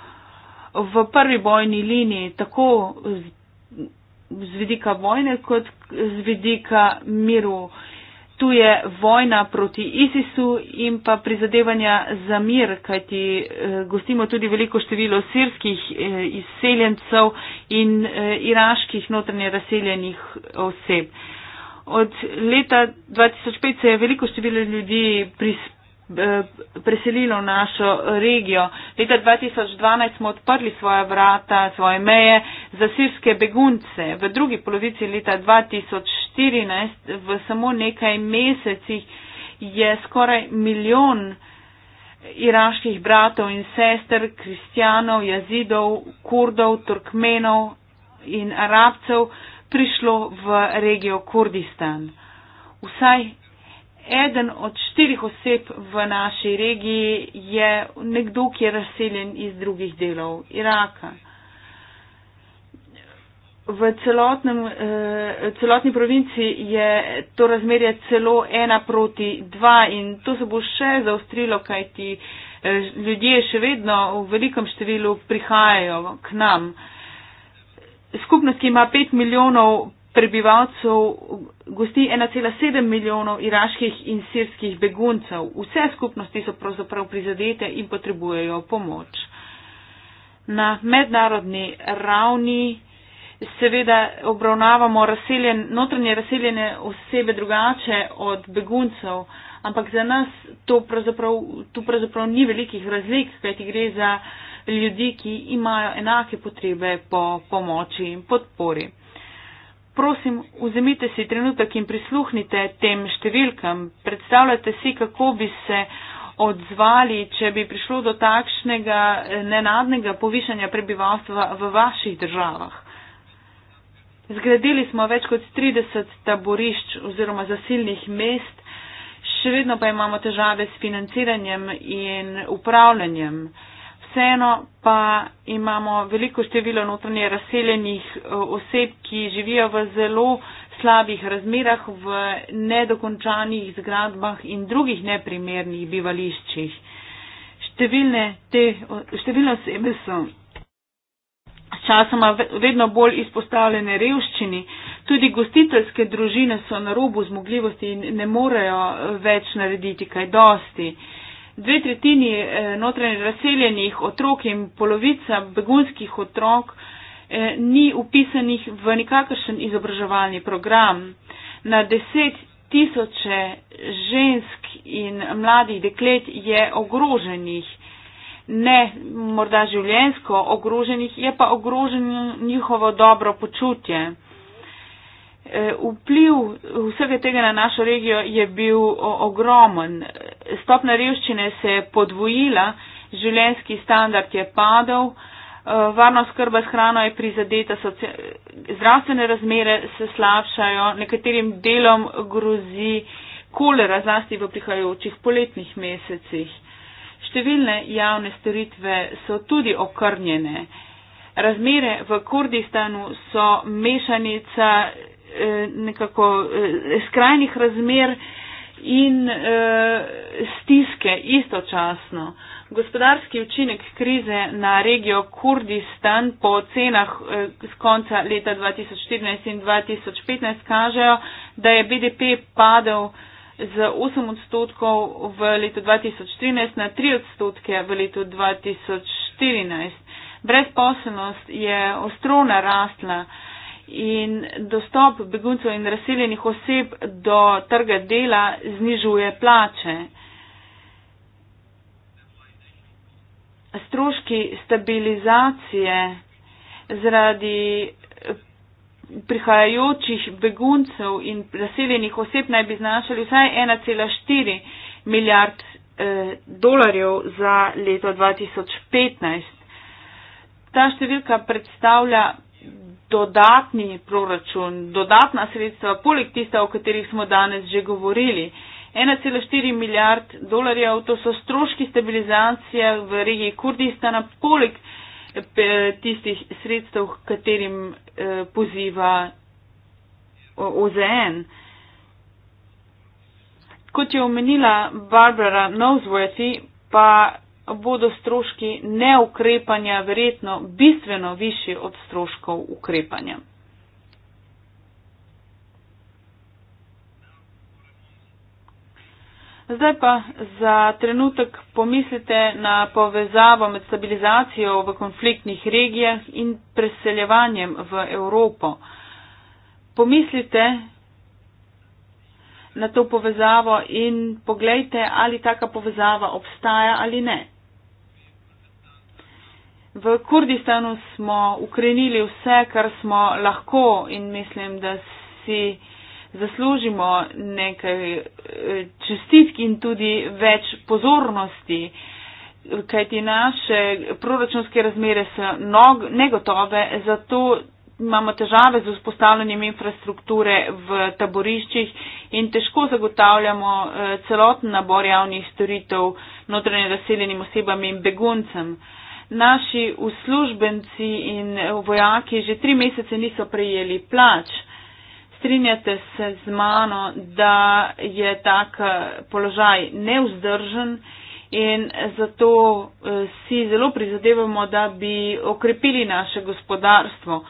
v prvi bojni liniji tako z vidika vojne kot z vidika miru. Tu je vojna proti ISIS-u in pa prizadevanja za mir, kajti eh, gostimo tudi veliko število sirskih eh, izseljencev in eh, iraških notranje razseljenih oseb. Od leta 2005 se je veliko število ljudi prispelo. Eh, preselilo v našo regijo. Leta 2012 smo odprli svoja vrata, svoje meje za sirske begunce. V drugi polovici leta 2014, v samo nekaj mesecih, je skoraj milijon iraških bratov in sester, kristjanov, jazidov, kurdov, turkmenov in arabcev prišlo v regijo Kurdistan. Vsaj eden od štirih oseb v naši regiji je nekdo, ki je razseljen iz drugih delov Iraka. V celotnem, eh, celotni provinci je to razmerje celo ena proti dva in to se bo še zaostrilo, kajti eh, ljudje še vedno v velikem številu prihajajo k nam. Skupnost, ki ima 5 milijonov prebivalcev gosti 1,7 milijonov iraških in sirskih beguncev. Vse skupnosti so pravzaprav prizadete in potrebujejo pomoč. Na mednarodni ravni seveda obravnavamo razseljen, notranje razseljene osebe drugače od beguncev, ampak za nas to pravzaprav, tu pravzaprav ni velikih razlik, kajti gre za ljudi, ki imajo enake potrebe po pomoči in podpori prosim, vzemite si trenutek in prisluhnite tem številkam. Predstavljate si, kako bi se odzvali, če bi prišlo do takšnega eh, nenadnega povišanja prebivalstva v vaših državah. Zgradili smo več kot 30 taborišč oziroma zasilnih mest, še vedno pa imamo težave s financiranjem in upravljanjem vseeno pa imamo veliko število notranje razseljenih eh, oseb, ki živijo v zelo slabih razmerah, v nedokončanih zgradbah in drugih neprimernih bivališčih. Številne te, številne osebe so s časoma vedno bolj izpostavljene revščini. Tudi gostiteljske družine so na robu zmogljivosti in ne morejo eh, več narediti kaj dosti. Uh, dve tretjini eh, notranje razseljenih otrok in polovica begunskih otrok eh, ni upisanih v nikakršen izobraževalni program. Na deset tisoče žensk in mladih deklet je ogroženih, ne morda življensko ogroženih, je pa ogroženo njihovo dobro počutje. Eh, vpliv vsega tega na našo regijo je bil ogromen stopna revščine se je podvojila, življenski standard je padel, eh, varna skrba s hrano je prizadeta, zdravstvene razmere se slabšajo, nekaterim delom grozi kolera, zlasti v prihajajočih poletnih mesecih. Številne javne storitve so tudi okrnjene. Razmere v Kurdistanu so mešanica eh, nekako eh, skrajnih razmer, in e, stiske istočasno. Gospodarski učinek krize na regijo Kurdistan po cenah z eh, konca leta 2014 in 2015 kažejo, da je BDP padel z 8 odstotkov v letu 2013 na 3 odstotke v letu 2014. Brezposelnost je ostro narastla in dostop beguncev in razseljenih oseb do trga dela znižuje plače. Stroški stabilizacije zaradi prihajajočih beguncev in razseljenih oseb naj bi znašali vsaj 1,4 milijard eh, dolarjev za leto 2015. Ta številka predstavlja dodatni proračun, dodatna sredstva, poleg tista, o katerih smo danes že govorili. 1,4 milijard dolarjev, to so stroški stabilizacije v regiji Kurdistana, poleg tistih sredstev, katerim e, poziva OZN. Kot je omenila Barbara Noseworthy, pa bodo stroški neukrepanja verjetno bistveno višji od stroškov ukrepanja. Zdaj pa za trenutek pomislite na povezavo med stabilizacijo v konfliktnih regijah in preseljevanjem v Evropo. Pomislite na to povezavo in poglejte, ali taka povezava obstaja ali ne. V Kurdistanu smo ukrenili vse, kar smo lahko in mislim, da si zaslužimo nekaj eh, čestitk in tudi več pozornosti, kajti naše proračunske razmere so nog, negotove, zato imamo težave z vzpostavljanjem infrastrukture v taboriščih in težko zagotavljamo eh, celoten nabor javnih storitev notranje razseljenim osebam in beguncem naši uslužbenci in vojaki že tri mesece niso prejeli plač. Strinjate se z mano, da je tak eh, položaj neuzdržen in zato eh, si zelo prizadevamo, da bi okrepili naše gospodarstvo.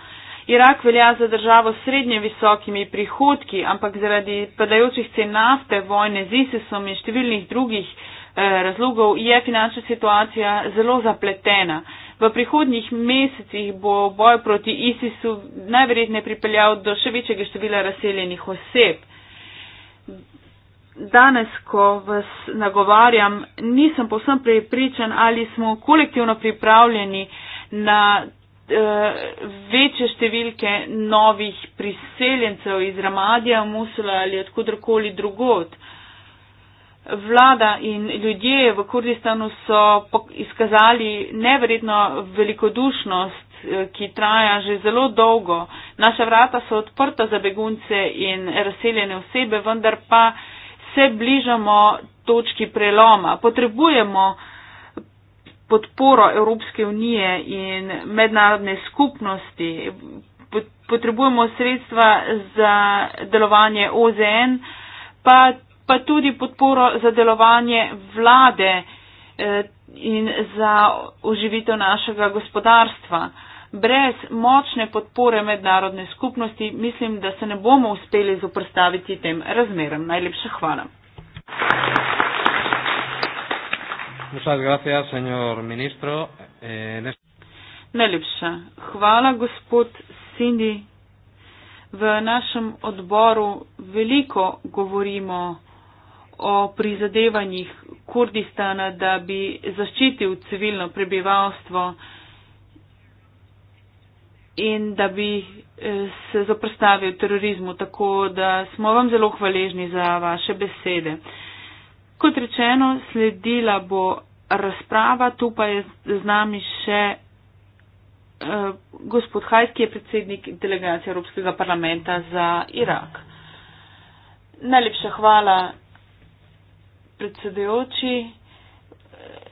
Irak velja za državo s srednje visokimi prihodki, ampak zaradi padajočih cen nafte, vojne z ISISom in številnih drugih Eh, razlogov je finančna situacija zelo zapletena. V prihodnjih mesecih bo boj proti ISIS-u najverjetneje pripeljal do še večjega števila razseljenih oseb. Danes, ko vas nagovarjam, nisem posem prepričan, ali smo kolektivno pripravljeni na e, večje številke novih priseljencev iz Ramadija, Musula ali odkudrkoli drugot. E, Vlada in ljudje v Kurdistanu so izkazali neverjetno velikodušnost, eh, ki traja že zelo dolgo. Naša vrata so odprta za begunce in razseljene osebe, vendar pa se bližamo točki preloma. Potrebujemo podporo Evropske unije in mednarodne skupnosti. Potrebujemo sredstva za delovanje OZN, pa pa tudi podporo za delovanje vlade eh, in za oživitev našega gospodarstva. Brez močne podpore mednarodne skupnosti mislim, da se ne bomo uspeli zoprstaviti tem razmeram. Najlepša hvala. Eh, Najlepša hvala, gospod Cindy. V našem odboru veliko govorimo o prizadevanjih Kurdistana, da bi zaščitil civilno prebivalstvo in da bi eh, se zaprstavil terorizmu, tako da smo vam zelo hvaležni za vaše besede. Kot rečeno, sledila bo razprava, tu pa je z nami še eh, gospod Hajt, ki je predsednik delegacije Evropskega parlamenta za Irak. Najlepša hvala predsedujoči.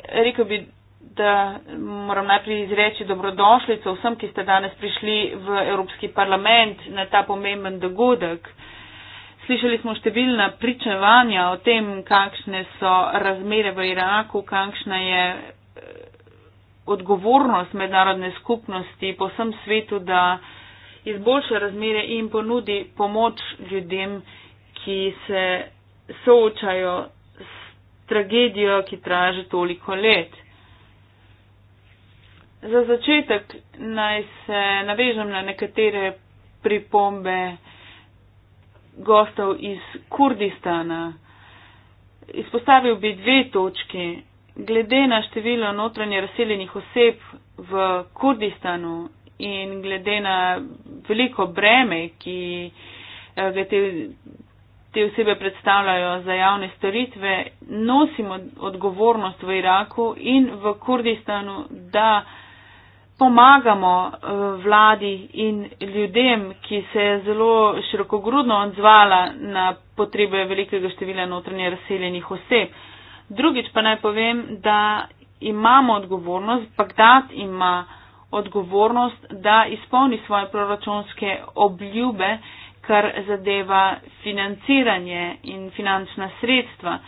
Rekel bi, da moram najprej izreči dobrodošljico vsem, ki ste danes prišli v Evropski parlament na ta pomemben dogodek. Slišali smo številna pričevanja o tem, kakšne so razmere v Iraku, kakšna je eh, odgovornost mednarodne skupnosti po vsem svetu, da izboljša razmere in ponudi pomoč ljudem, ki se soočajo tragedijo, ki traja že toliko let. Za začetek naj se navežem na nekatere pripombe gostov iz Kurdistana. Izpostavil bi dve točki. Glede na število notranje razseljenih oseb v Kurdistanu in glede na veliko breme, ki eh, ga te te osebe predstavljajo za javne storitve, nosimo odgovornost v Iraku in v Kurdistanu, da pomagamo eh, vladi in ljudem, ki se je zelo širokogrudno odzvala na potrebe velikega števila notranje razseljenih oseb. Drugič pa naj povem, da imamo odgovornost, Bagdad ima odgovornost, da izpolni svoje proračunske obljube kar zadeva financiranje in finančna sredstva.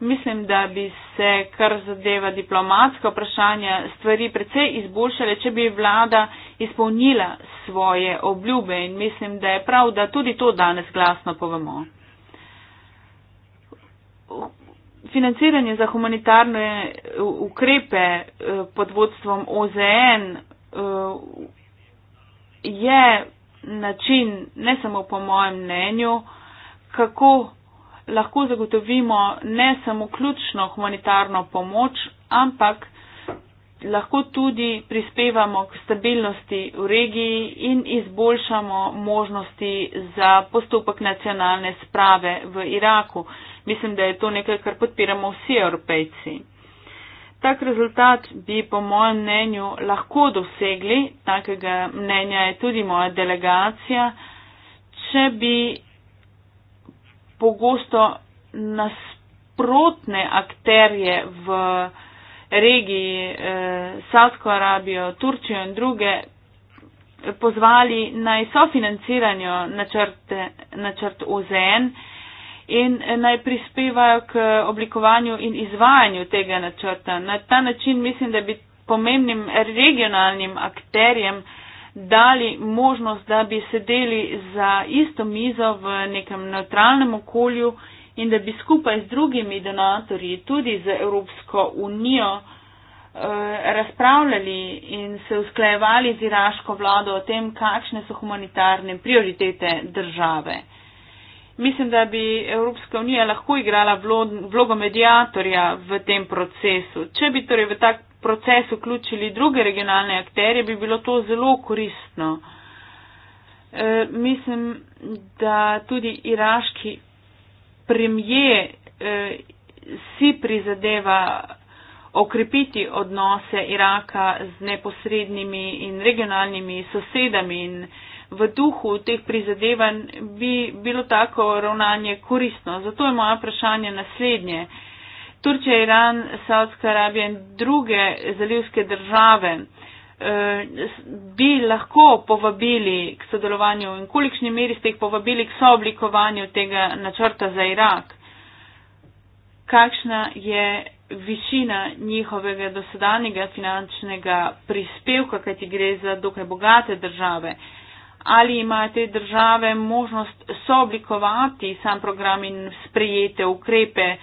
Mislim, da bi se, kar zadeva diplomatska vprašanja, stvari precej izboljšale, če bi vlada izpolnila svoje obljube in mislim, da je prav, da tudi to danes glasno povemo. Financiranje za humanitarne uh, ukrepe uh, pod vodstvom OZN uh, je način, ne samo po mojem mnenju, kako lahko zagotovimo ne samo ključno humanitarno pomoč, ampak lahko tudi prispevamo k stabilnosti v regiji in izboljšamo možnosti za postopek nacionalne sprave v Iraku. Mislim, da je to nekaj, kar podpiramo vsi evropejci tak rezultat bi po mojem mnenju lahko dosegli, takega mnenja je tudi moja delegacija, če bi pogosto nasprotne akterje v regiji eh, Saudsko Arabijo, Turčijo in druge pozvali naj sofinanciranju načrt OZN. Eh, in naj prispevajo k oblikovanju in izvajanju tega načrta. Na ta način mislim, da bi pomembnim regionalnim akterjem dali možnost, da bi sedeli za isto mizo v nekem neutralnem okolju in da bi skupaj z drugimi donatorji, tudi z Evropsko unijo, eh, razpravljali in se usklajevali z iraško vlado o tem, kakšne so humanitarne prioritete države. Mislim, da bi Evropska unija lahko igrala vlogo medijatorja v tem procesu. Če bi torej v tak proces vključili druge regionalne akterje, bi bilo to zelo koristno. E, mislim, da tudi iraški premije e, si prizadeva okrepiti odnose Iraka z neposrednimi in regionalnimi sosedami in regionalnimi v duhu teh prizadevanj bi bilo tako ravnanje koristno. Zato je moja vprašanje naslednje. Turčija, Iran, Saudska Arabija in druge zalivske države eh, bi lahko povabili k sodelovanju in kolikšni meri ste jih povabili k sooblikovanju tega načrta za Irak? Kakšna je višina njihovega dosedanjega finančnega prispevka, kajti gre za dokaj bogate države? ali imajo te države možnost sooblikovati sam program in sprejete ukrepe eh,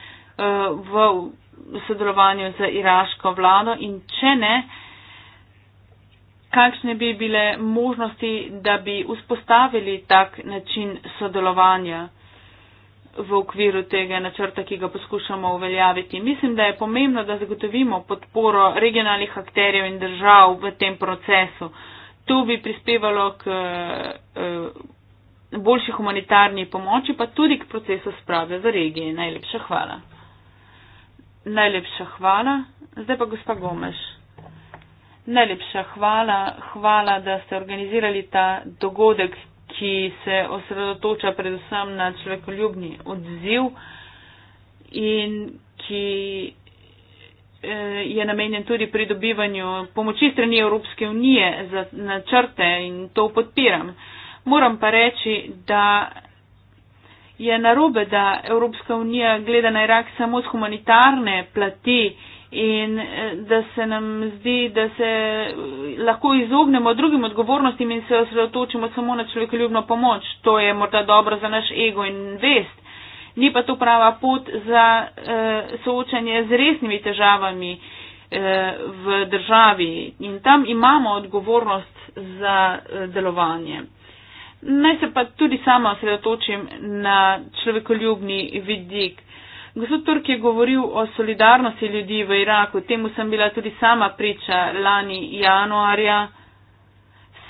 v sodelovanju z iraško vlado in če ne, kakšne bi bile možnosti, da bi vzpostavili tak način sodelovanja v okviru tega načrta, ki ga poskušamo uveljaviti. Mislim, da je pomembno, da zagotovimo podporo regionalnih akterjev in držav v tem procesu to bi prispevalo k uh, boljši humanitarni pomoči, pa tudi k procesu sprave v regiji. Najlepša hvala. Najlepša hvala. Zdaj pa gospa Gomeš. Najlepša hvala. Hvala, da ste organizirali ta dogodek, ki se osredotoča predvsem na človekoljubni odziv in ki Eh, je namenjen tudi pridobivanju pomoči strani Evropske unije za načrte in to podpiram. Moram pa reči, da je narobe, da Evropska unija gleda na Irak samo z humanitarne plati in eh, da se nam zdi, da se eh, lahko izognemo drugim odgovornostim in se osredotočimo samo na človekoljubno pomoč. To je morda dobro za naš ego in vest, ni pa to prava pot za uh, soočanje z resnimi težavami eh, v državi in tam imamo odgovornost za eh, delovanje. Naj se pa tudi sama osredotočim na človekoljubni vidik. Gospod Turk je govoril o solidarnosti ljudi v Iraku, temu sem bila tudi sama priča lani januarja,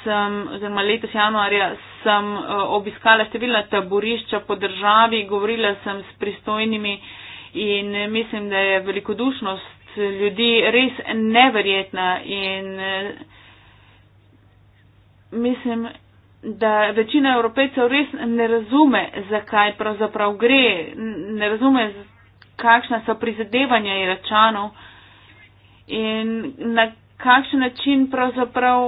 sem, oziroma letos januarja sem eh, obiskala številna taborišča po državi, govorila sem s pristojnimi in mislim, da je velikodušnost ljudi res neverjetna in eh, mislim, da večina evropejcev res ne razume, zakaj pravzaprav gre, ne razume, kakšna so prizadevanja iračanov in na kakšen način pravzaprav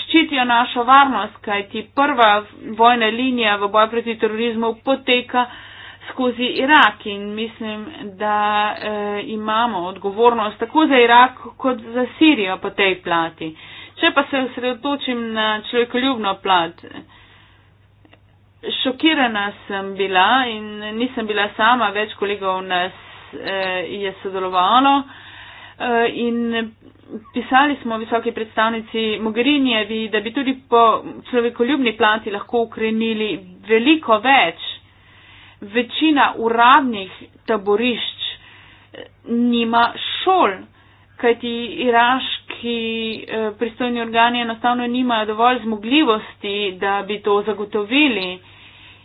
ščitijo našo varnost, kajti prva vojna linija v boju proti terorizmu poteka skozi Irak in mislim, da e, imamo odgovornost tako za Irak kot za Sirijo po tej plati. Če pa se osredotočim na človekoljubno plat, šokirana sem bila in nisem bila sama, več kolegov nas e, je sodelovalo. E, Eh, in pisali smo visoki predstavnici Mogherinjevi, da bi tudi po človekoljubni planti lahko ukrenili veliko več. Večina uradnih taborišč eh, nima šol, kajti iraški eh, pristojni organi enostavno nimajo dovolj zmogljivosti, da bi to zagotovili.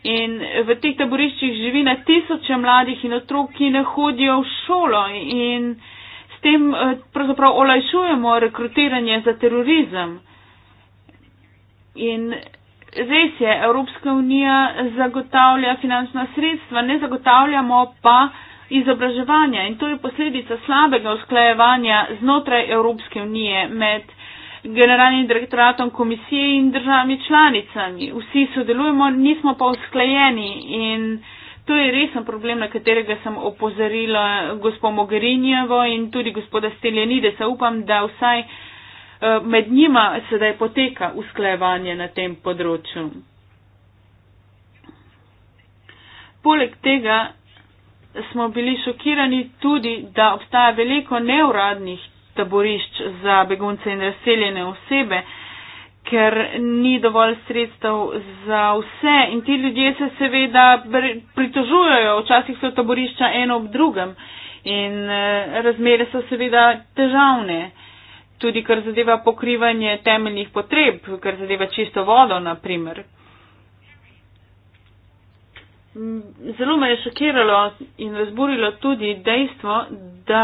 In v teh taboriščih živi na tisoče mladih in otrok, ki ne hodijo v šolo. In, uh, s tem eh, pravzaprav olajšujemo rekrutiranje za terorizem. In res je, Evropska unija zagotavlja finančna sredstva, ne zagotavljamo pa izobraževanja in to je posledica slabega usklajevanja znotraj Evropske unije med generalnim direktoratom komisije in državami članicami. Vsi sodelujemo, nismo pa usklajeni in. To je resen problem, na katerega sem opozorila gospod Mogherinjevo in tudi gospoda Steljenidesa. Upam, da vsaj eh, med njima sedaj poteka usklajevanje na tem področju. Poleg tega smo bili šokirani tudi, da obstaja veliko neuradnih taborišč za begunce in razseljene osebe ker ni dovolj sredstev za vse. In ti ljudje se seveda pritožujejo, včasih so taborišča eno ob drugem. In eh, razmere so seveda težavne, tudi kar zadeva pokrivanje temeljnih potreb, kar zadeva čisto vodo, naprimer. Zelo me je šokiralo in razburilo tudi dejstvo, da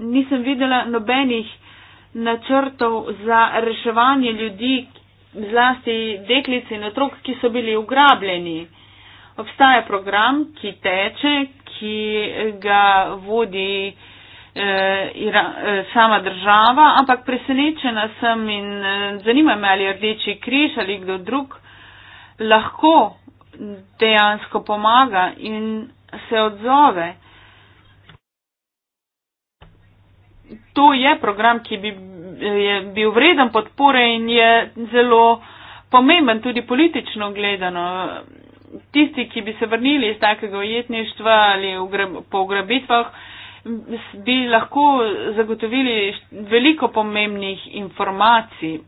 nisem videla nobenih načrtov za reševanje ljudi, zlasti deklic in otrok, ki so bili ugrabljeni. Obstaja program, ki teče, ki ga vodi eh, ira, eh, sama država, ampak presenečena sem in eh, zanima me, ali Rdeči križ ali kdo drug lahko dejansko pomaga in se odzove. to je program, ki bi bil vreden podpore in je zelo pomemben tudi politično gledano. Tisti, ki bi se vrnili iz takega ujetništva ali po ugrabitvah, bi lahko zagotovili veliko pomembnih informacij,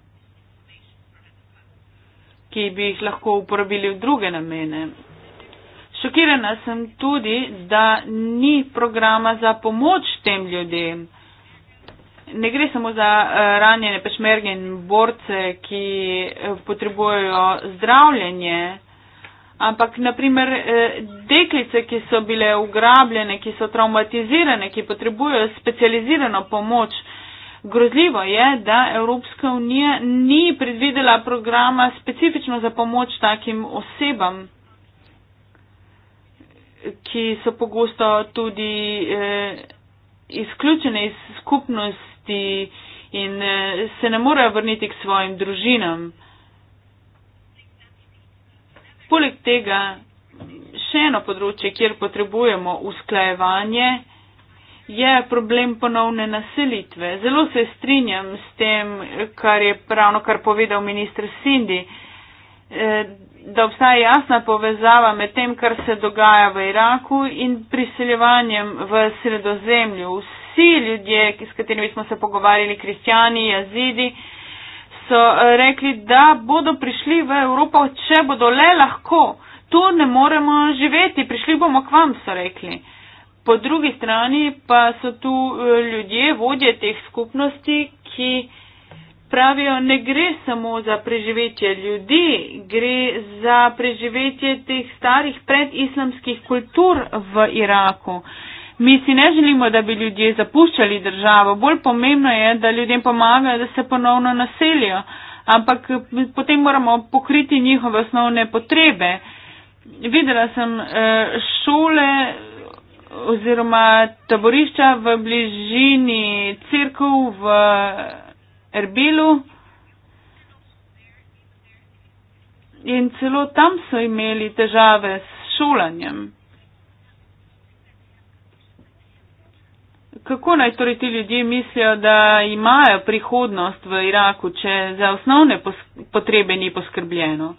ki bi jih lahko uporabili v druge namene. Šokirana sem tudi, da ni programa za pomoč tem ljudem ne gre samo za eh, ranjene pešmerge in borce, ki eh, potrebujejo zdravljenje, ampak naprimer eh, deklice, ki so bile ugrabljene, ki so traumatizirane, ki potrebujejo specializirano pomoč. Grozljivo je, da Evropska unija ni predvidela programa specifično za pomoč takim osebam, ki so pogosto tudi eh, izključene iz skupnosti bolesti in eh, se ne morejo vrniti k svojim družinam. Poleg tega, še eno področje, kjer potrebujemo usklajevanje, je problem ponovne naselitve. Zelo se strinjam s tem, kar je ravno kar povedal ministr Sindi, eh, da obstaja jasna povezava med tem, kar se dogaja v Iraku in priseljevanjem v sredozemlju. Vse vsi ljudje, s katerimi smo se pogovarjali, kristijani, jazidi, so eh, rekli, da bodo prišli v Evropo, če bodo le lahko. Tu ne moremo živeti, prišli bomo k vam, so rekli. Po drugi strani pa so tu eh, ljudje, vodje teh skupnosti, ki pravijo, ne gre samo za preživetje ljudi, gre za preživetje teh starih predislamskih kultur v Iraku. Uh, Mi si ne želimo, da bi ljudje zapuščali državo, bolj pomembno je, da ljudem pomagajo, da se ponovno naselijo, ampak potem moramo pokriti njihove osnovne potrebe. Videla sem eh, šole oziroma taborišča v bližini crkv v Erbilu in celo tam so imeli težave s šolanjem. kako naj torej ti ljudje mislijo, da imajo prihodnost v Iraku, če za osnovne potrebe ni poskrbljeno?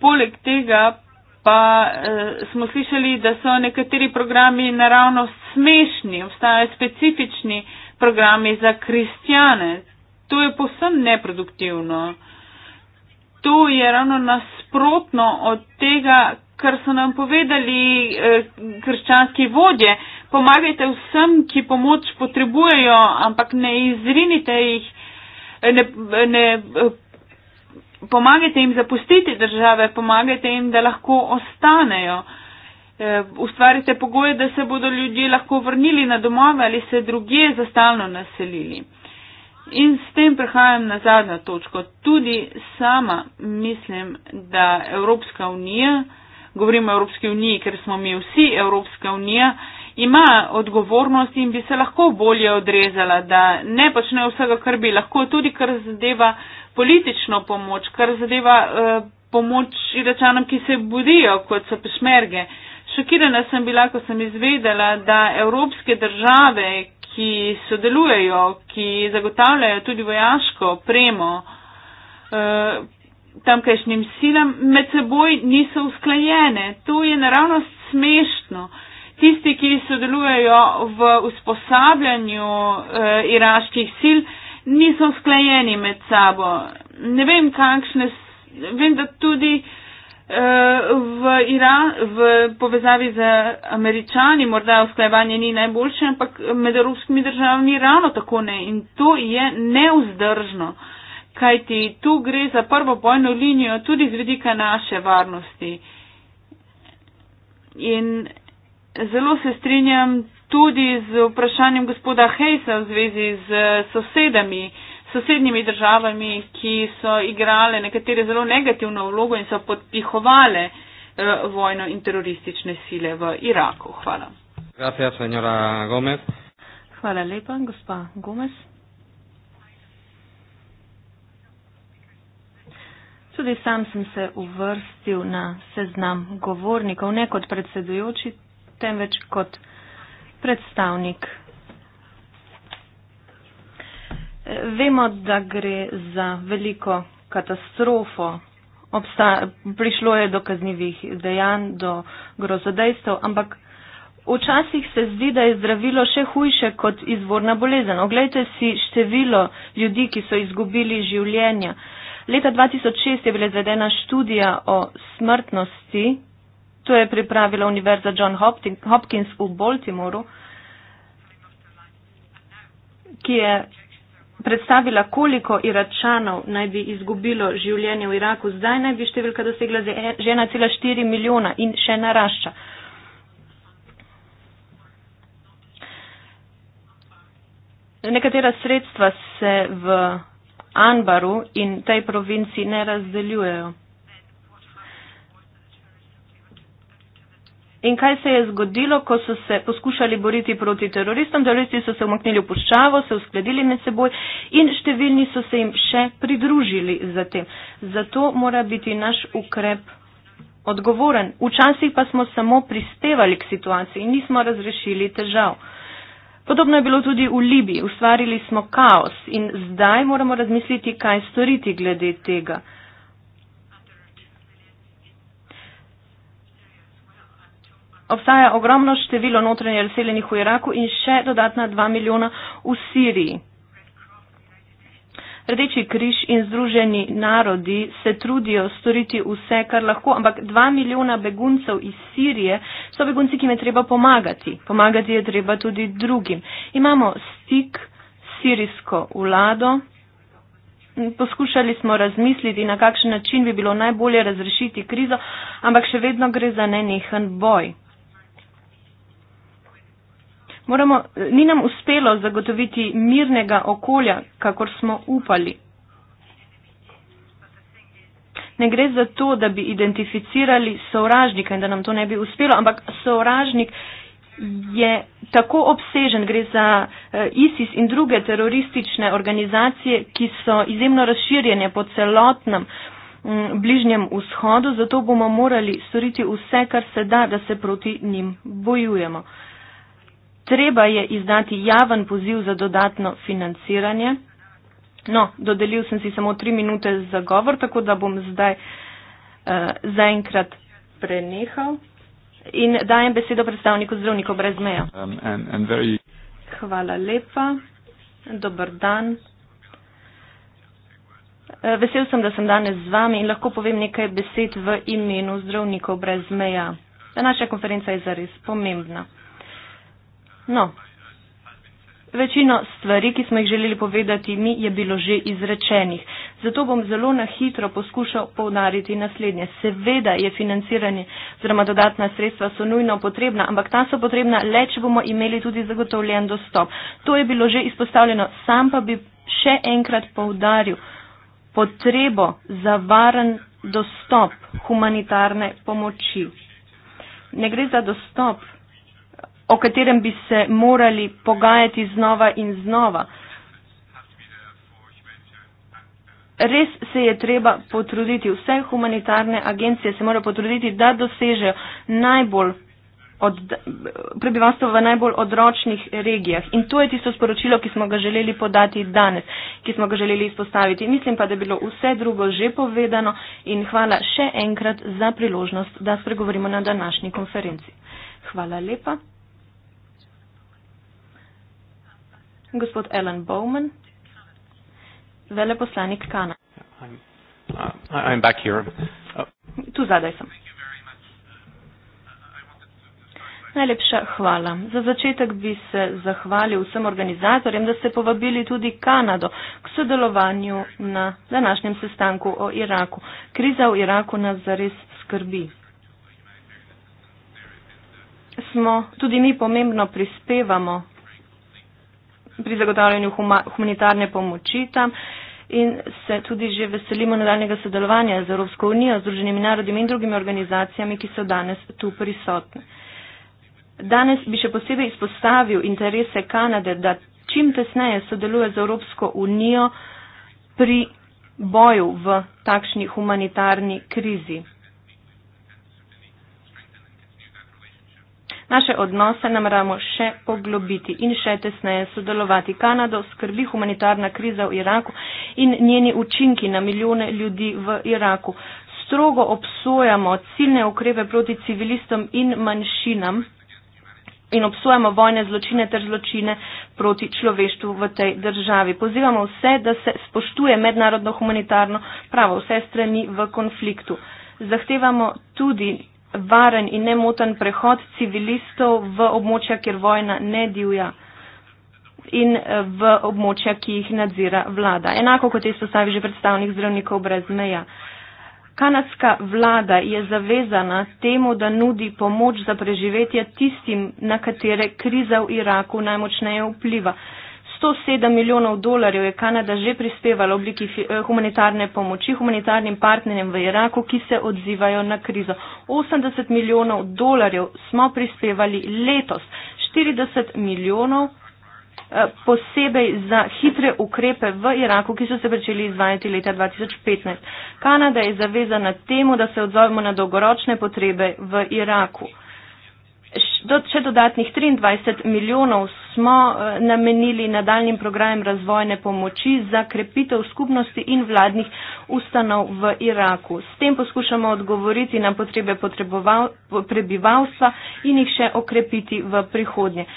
Poleg tega pa eh, smo slišali, da so nekateri programi naravno smešni, obstajajo specifični programi za kristjane. To je posem neproduktivno. To je ravno nasprotno od tega, kar so nam povedali eh, krščanski vodje. Eh, pomagajte vsem, ki pomoč potrebujejo, ampak ne izrinite jih, ne, ne pomagajte jim zapustiti države, pomagajte jim, da lahko ostanejo. E, ustvarite pogoje, da se bodo ljudje lahko vrnili na domove ali se druge zastalno naselili. In s tem prehajam na zadnjo točko. Tudi sama mislim, da Evropska unija, govorimo o Evropski uniji, ker smo mi vsi Evropska unija, ima odgovornost in bi se lahko bolje odrezala, da ne počne vsega, kar bi lahko, tudi kar zadeva politično pomoč, kar zadeva eh, pomoč iračanom, ki se budijo, kot so pešmerge. Šokirana sem bila, ko sem izvedela, da evropske države, ki sodelujejo, ki zagotavljajo tudi vojaško premo, eh, tamkajšnjim silam med seboj niso usklajene. To je naravno smešno. Uh, tisti, ki sodelujejo v usposabljanju eh, iraških sil, niso sklajeni med sabo. Ne vem, kakšne, vem, da tudi eh, v, Ira, v povezavi z američani morda usklajevanje ni najboljše, ampak med evropskimi državami ni ravno tako ne in to je neuzdržno. Kajti tu gre za prvo bojno linijo tudi z vidika naše varnosti. In Zelo se strinjam tudi z vprašanjem gospoda Hejsa v zvezi z sosedami, sosednjimi državami, ki so igrale nekatere zelo negativno vlogo in so podpihovale eh, vojno in teroristične sile v Iraku. Hvala. Gracias, senora Gomez. Hvala lepa, gospa Gomez. Tudi sam sem se uvrstil na seznam govornikov, ne kot predsedujoči temveč kot predstavnik. E, vemo, da gre za veliko katastrofo. Obsta prišlo je do kaznjivih dejanj, do grozodejstev, ampak včasih se zdi, da je zdravilo še hujše kot izvorna bolezen. Oglejte si število ljudi, ki so izgubili življenja. Leta 2006 je bila izvedena študija o smrtnosti To je pripravila Univerza John Hopkins v Baltimoru, ki je predstavila, koliko iračanov naj bi izgubilo življenje v Iraku. Zdaj naj bi številka dosegla že 1,4 milijona in še narašča. Nekatera sredstva se v Anbaru in tej provinci ne razdeljujejo. In kaj se je zgodilo, ko so se poskušali boriti proti teroristom? Teroristi so se umaknili v puščavo, se uskladili med seboj in številni so se jim še pridružili za tem. Zato mora biti naš ukrep odgovoren. Včasih pa smo samo prispevali k situaciji in nismo razrešili težav. Podobno je bilo tudi v Libiji. Ustvarili smo kaos in zdaj moramo razmisliti, kaj storiti glede tega. obstaja ogromno število notranje razseljenih v Iraku in še dodatna 2 milijona v Siriji. Rdeči križ in združeni narodi se trudijo storiti vse, kar lahko, ampak 2 milijona beguncev iz Sirije so begunci, ki jim je treba pomagati. Pomagati je treba tudi drugim. Imamo stik s sirijsko vlado. Poskušali smo razmisliti, na kakšen način bi bilo najbolje razrešiti krizo, ampak še vedno gre za nenehen boj moramo, ni nam uspelo zagotoviti mirnega okolja, kakor smo upali. Ne gre za to, da bi identificirali sovražnika in da nam to ne bi uspelo, ampak sovražnik je tako obsežen, gre za eh, ISIS in druge teroristične organizacije, ki so izjemno razširjene po celotnem mm, bližnjem vzhodu, zato bomo morali storiti vse, kar se da, da se proti njim bojujemo. Treba je izdati javen poziv za dodatno financiranje. No, dodelil sem si samo tri minute za govor, tako da bom zdaj uh, zaenkrat prenehal in dajem besedo predstavniku zdravnikov brez meja. Um, and, and very... Hvala lepa. Dobar dan. Eh, vesel sem, da sem danes z vami in lahko povem nekaj besed v imenu zdravnikov brez meja. Današnja konferenca je zares pomembna. No, večino stvari, ki smo jih želeli povedati mi, je bilo že izrečenih. Zato bom zelo na hitro poskušal povdariti naslednje. Seveda je financiranje oziroma dodatna sredstva so nujno potrebna, ampak ta so potrebna le, če bomo imeli tudi zagotovljen dostop. To je bilo že izpostavljeno. Sam pa bi še enkrat povdaril potrebo za varen dostop humanitarne pomoči. Ne gre za dostop o katerem bi se morali pogajati znova in znova. Res se je treba potruditi, vse humanitarne agencije se morajo potruditi, da dosežejo najbolj od, prebivalstvo v najbolj odročnih regijah. In to je tisto sporočilo, ki smo ga želeli podati danes, ki smo ga želeli izpostaviti. Mislim pa, da je bilo vse drugo že povedano in hvala še enkrat za priložnost, da spregovorimo na današnji konferenci. Hvala lepa. Gospod Alan Bowman, veleposlanik Kana. Uh, I'm back here. Uh, tu zadaj sem. Najlepša hvala. Za začetek bi se zahvalil vsem organizatorjem, da ste povabili tudi Kanado k sodelovanju na današnjem sestanku o Iraku. Kriza v Iraku nas zares skrbi. Smo, tudi mi pomembno prispevamo pri zagotavljanju huma, humanitarne pomoči tam in se tudi že veselimo nadaljnega sodelovanja z Evropsko unijo, Združenimi narodi in drugimi organizacijami, ki so danes tu prisotne. Danes bi še posebej izpostavil interese Kanade, da čim tesneje sodeluje z Evropsko unijo pri boju v takšni humanitarni krizi. Naše odnose nameravamo še poglobiti in še tesneje sodelovati. Kanado skrbi humanitarna kriza v Iraku in njeni učinki na milijone ljudi v Iraku. Strogo obsojamo ciljne ukrepe proti civilistom in manjšinam in obsojamo vojne zločine ter zločine proti človeštvu v tej državi. Pozivamo vse, da se spoštuje mednarodno humanitarno pravo vse strani v konfliktu. Zahtevamo tudi varen in nemoten prehod civilistov v območja, kjer vojna ne divja in eh, v območja, ki jih nadzira vlada. Enako kot je izpostavil že predstavnik zdravnikov brez meja. Kanadska vlada je zavezana temu, da nudi pomoč za preživetje tistim, na katere kriza v Iraku najmočneje vpliva. 107 milijonov dolarjev je Kanada že prispevala v obliki eh, humanitarne pomoči humanitarnim partnerjem v Iraku, ki se odzivajo na krizo. 80 milijonov dolarjev smo prispevali letos, 40 milijonov eh, posebej za hitre ukrepe v Iraku, ki so se začeli izvajati leta 2015. Kanada je zavezana temu, da se odzovemo na dolgoročne potrebe v Iraku do, še dodatnih 23 milijonov smo eh, namenili nadaljnim programem razvojne pomoči za krepitev skupnosti in vladnih ustanov v Iraku. S tem poskušamo odgovoriti na potrebe prebivalstva in jih še okrepiti v prihodnje.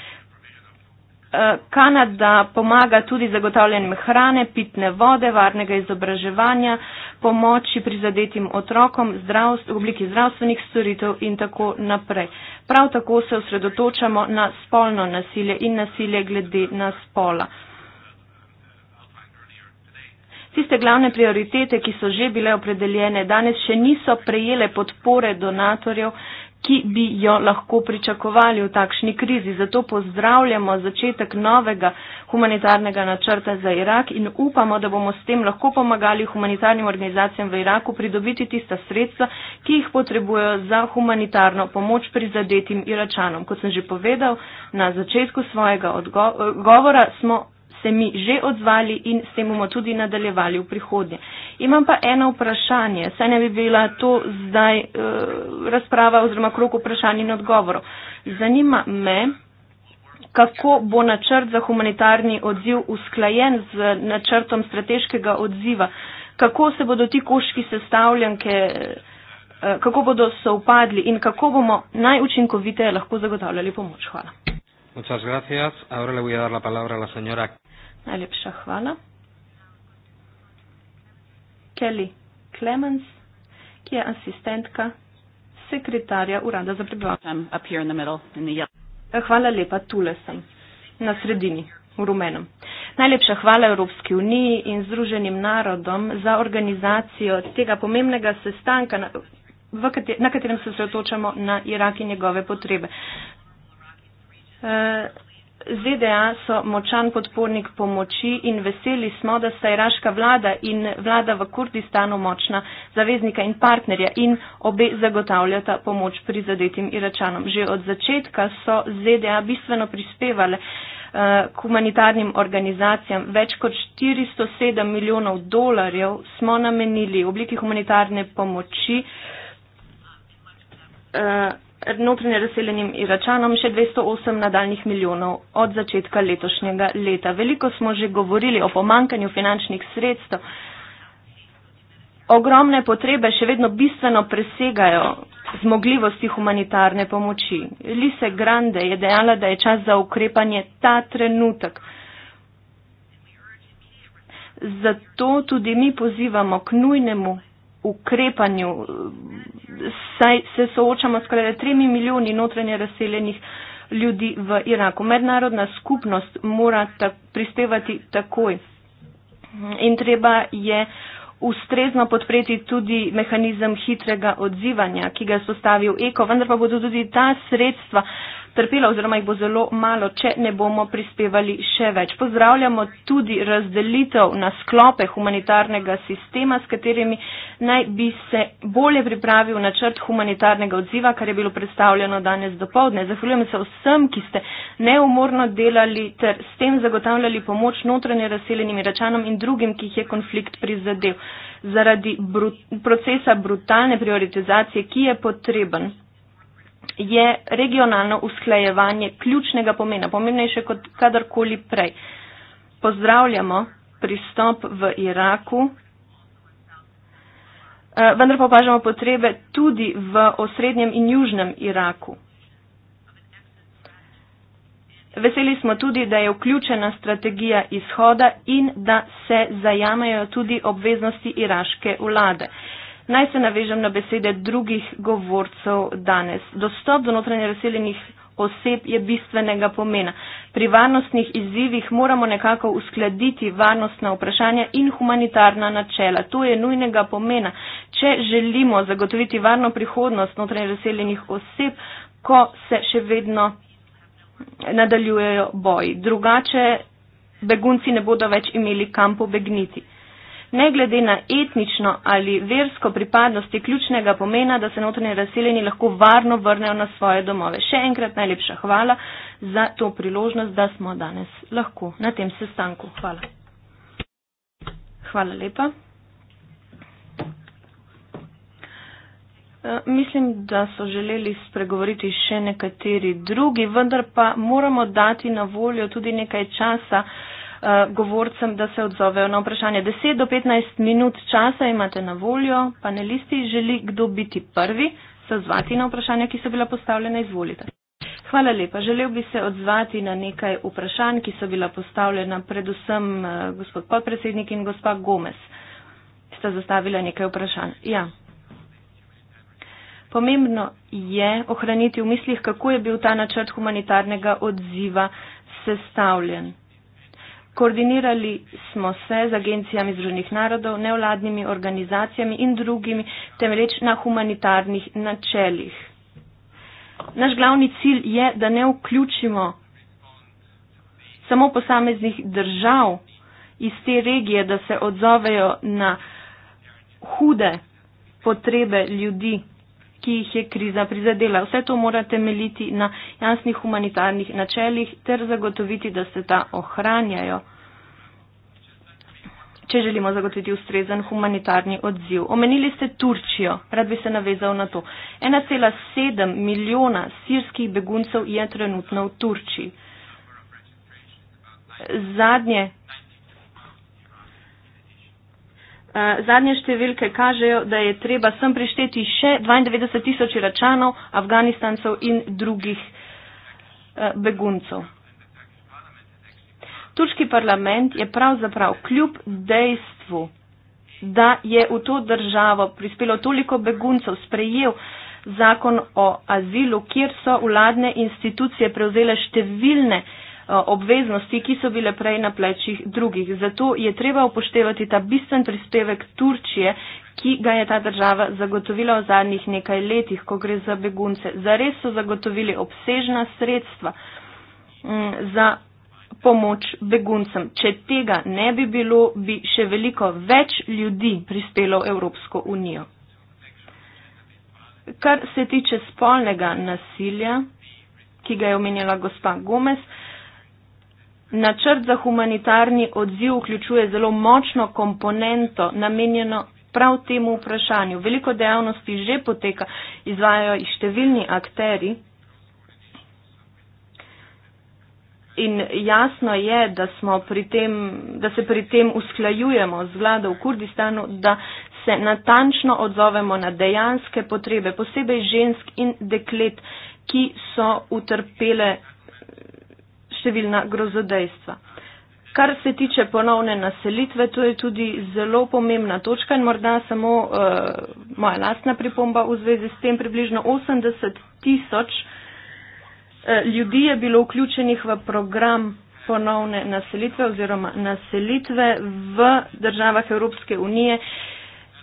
Eh, Kanada pomaga tudi zagotavljanjem hrane, pitne vode, varnega izobraževanja, pomoči prizadetim otrokom zdravstv, v obliki zdravstvenih storitev in tako naprej. Prav tako se osredotočamo na spolno nasilje in nasilje glede na spola. Tiste glavne prioritete, ki so že bile opredeljene, danes še niso prejele podpore donatorjev ki bi jo lahko pričakovali v takšni krizi. Zato pozdravljamo začetek novega humanitarnega načrta za Irak in upamo, da bomo s tem lahko pomagali humanitarnim organizacijam v Iraku pridobiti tista sredstva, ki jih potrebujejo za humanitarno pomoč prizadetim Iračanom. Kot sem že povedal, na začetku svojega govora smo se mi že odzvali in s tem bomo tudi nadaljevali v prihodnje. Imam pa eno vprašanje, saj ne bi bila to zdaj uh, razprava oziroma krok vprašanj in odgovorov. Zanima me, kako bo načrt za humanitarni odziv usklajen z načrtom strateškega odziva, kako se bodo ti koški sestavljanke, eh, kako bodo se upadli in kako bomo najučinkoviteje lahko zagotavljali pomoč. Hvala. Najlepša hvala. Kelly Clemens, ki je asistentka sekretarja Urada za prebivalstvo. Hvala lepa, tule sem, na sredini, v rumenem. Najlepša hvala Evropski uniji in Združenim narodom za organizacijo tega pomembnega sestanka, na katerem se sredotočamo na Irak in njegove potrebe. Eh, ZDA so močan podpornik pomoči in veseli smo, da sta iraška vlada in vlada v Kurdistanu močna zaveznika in partnerja in obe zagotavljata pomoč prizadetim iračanom. Že od začetka so ZDA bistveno prispevale eh, k humanitarnim organizacijam. Več kot 407 milijonov dolarjev smo namenili v obliki humanitarne pomoči. Uh, notranje razseljenim Iračanom še 208 nadaljnih milijonov od začetka letošnjega leta. Veliko smo že govorili o pomankanju finančnih sredstev. Ogromne potrebe še vedno bistveno presegajo zmogljivosti humanitarne pomoči. Lise Grande je dejala, da je čas za ukrepanje ta trenutek. Zato tudi mi pozivamo k nujnemu ukrepanju. Saj se soočamo s skoraj tremi milijoni notranje razseljenih ljudi v Iraku. Mednarodna skupnost mora ta prispevati takoj in treba je ustrezno podpreti tudi mehanizem hitrega odzivanja, ki ga je sostavil Eko, vendar pa bodo tudi ta sredstva trpela oziroma jih bo zelo malo, če ne bomo prispevali še več. Pozdravljamo tudi razdelitev na sklope humanitarnega sistema, s katerimi naj bi se bolje pripravil načrt humanitarnega odziva, kar je bilo predstavljeno danes do povdne. Zahvaljujem se vsem, ki ste neumorno delali ter s tem zagotavljali pomoč notranje razseljenim iračanom in drugim, ki jih je konflikt prizadel zaradi brut, procesa brutalne prioritizacije, ki je potreben je regionalno usklajevanje ključnega pomena, pomembnejše kot kadarkoli prej. Pozdravljamo pristop v Iraku, eh, vendar pa opažamo potrebe tudi v osrednjem in južnem Iraku. Veseli smo tudi, da je vključena strategija izhoda in da se zajamejo tudi obveznosti iraške vlade. Naj se navežem na besede drugih govorcev danes. Dostop do notranje razseljenih oseb je bistvenega pomena. Pri varnostnih izzivih moramo nekako uskladiti varnostna vprašanja in humanitarna načela. To je nujnega pomena. Če želimo zagotoviti varno prihodnost notranje razseljenih oseb, ko se še vedno nadaljujejo boji. Drugače begunci ne bodo več imeli kam pobegniti ne glede na etnično ali versko pripadnost, je ključnega pomena, da se notranje razseljeni lahko varno vrnejo na svoje domove. Še enkrat najlepša hvala za to priložnost, da smo danes lahko na tem sestanku. Hvala. Hvala lepa. Eh, mislim, da so želeli spregovoriti še nekateri drugi, vendar pa moramo dati na voljo tudi nekaj časa uh, govorcem, da se odzovejo na vprašanje. 10 do 15 minut časa imate na voljo, panelisti želi kdo biti prvi, se odzvati na vprašanja, ki so bila postavljena, izvolite. Hvala lepa. Želel bi se odzvati na nekaj vprašanj, ki so bila postavljena predvsem uh, gospod podpredsednik in gospa Gomez. Sta zastavila nekaj vprašanj. Ja. Pomembno je ohraniti v mislih, kako je bil ta načrt humanitarnega odziva sestavljen. Koordinirali smo se z agencijami Združenih narodov, nevladnimi organizacijami in drugimi, temveč na humanitarnih načelih. Naš glavni cilj je, da ne vključimo samo posameznih držav iz te regije, da se odzovejo na hude potrebe ljudi ki jih je kriza prizadela. Vse to mora temeljiti na jasnih humanitarnih načeljih ter zagotoviti, da se ta ohranjajo, če želimo zagotoviti ustrezen humanitarni odziv. Omenili ste Turčijo, rad bi se navezal na to. 1,7 milijona sirskih beguncev je trenutno v Turčiji. Zadnje Eh, zadnje številke kažejo, da je treba sem prišteti še 92 tisoč iračanov, afganistancev in drugih eh, beguncev. Turški parlament je pravzaprav kljub dejstvu, da je v to državo prispelo toliko beguncev, sprejel zakon o azilu, kjer so vladne institucije prevzele številne Eh, obveznosti, ki so bile prej na plečih drugih. Zato je treba upoštevati ta bistven prispevek Turčije, ki ga je ta država zagotovila v zadnjih nekaj letih, ko gre za begunce. Zares so zagotovili obsežna sredstva mm, za pomoč beguncem. Če tega ne bi bilo, bi še veliko več ljudi prispelo v Evropsko unijo. Kar se tiče spolnega nasilja, ki ga je omenjala gospa Gomez, Načrt za humanitarni odziv vključuje zelo močno komponento namenjeno prav temu vprašanju. Veliko dejavnosti že poteka, izvajajo jih številni akteri. In jasno je, da, smo pri tem, da se pri tem usklajujemo z vlado v Kurdistanu, da se natančno odzovemo na dejanske potrebe, posebej žensk in deklet, ki so utrpele številna grozodejstva. Kar se tiče ponovne naselitve, to je tudi zelo pomembna točka in morda samo uh, moja lastna pripomba v zvezi s tem. Približno 80 tisoč uh, ljudi je bilo vključenih v program ponovne naselitve oziroma naselitve v državah Evropske unije. Uh,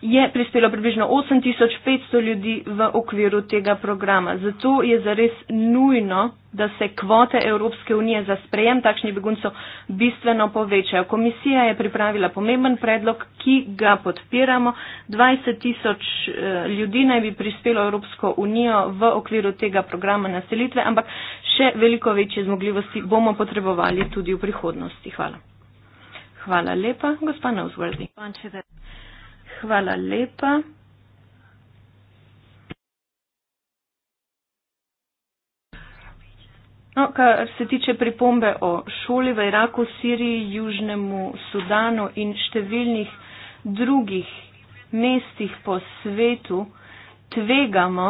je prispelo približno 8500 ljudi v okviru tega programa. Zato je zares nujno, da se kvote Evropske unije za sprejem takšnih beguncev bistveno povečajo. Komisija je pripravila pomemben predlog, ki ga podpiramo. 20 tisoč eh, ljudi naj bi prispelo Evropsko unijo v okviru tega programa naselitve, ampak še veliko večje zmogljivosti bomo potrebovali tudi v prihodnosti. Hvala. Hvala lepa, gospa Nausworthy. Hvala lepa. No, kar se tiče pripombe o šoli v Iraku, Siriji, Južnemu Sudanu in številnih drugih mestih po svetu, tvegamo,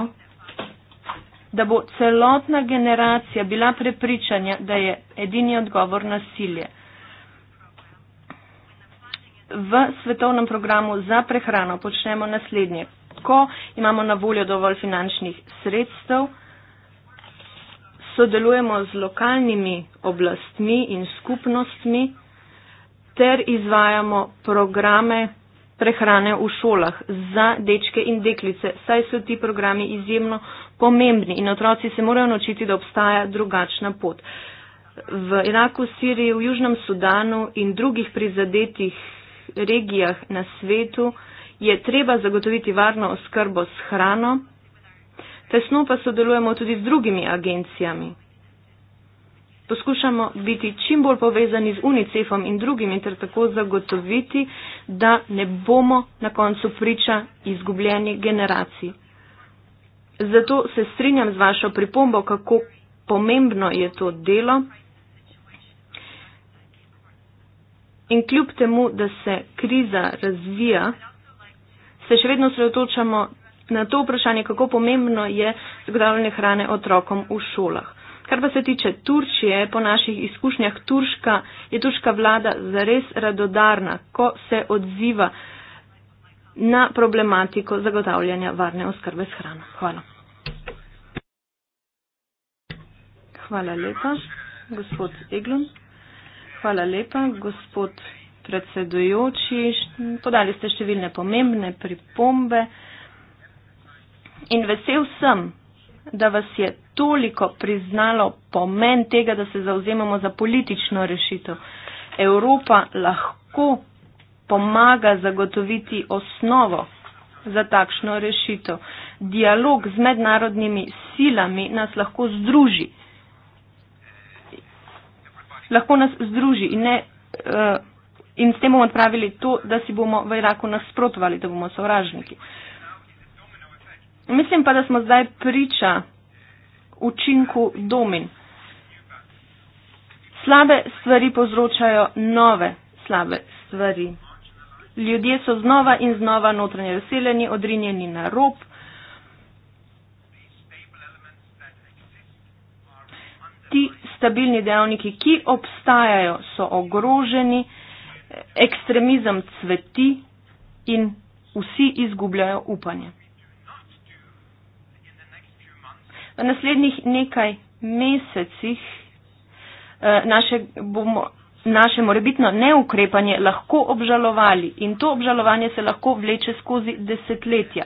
da bo celotna generacija bila prepričanja, da je edini odgovor nasilje v svetovnem programu za prehrano počnemo naslednje. Ko imamo na voljo dovolj finančnih sredstev, sodelujemo z lokalnimi oblastmi in skupnostmi ter izvajamo programe prehrane v šolah za dečke in deklice. Saj so ti programi izjemno pomembni in otroci se morajo naučiti, da obstaja drugačna pot. V Iraku, Siriji, v Južnem Sudanu in drugih prizadetih regijah na svetu je treba zagotoviti varno oskrbo s hrano, tesno pa sodelujemo tudi z drugimi agencijami. Poskušamo biti čim bolj povezani z UNICEF-om in drugimi ter tako zagotoviti, da ne bomo na koncu priča izgubljeni generaciji. Zato se strinjam z vašo pripombo, kako pomembno je to delo. In kljub temu, da se kriza razvija, se še vedno sredotočamo na to vprašanje, kako pomembno je zagotavljanje hrane otrokom v šolah. Kar pa se tiče Turčije, po naših izkušnjah Turška, je turška vlada zares radodarna, ko se odziva na problematiko zagotavljanja varne oskrbe s hrano. Hvala. Hvala lepa, gospod Eglund. Hvala lepa, gospod predsedujoči. Podali ste številne pomembne pripombe in vesel sem, da vas je toliko priznalo pomen tega, da se zauzemamo za politično rešitev. Evropa lahko pomaga zagotoviti osnovo za takšno rešitev. Dialog z mednarodnimi silami nas lahko združi lahko nas združi in, ne, uh, in s tem bomo odpravili to, da si bomo v Iraku nasprotovali, da bomo sovražniki. Mislim pa, da smo zdaj priča učinku domin. Slabe stvari povzročajo nove slabe stvari. Ljudje so znova in znova notranje veseljeni, odrinjeni na rob, ti stabilni dejavniki, ki obstajajo, so ogroženi, ekstremizem cveti in vsi izgubljajo upanje. V naslednjih nekaj mesecih eh, naše, bomo naše morebitno neukrepanje lahko obžalovali in to obžalovanje se lahko vleče skozi desetletja.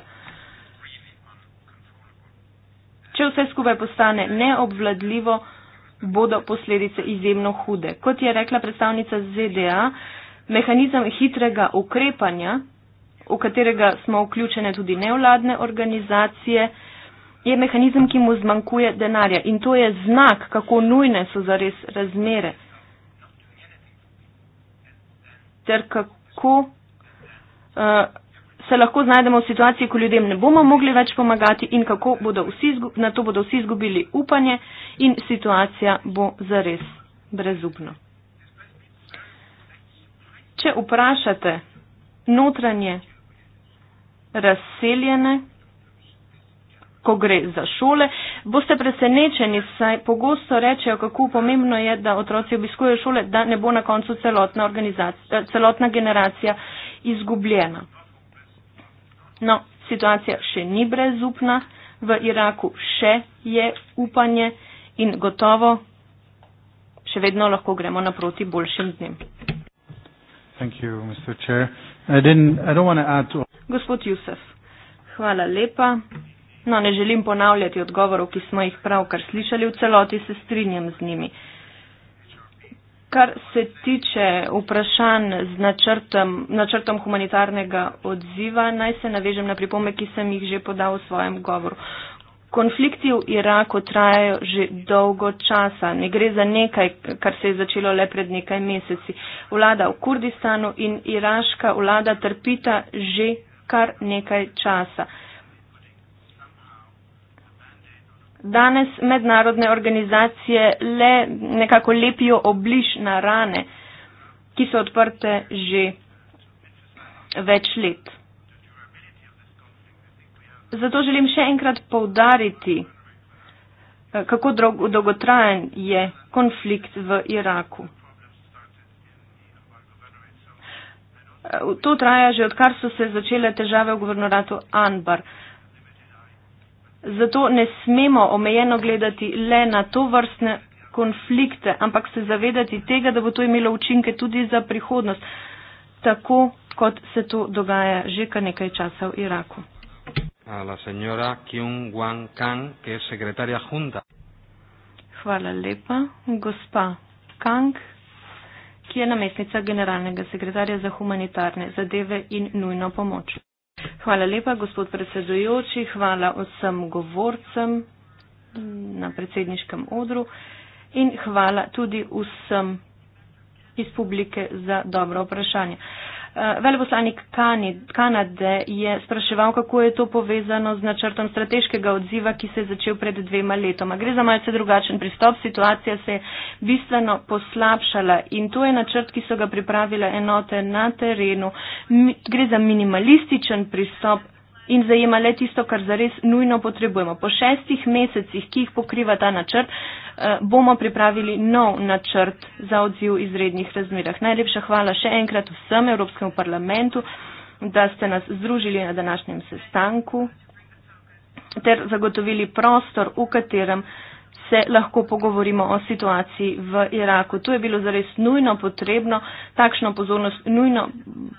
Če vse skupaj postane neobvladljivo, bodo posledice izjemno hude. Kot je rekla predstavnica ZDA, mehanizem hitrega ukrepanja, v katerega smo vključene tudi nevladne organizacije, je mehanizem, ki mu zmanjkuje denarja in to je znak, kako nujne so zares razmere ter kako uh, se lahko znajdemo v situaciji, ko ljudem ne bomo mogli več pomagati in kako bodo vsi, na to bodo vsi izgubili upanje in situacija bo zares brezupna. Če vprašate notranje razseljene, ko gre za šole, boste presenečeni, saj pogosto rečejo, kako pomembno je, da otroci obiskujejo šole, da ne bo na koncu celotna, celotna generacija izgubljena. No, situacija še ni brezupna, v Iraku še je upanje in gotovo še vedno lahko gremo naproti boljšim dnem. Gospod Jusef, hvala lepa. No, ne želim ponavljati odgovorov, ki smo jih pravkar slišali v celoti, se strinjam z njimi. Kar se tiče vprašanj z načrtom, načrtom humanitarnega odziva, naj se navežem na pripombe, ki sem jih že podal v svojem govoru. Konflikti v Iraku trajajo že dolgo časa, ne gre za nekaj, kar se je začelo le pred nekaj meseci. Vlada v Kurdistanu in iraška vlada trpita že kar nekaj časa. danes mednarodne organizacije le nekako lepijo obliž na rane, ki so odprte že več let. Zato želim še enkrat povdariti, eh, kako dolgotrajen je konflikt v Iraku. Eh, to traja že odkar so se začele težave v governoratu Anbar. Zato ne smemo omejeno gledati le na to vrstne konflikte, ampak se zavedati tega, da bo to imelo učinke tudi za prihodnost, tako kot se to dogaja že kar nekaj časa v Iraku. Hvala lepa, gospa Kang, ki je namestnica generalnega sekretarja za humanitarne zadeve in nujno pomoč. Hvala lepa, gospod predsedujoči, hvala vsem govorcem na predsedniškem odru in hvala tudi vsem iz publike za dobro vprašanje. Veleposlanik Kanade je spraševal, kako je to povezano z načrtom strateškega odziva, ki se je začel pred dvema letoma. Gre za malce drugačen pristop, situacija se je bistveno poslabšala in to je načrt, ki so ga pripravile enote na terenu. Gre za minimalističen pristop in zajema le tisto, kar zares nujno potrebujemo. Po šestih mesecih, ki jih pokriva ta načrt, eh, bomo pripravili nov načrt za odziv izrednih razmerah. Najlepša hvala še enkrat vsem Evropskemu parlamentu, da ste nas združili na današnjem sestanku ter zagotovili prostor, v katerem se lahko pogovorimo o situaciji v Iraku. Tu je bilo zares nujno potrebno, takšno pozornost nujno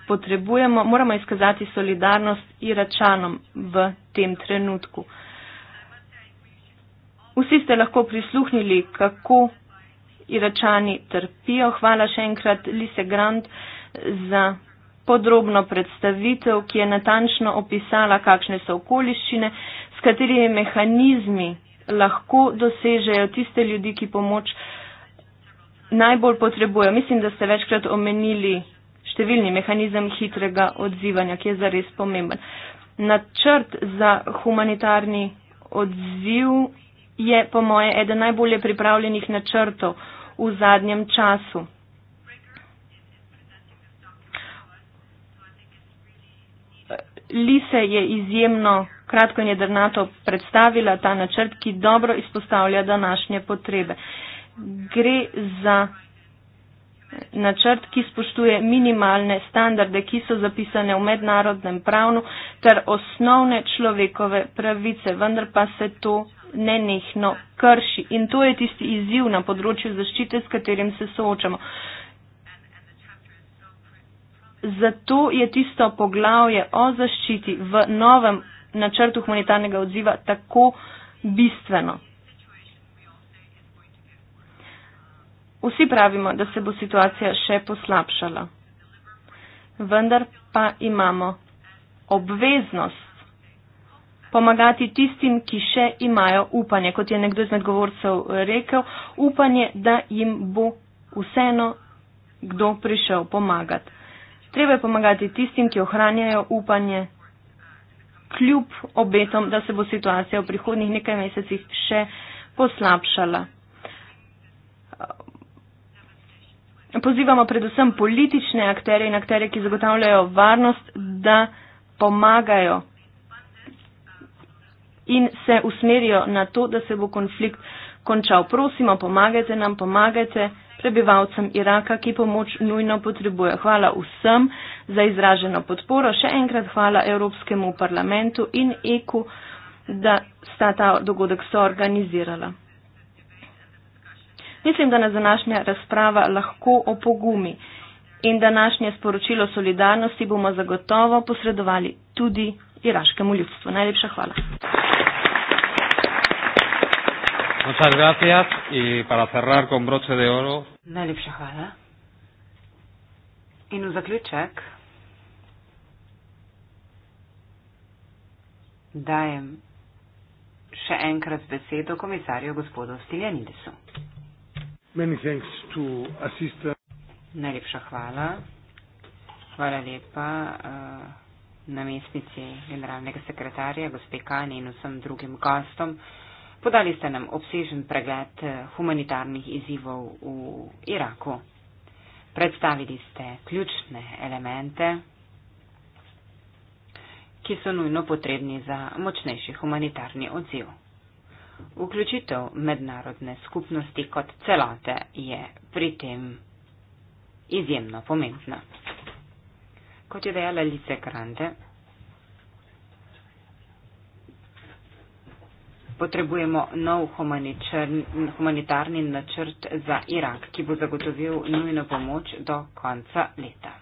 potrebujemo, moramo izkazati solidarnost Iračanom v tem trenutku. Vsi ste lahko prisluhnili, kako Iračani trpijo. Hvala še enkrat Lise Grant za podrobno predstavitev, ki je natančno opisala, kakšne so okoliščine, s katerimi mehanizmi lahko dosežejo tiste ljudi, ki pomoč najbolj potrebujejo. Mislim, da ste večkrat omenili številni mehanizem hitrega odzivanja, ki je zares pomemben. Načrt za humanitarni odziv je, po moje, eden najbolje pripravljenih načrtov v zadnjem času. Lise je izjemno kratko in jedrnato predstavila ta načrt, ki dobro izpostavlja današnje potrebe. Gre za načrt, ki spoštuje minimalne standarde, ki so zapisane v mednarodnem pravnu ter osnovne človekove pravice, vendar pa se to nenehno krši. In to je tisti izziv na področju zaščite, s katerim se soočamo. Zato je tisto poglavje o zaščiti v novem načrtu humanitarnega odziva tako bistveno. Vsi pravimo, da se bo situacija še poslabšala, vendar pa imamo obveznost pomagati tistim, ki še imajo upanje. Kot je nekdo izmed govorcev rekel, upanje, da jim bo vseeno kdo prišel pomagati. Treba je pomagati tistim, ki ohranjajo upanje, kljub obetom, da se bo situacija v prihodnih nekaj mesecih še poslabšala. Pozivamo predvsem politične akterje in akterje, ki zagotavljajo varnost, da pomagajo in se usmerijo na to, da se bo konflikt končal. Prosimo, pomagajte nam, pomagajte prebivalcem Iraka, ki pomoč nujno potrebuje. Hvala vsem za izraženo podporo. Še enkrat hvala Evropskemu parlamentu in EKU, da sta ta dogodek soorganizirala. Mislim, da nas današnja razprava lahko opogumi in današnje sporočilo solidarnosti bomo zagotovo posredovali tudi iraškemu ljudstvu. Najlepša hvala. Muchas gracias y para cerrar con broche de oro. Najlepša hvala. In v zaključek dajem še enkrat besedo komisarju gospodu Stiljanidisu. Many thanks to assistant. Najlepša hvala. Hvala lepa uh, namestnici generalnega sekretarja, gospe Kani in vsem drugim gostom. Podali ste nam obsežen pregled eh, humanitarnih izzivov v Iraku. Predstavili ste ključne elemente, ki so nujno potrebni za močnejši humanitarni odziv. Vključitev mednarodne skupnosti kot celote je pri tem izjemno pomembna. Kot je dejala Lice Grande, Potrebujemo nov humanitarni načrt za Irak, ki bo zagotovil nujno pomoč do konca leta.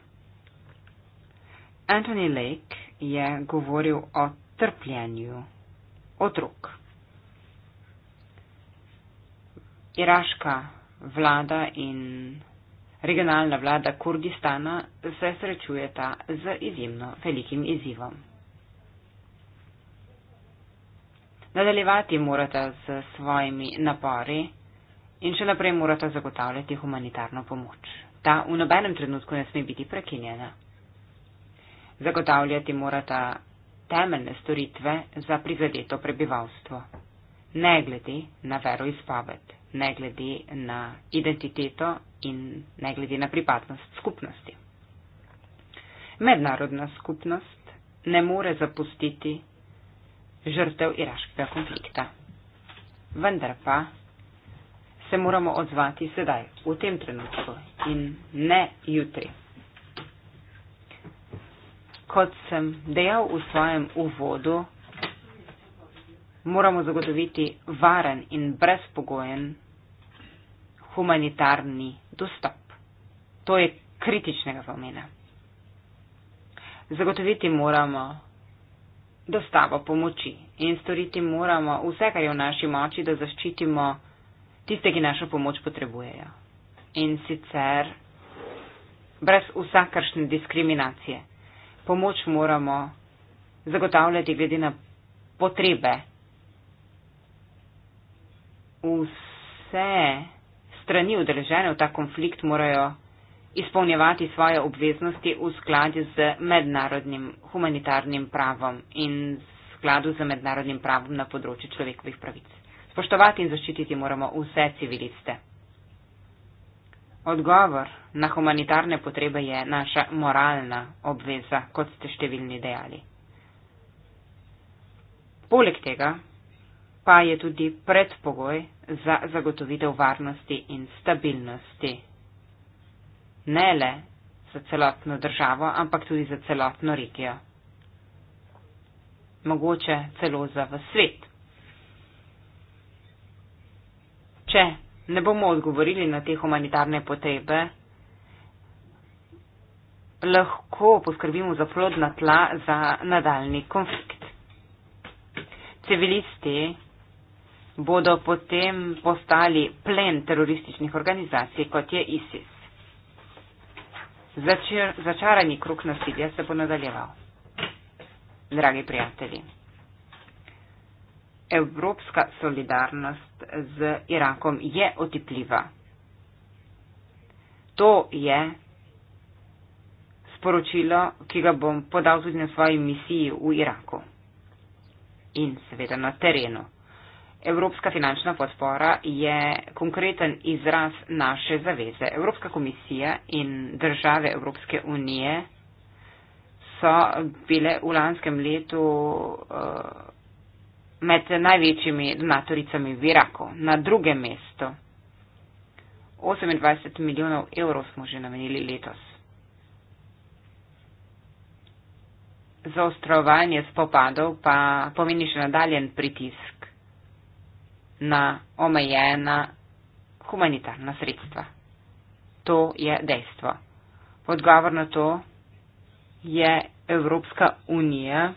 Anthony Lake je govoril o trpljenju otrok. Iraška vlada in regionalna vlada Kurdistana se srečujeta z izjemno velikim izzivom. nadaljevati morata z svojimi napori in še naprej morata zagotavljati humanitarno pomoč. Ta v nobenem trenutku ne sme biti prekinjena. Zagotavljati morata temeljne storitve za prizadeto prebivalstvo, ne glede na vero izpoved, ne glede na identiteto in ne glede na pripadnost skupnosti. Mednarodna skupnost ne more zapustiti žrtev iraškega konflikta. Vendar pa se moramo odzvati sedaj, v tem trenutku in ne jutri. Kot sem dejal v svojem uvodu, moramo zagotoviti varen in brezpogojen humanitarni dostop. To je kritičnega pomena. Zagotoviti moramo dostavo pomoči in storiti moramo vse, kar je v naši moči, da zaščitimo tiste, ki našo pomoč potrebujejo. In sicer brez vsakršne diskriminacije. Pomoč moramo zagotavljati glede na potrebe vse strani udeležene v ta konflikt morajo izpolnjevati svoje obveznosti v skladu z mednarodnim humanitarnim pravom in skladu z mednarodnim pravom na področju človekovih pravic. Spoštovati in zaščititi moramo vse civiliste. Odgovor na humanitarne potrebe je naša moralna obveza, kot ste številni dejali. Poleg tega pa je tudi predpogoj za zagotovitev varnosti in stabilnosti ne le za celotno državo, ampak tudi za celotno regijo. Mogoče celo za v svet. Če ne bomo odgovorili na te humanitarne potrebe, lahko poskrbimo za plodna tla za nadaljni konflikt. Civilisti bodo potem postali plen terorističnih organizacij, kot je ISIS začer, začarani kruk nasilja se bo nadaljeval. Dragi prijatelji, evropska solidarnost z Irakom je otipljiva. To je sporočilo, ki ga bom podal tudi na svoji misiji v Iraku in seveda na terenu. Evropska finančna podpora je konkreten izraz naše zaveze. Evropska komisija in države Evropske unije so bile v lanskem letu eh, med največjimi donatoricami v Iraku na drugem mestu. 28 milijonov evrov smo že namenili letos. Zaostrovanje spopadov pa pomeni še nadaljen pritisk na omejena humanitarna sredstva. To je dejstvo. Odgovor na to je Evropska unija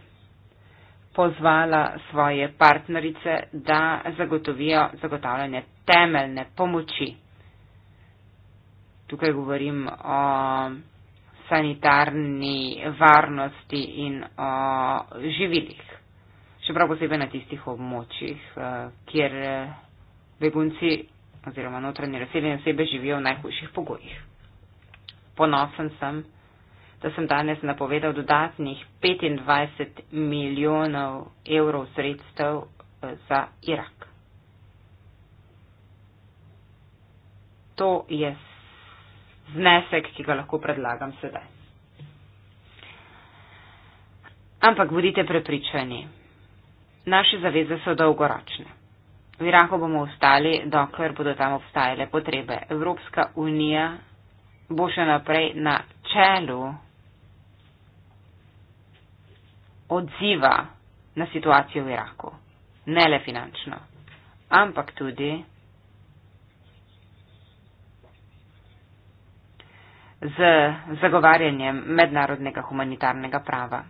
pozvala svoje partnerice, da zagotovijo zagotavljanje temeljne pomoči. Tukaj govorim o sanitarni varnosti in o živilih čeprav posebej na tistih območjih, eh, kjer eh, begunci oziroma notranje razseljene osebe živijo v najhujših pogojih. Ponosen sem, da sem danes napovedal dodatnih 25 milijonov evrov sredstev eh, za Irak. To je znesek, ki ga lahko predlagam sedaj. Ampak bodite prepričani, Naše zaveze so dolgoročne. V Iraku bomo ostali, dokler bodo tam obstajale potrebe. Evropska unija bo še naprej na čelu odziva na situacijo v Iraku. Ne le finančno, ampak tudi z zagovarjanjem mednarodnega humanitarnega prava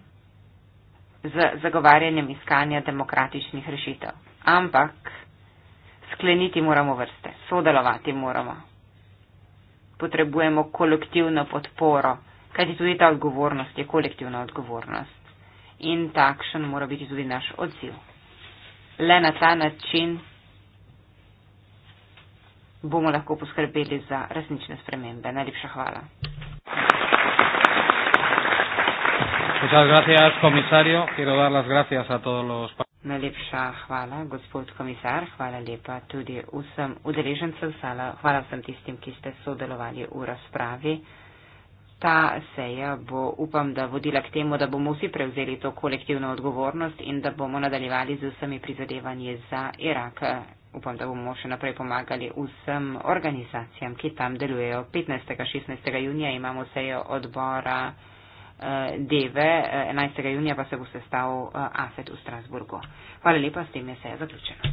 z zagovarjanjem iskanja demokratičnih rešitev. Ampak skleniti moramo vrste, sodelovati moramo. Potrebujemo kolektivno podporo, kajti tudi ta odgovornost je kolektivna odgovornost. In takšen mora biti tudi naš odziv. Le na ta način bomo lahko poskrbeli za resnične spremembe. Najlepša hvala. Muchas gracias, comisario. Quiero dar las gracias a todos los. Najlepša hvala, gospod komisar, hvala lepa tudi vsem udeležencem sala, hvala vsem tistim, ki ste sodelovali v razpravi. Ta seja bo, upam, da vodila k temu, da bomo vsi prevzeli to kolektivno odgovornost in da bomo nadaljevali z vsemi prizadevanji za Irak. Upam, da bomo še naprej pomagali vsem organizacijam, ki tam delujejo. 15. 16. junija imamo sejo odbora. Eh, deve, 11. Eh, junija pa se bo sestal eh, AFET v Strasburgu. Hvala lepa, s tem je se zaključeno.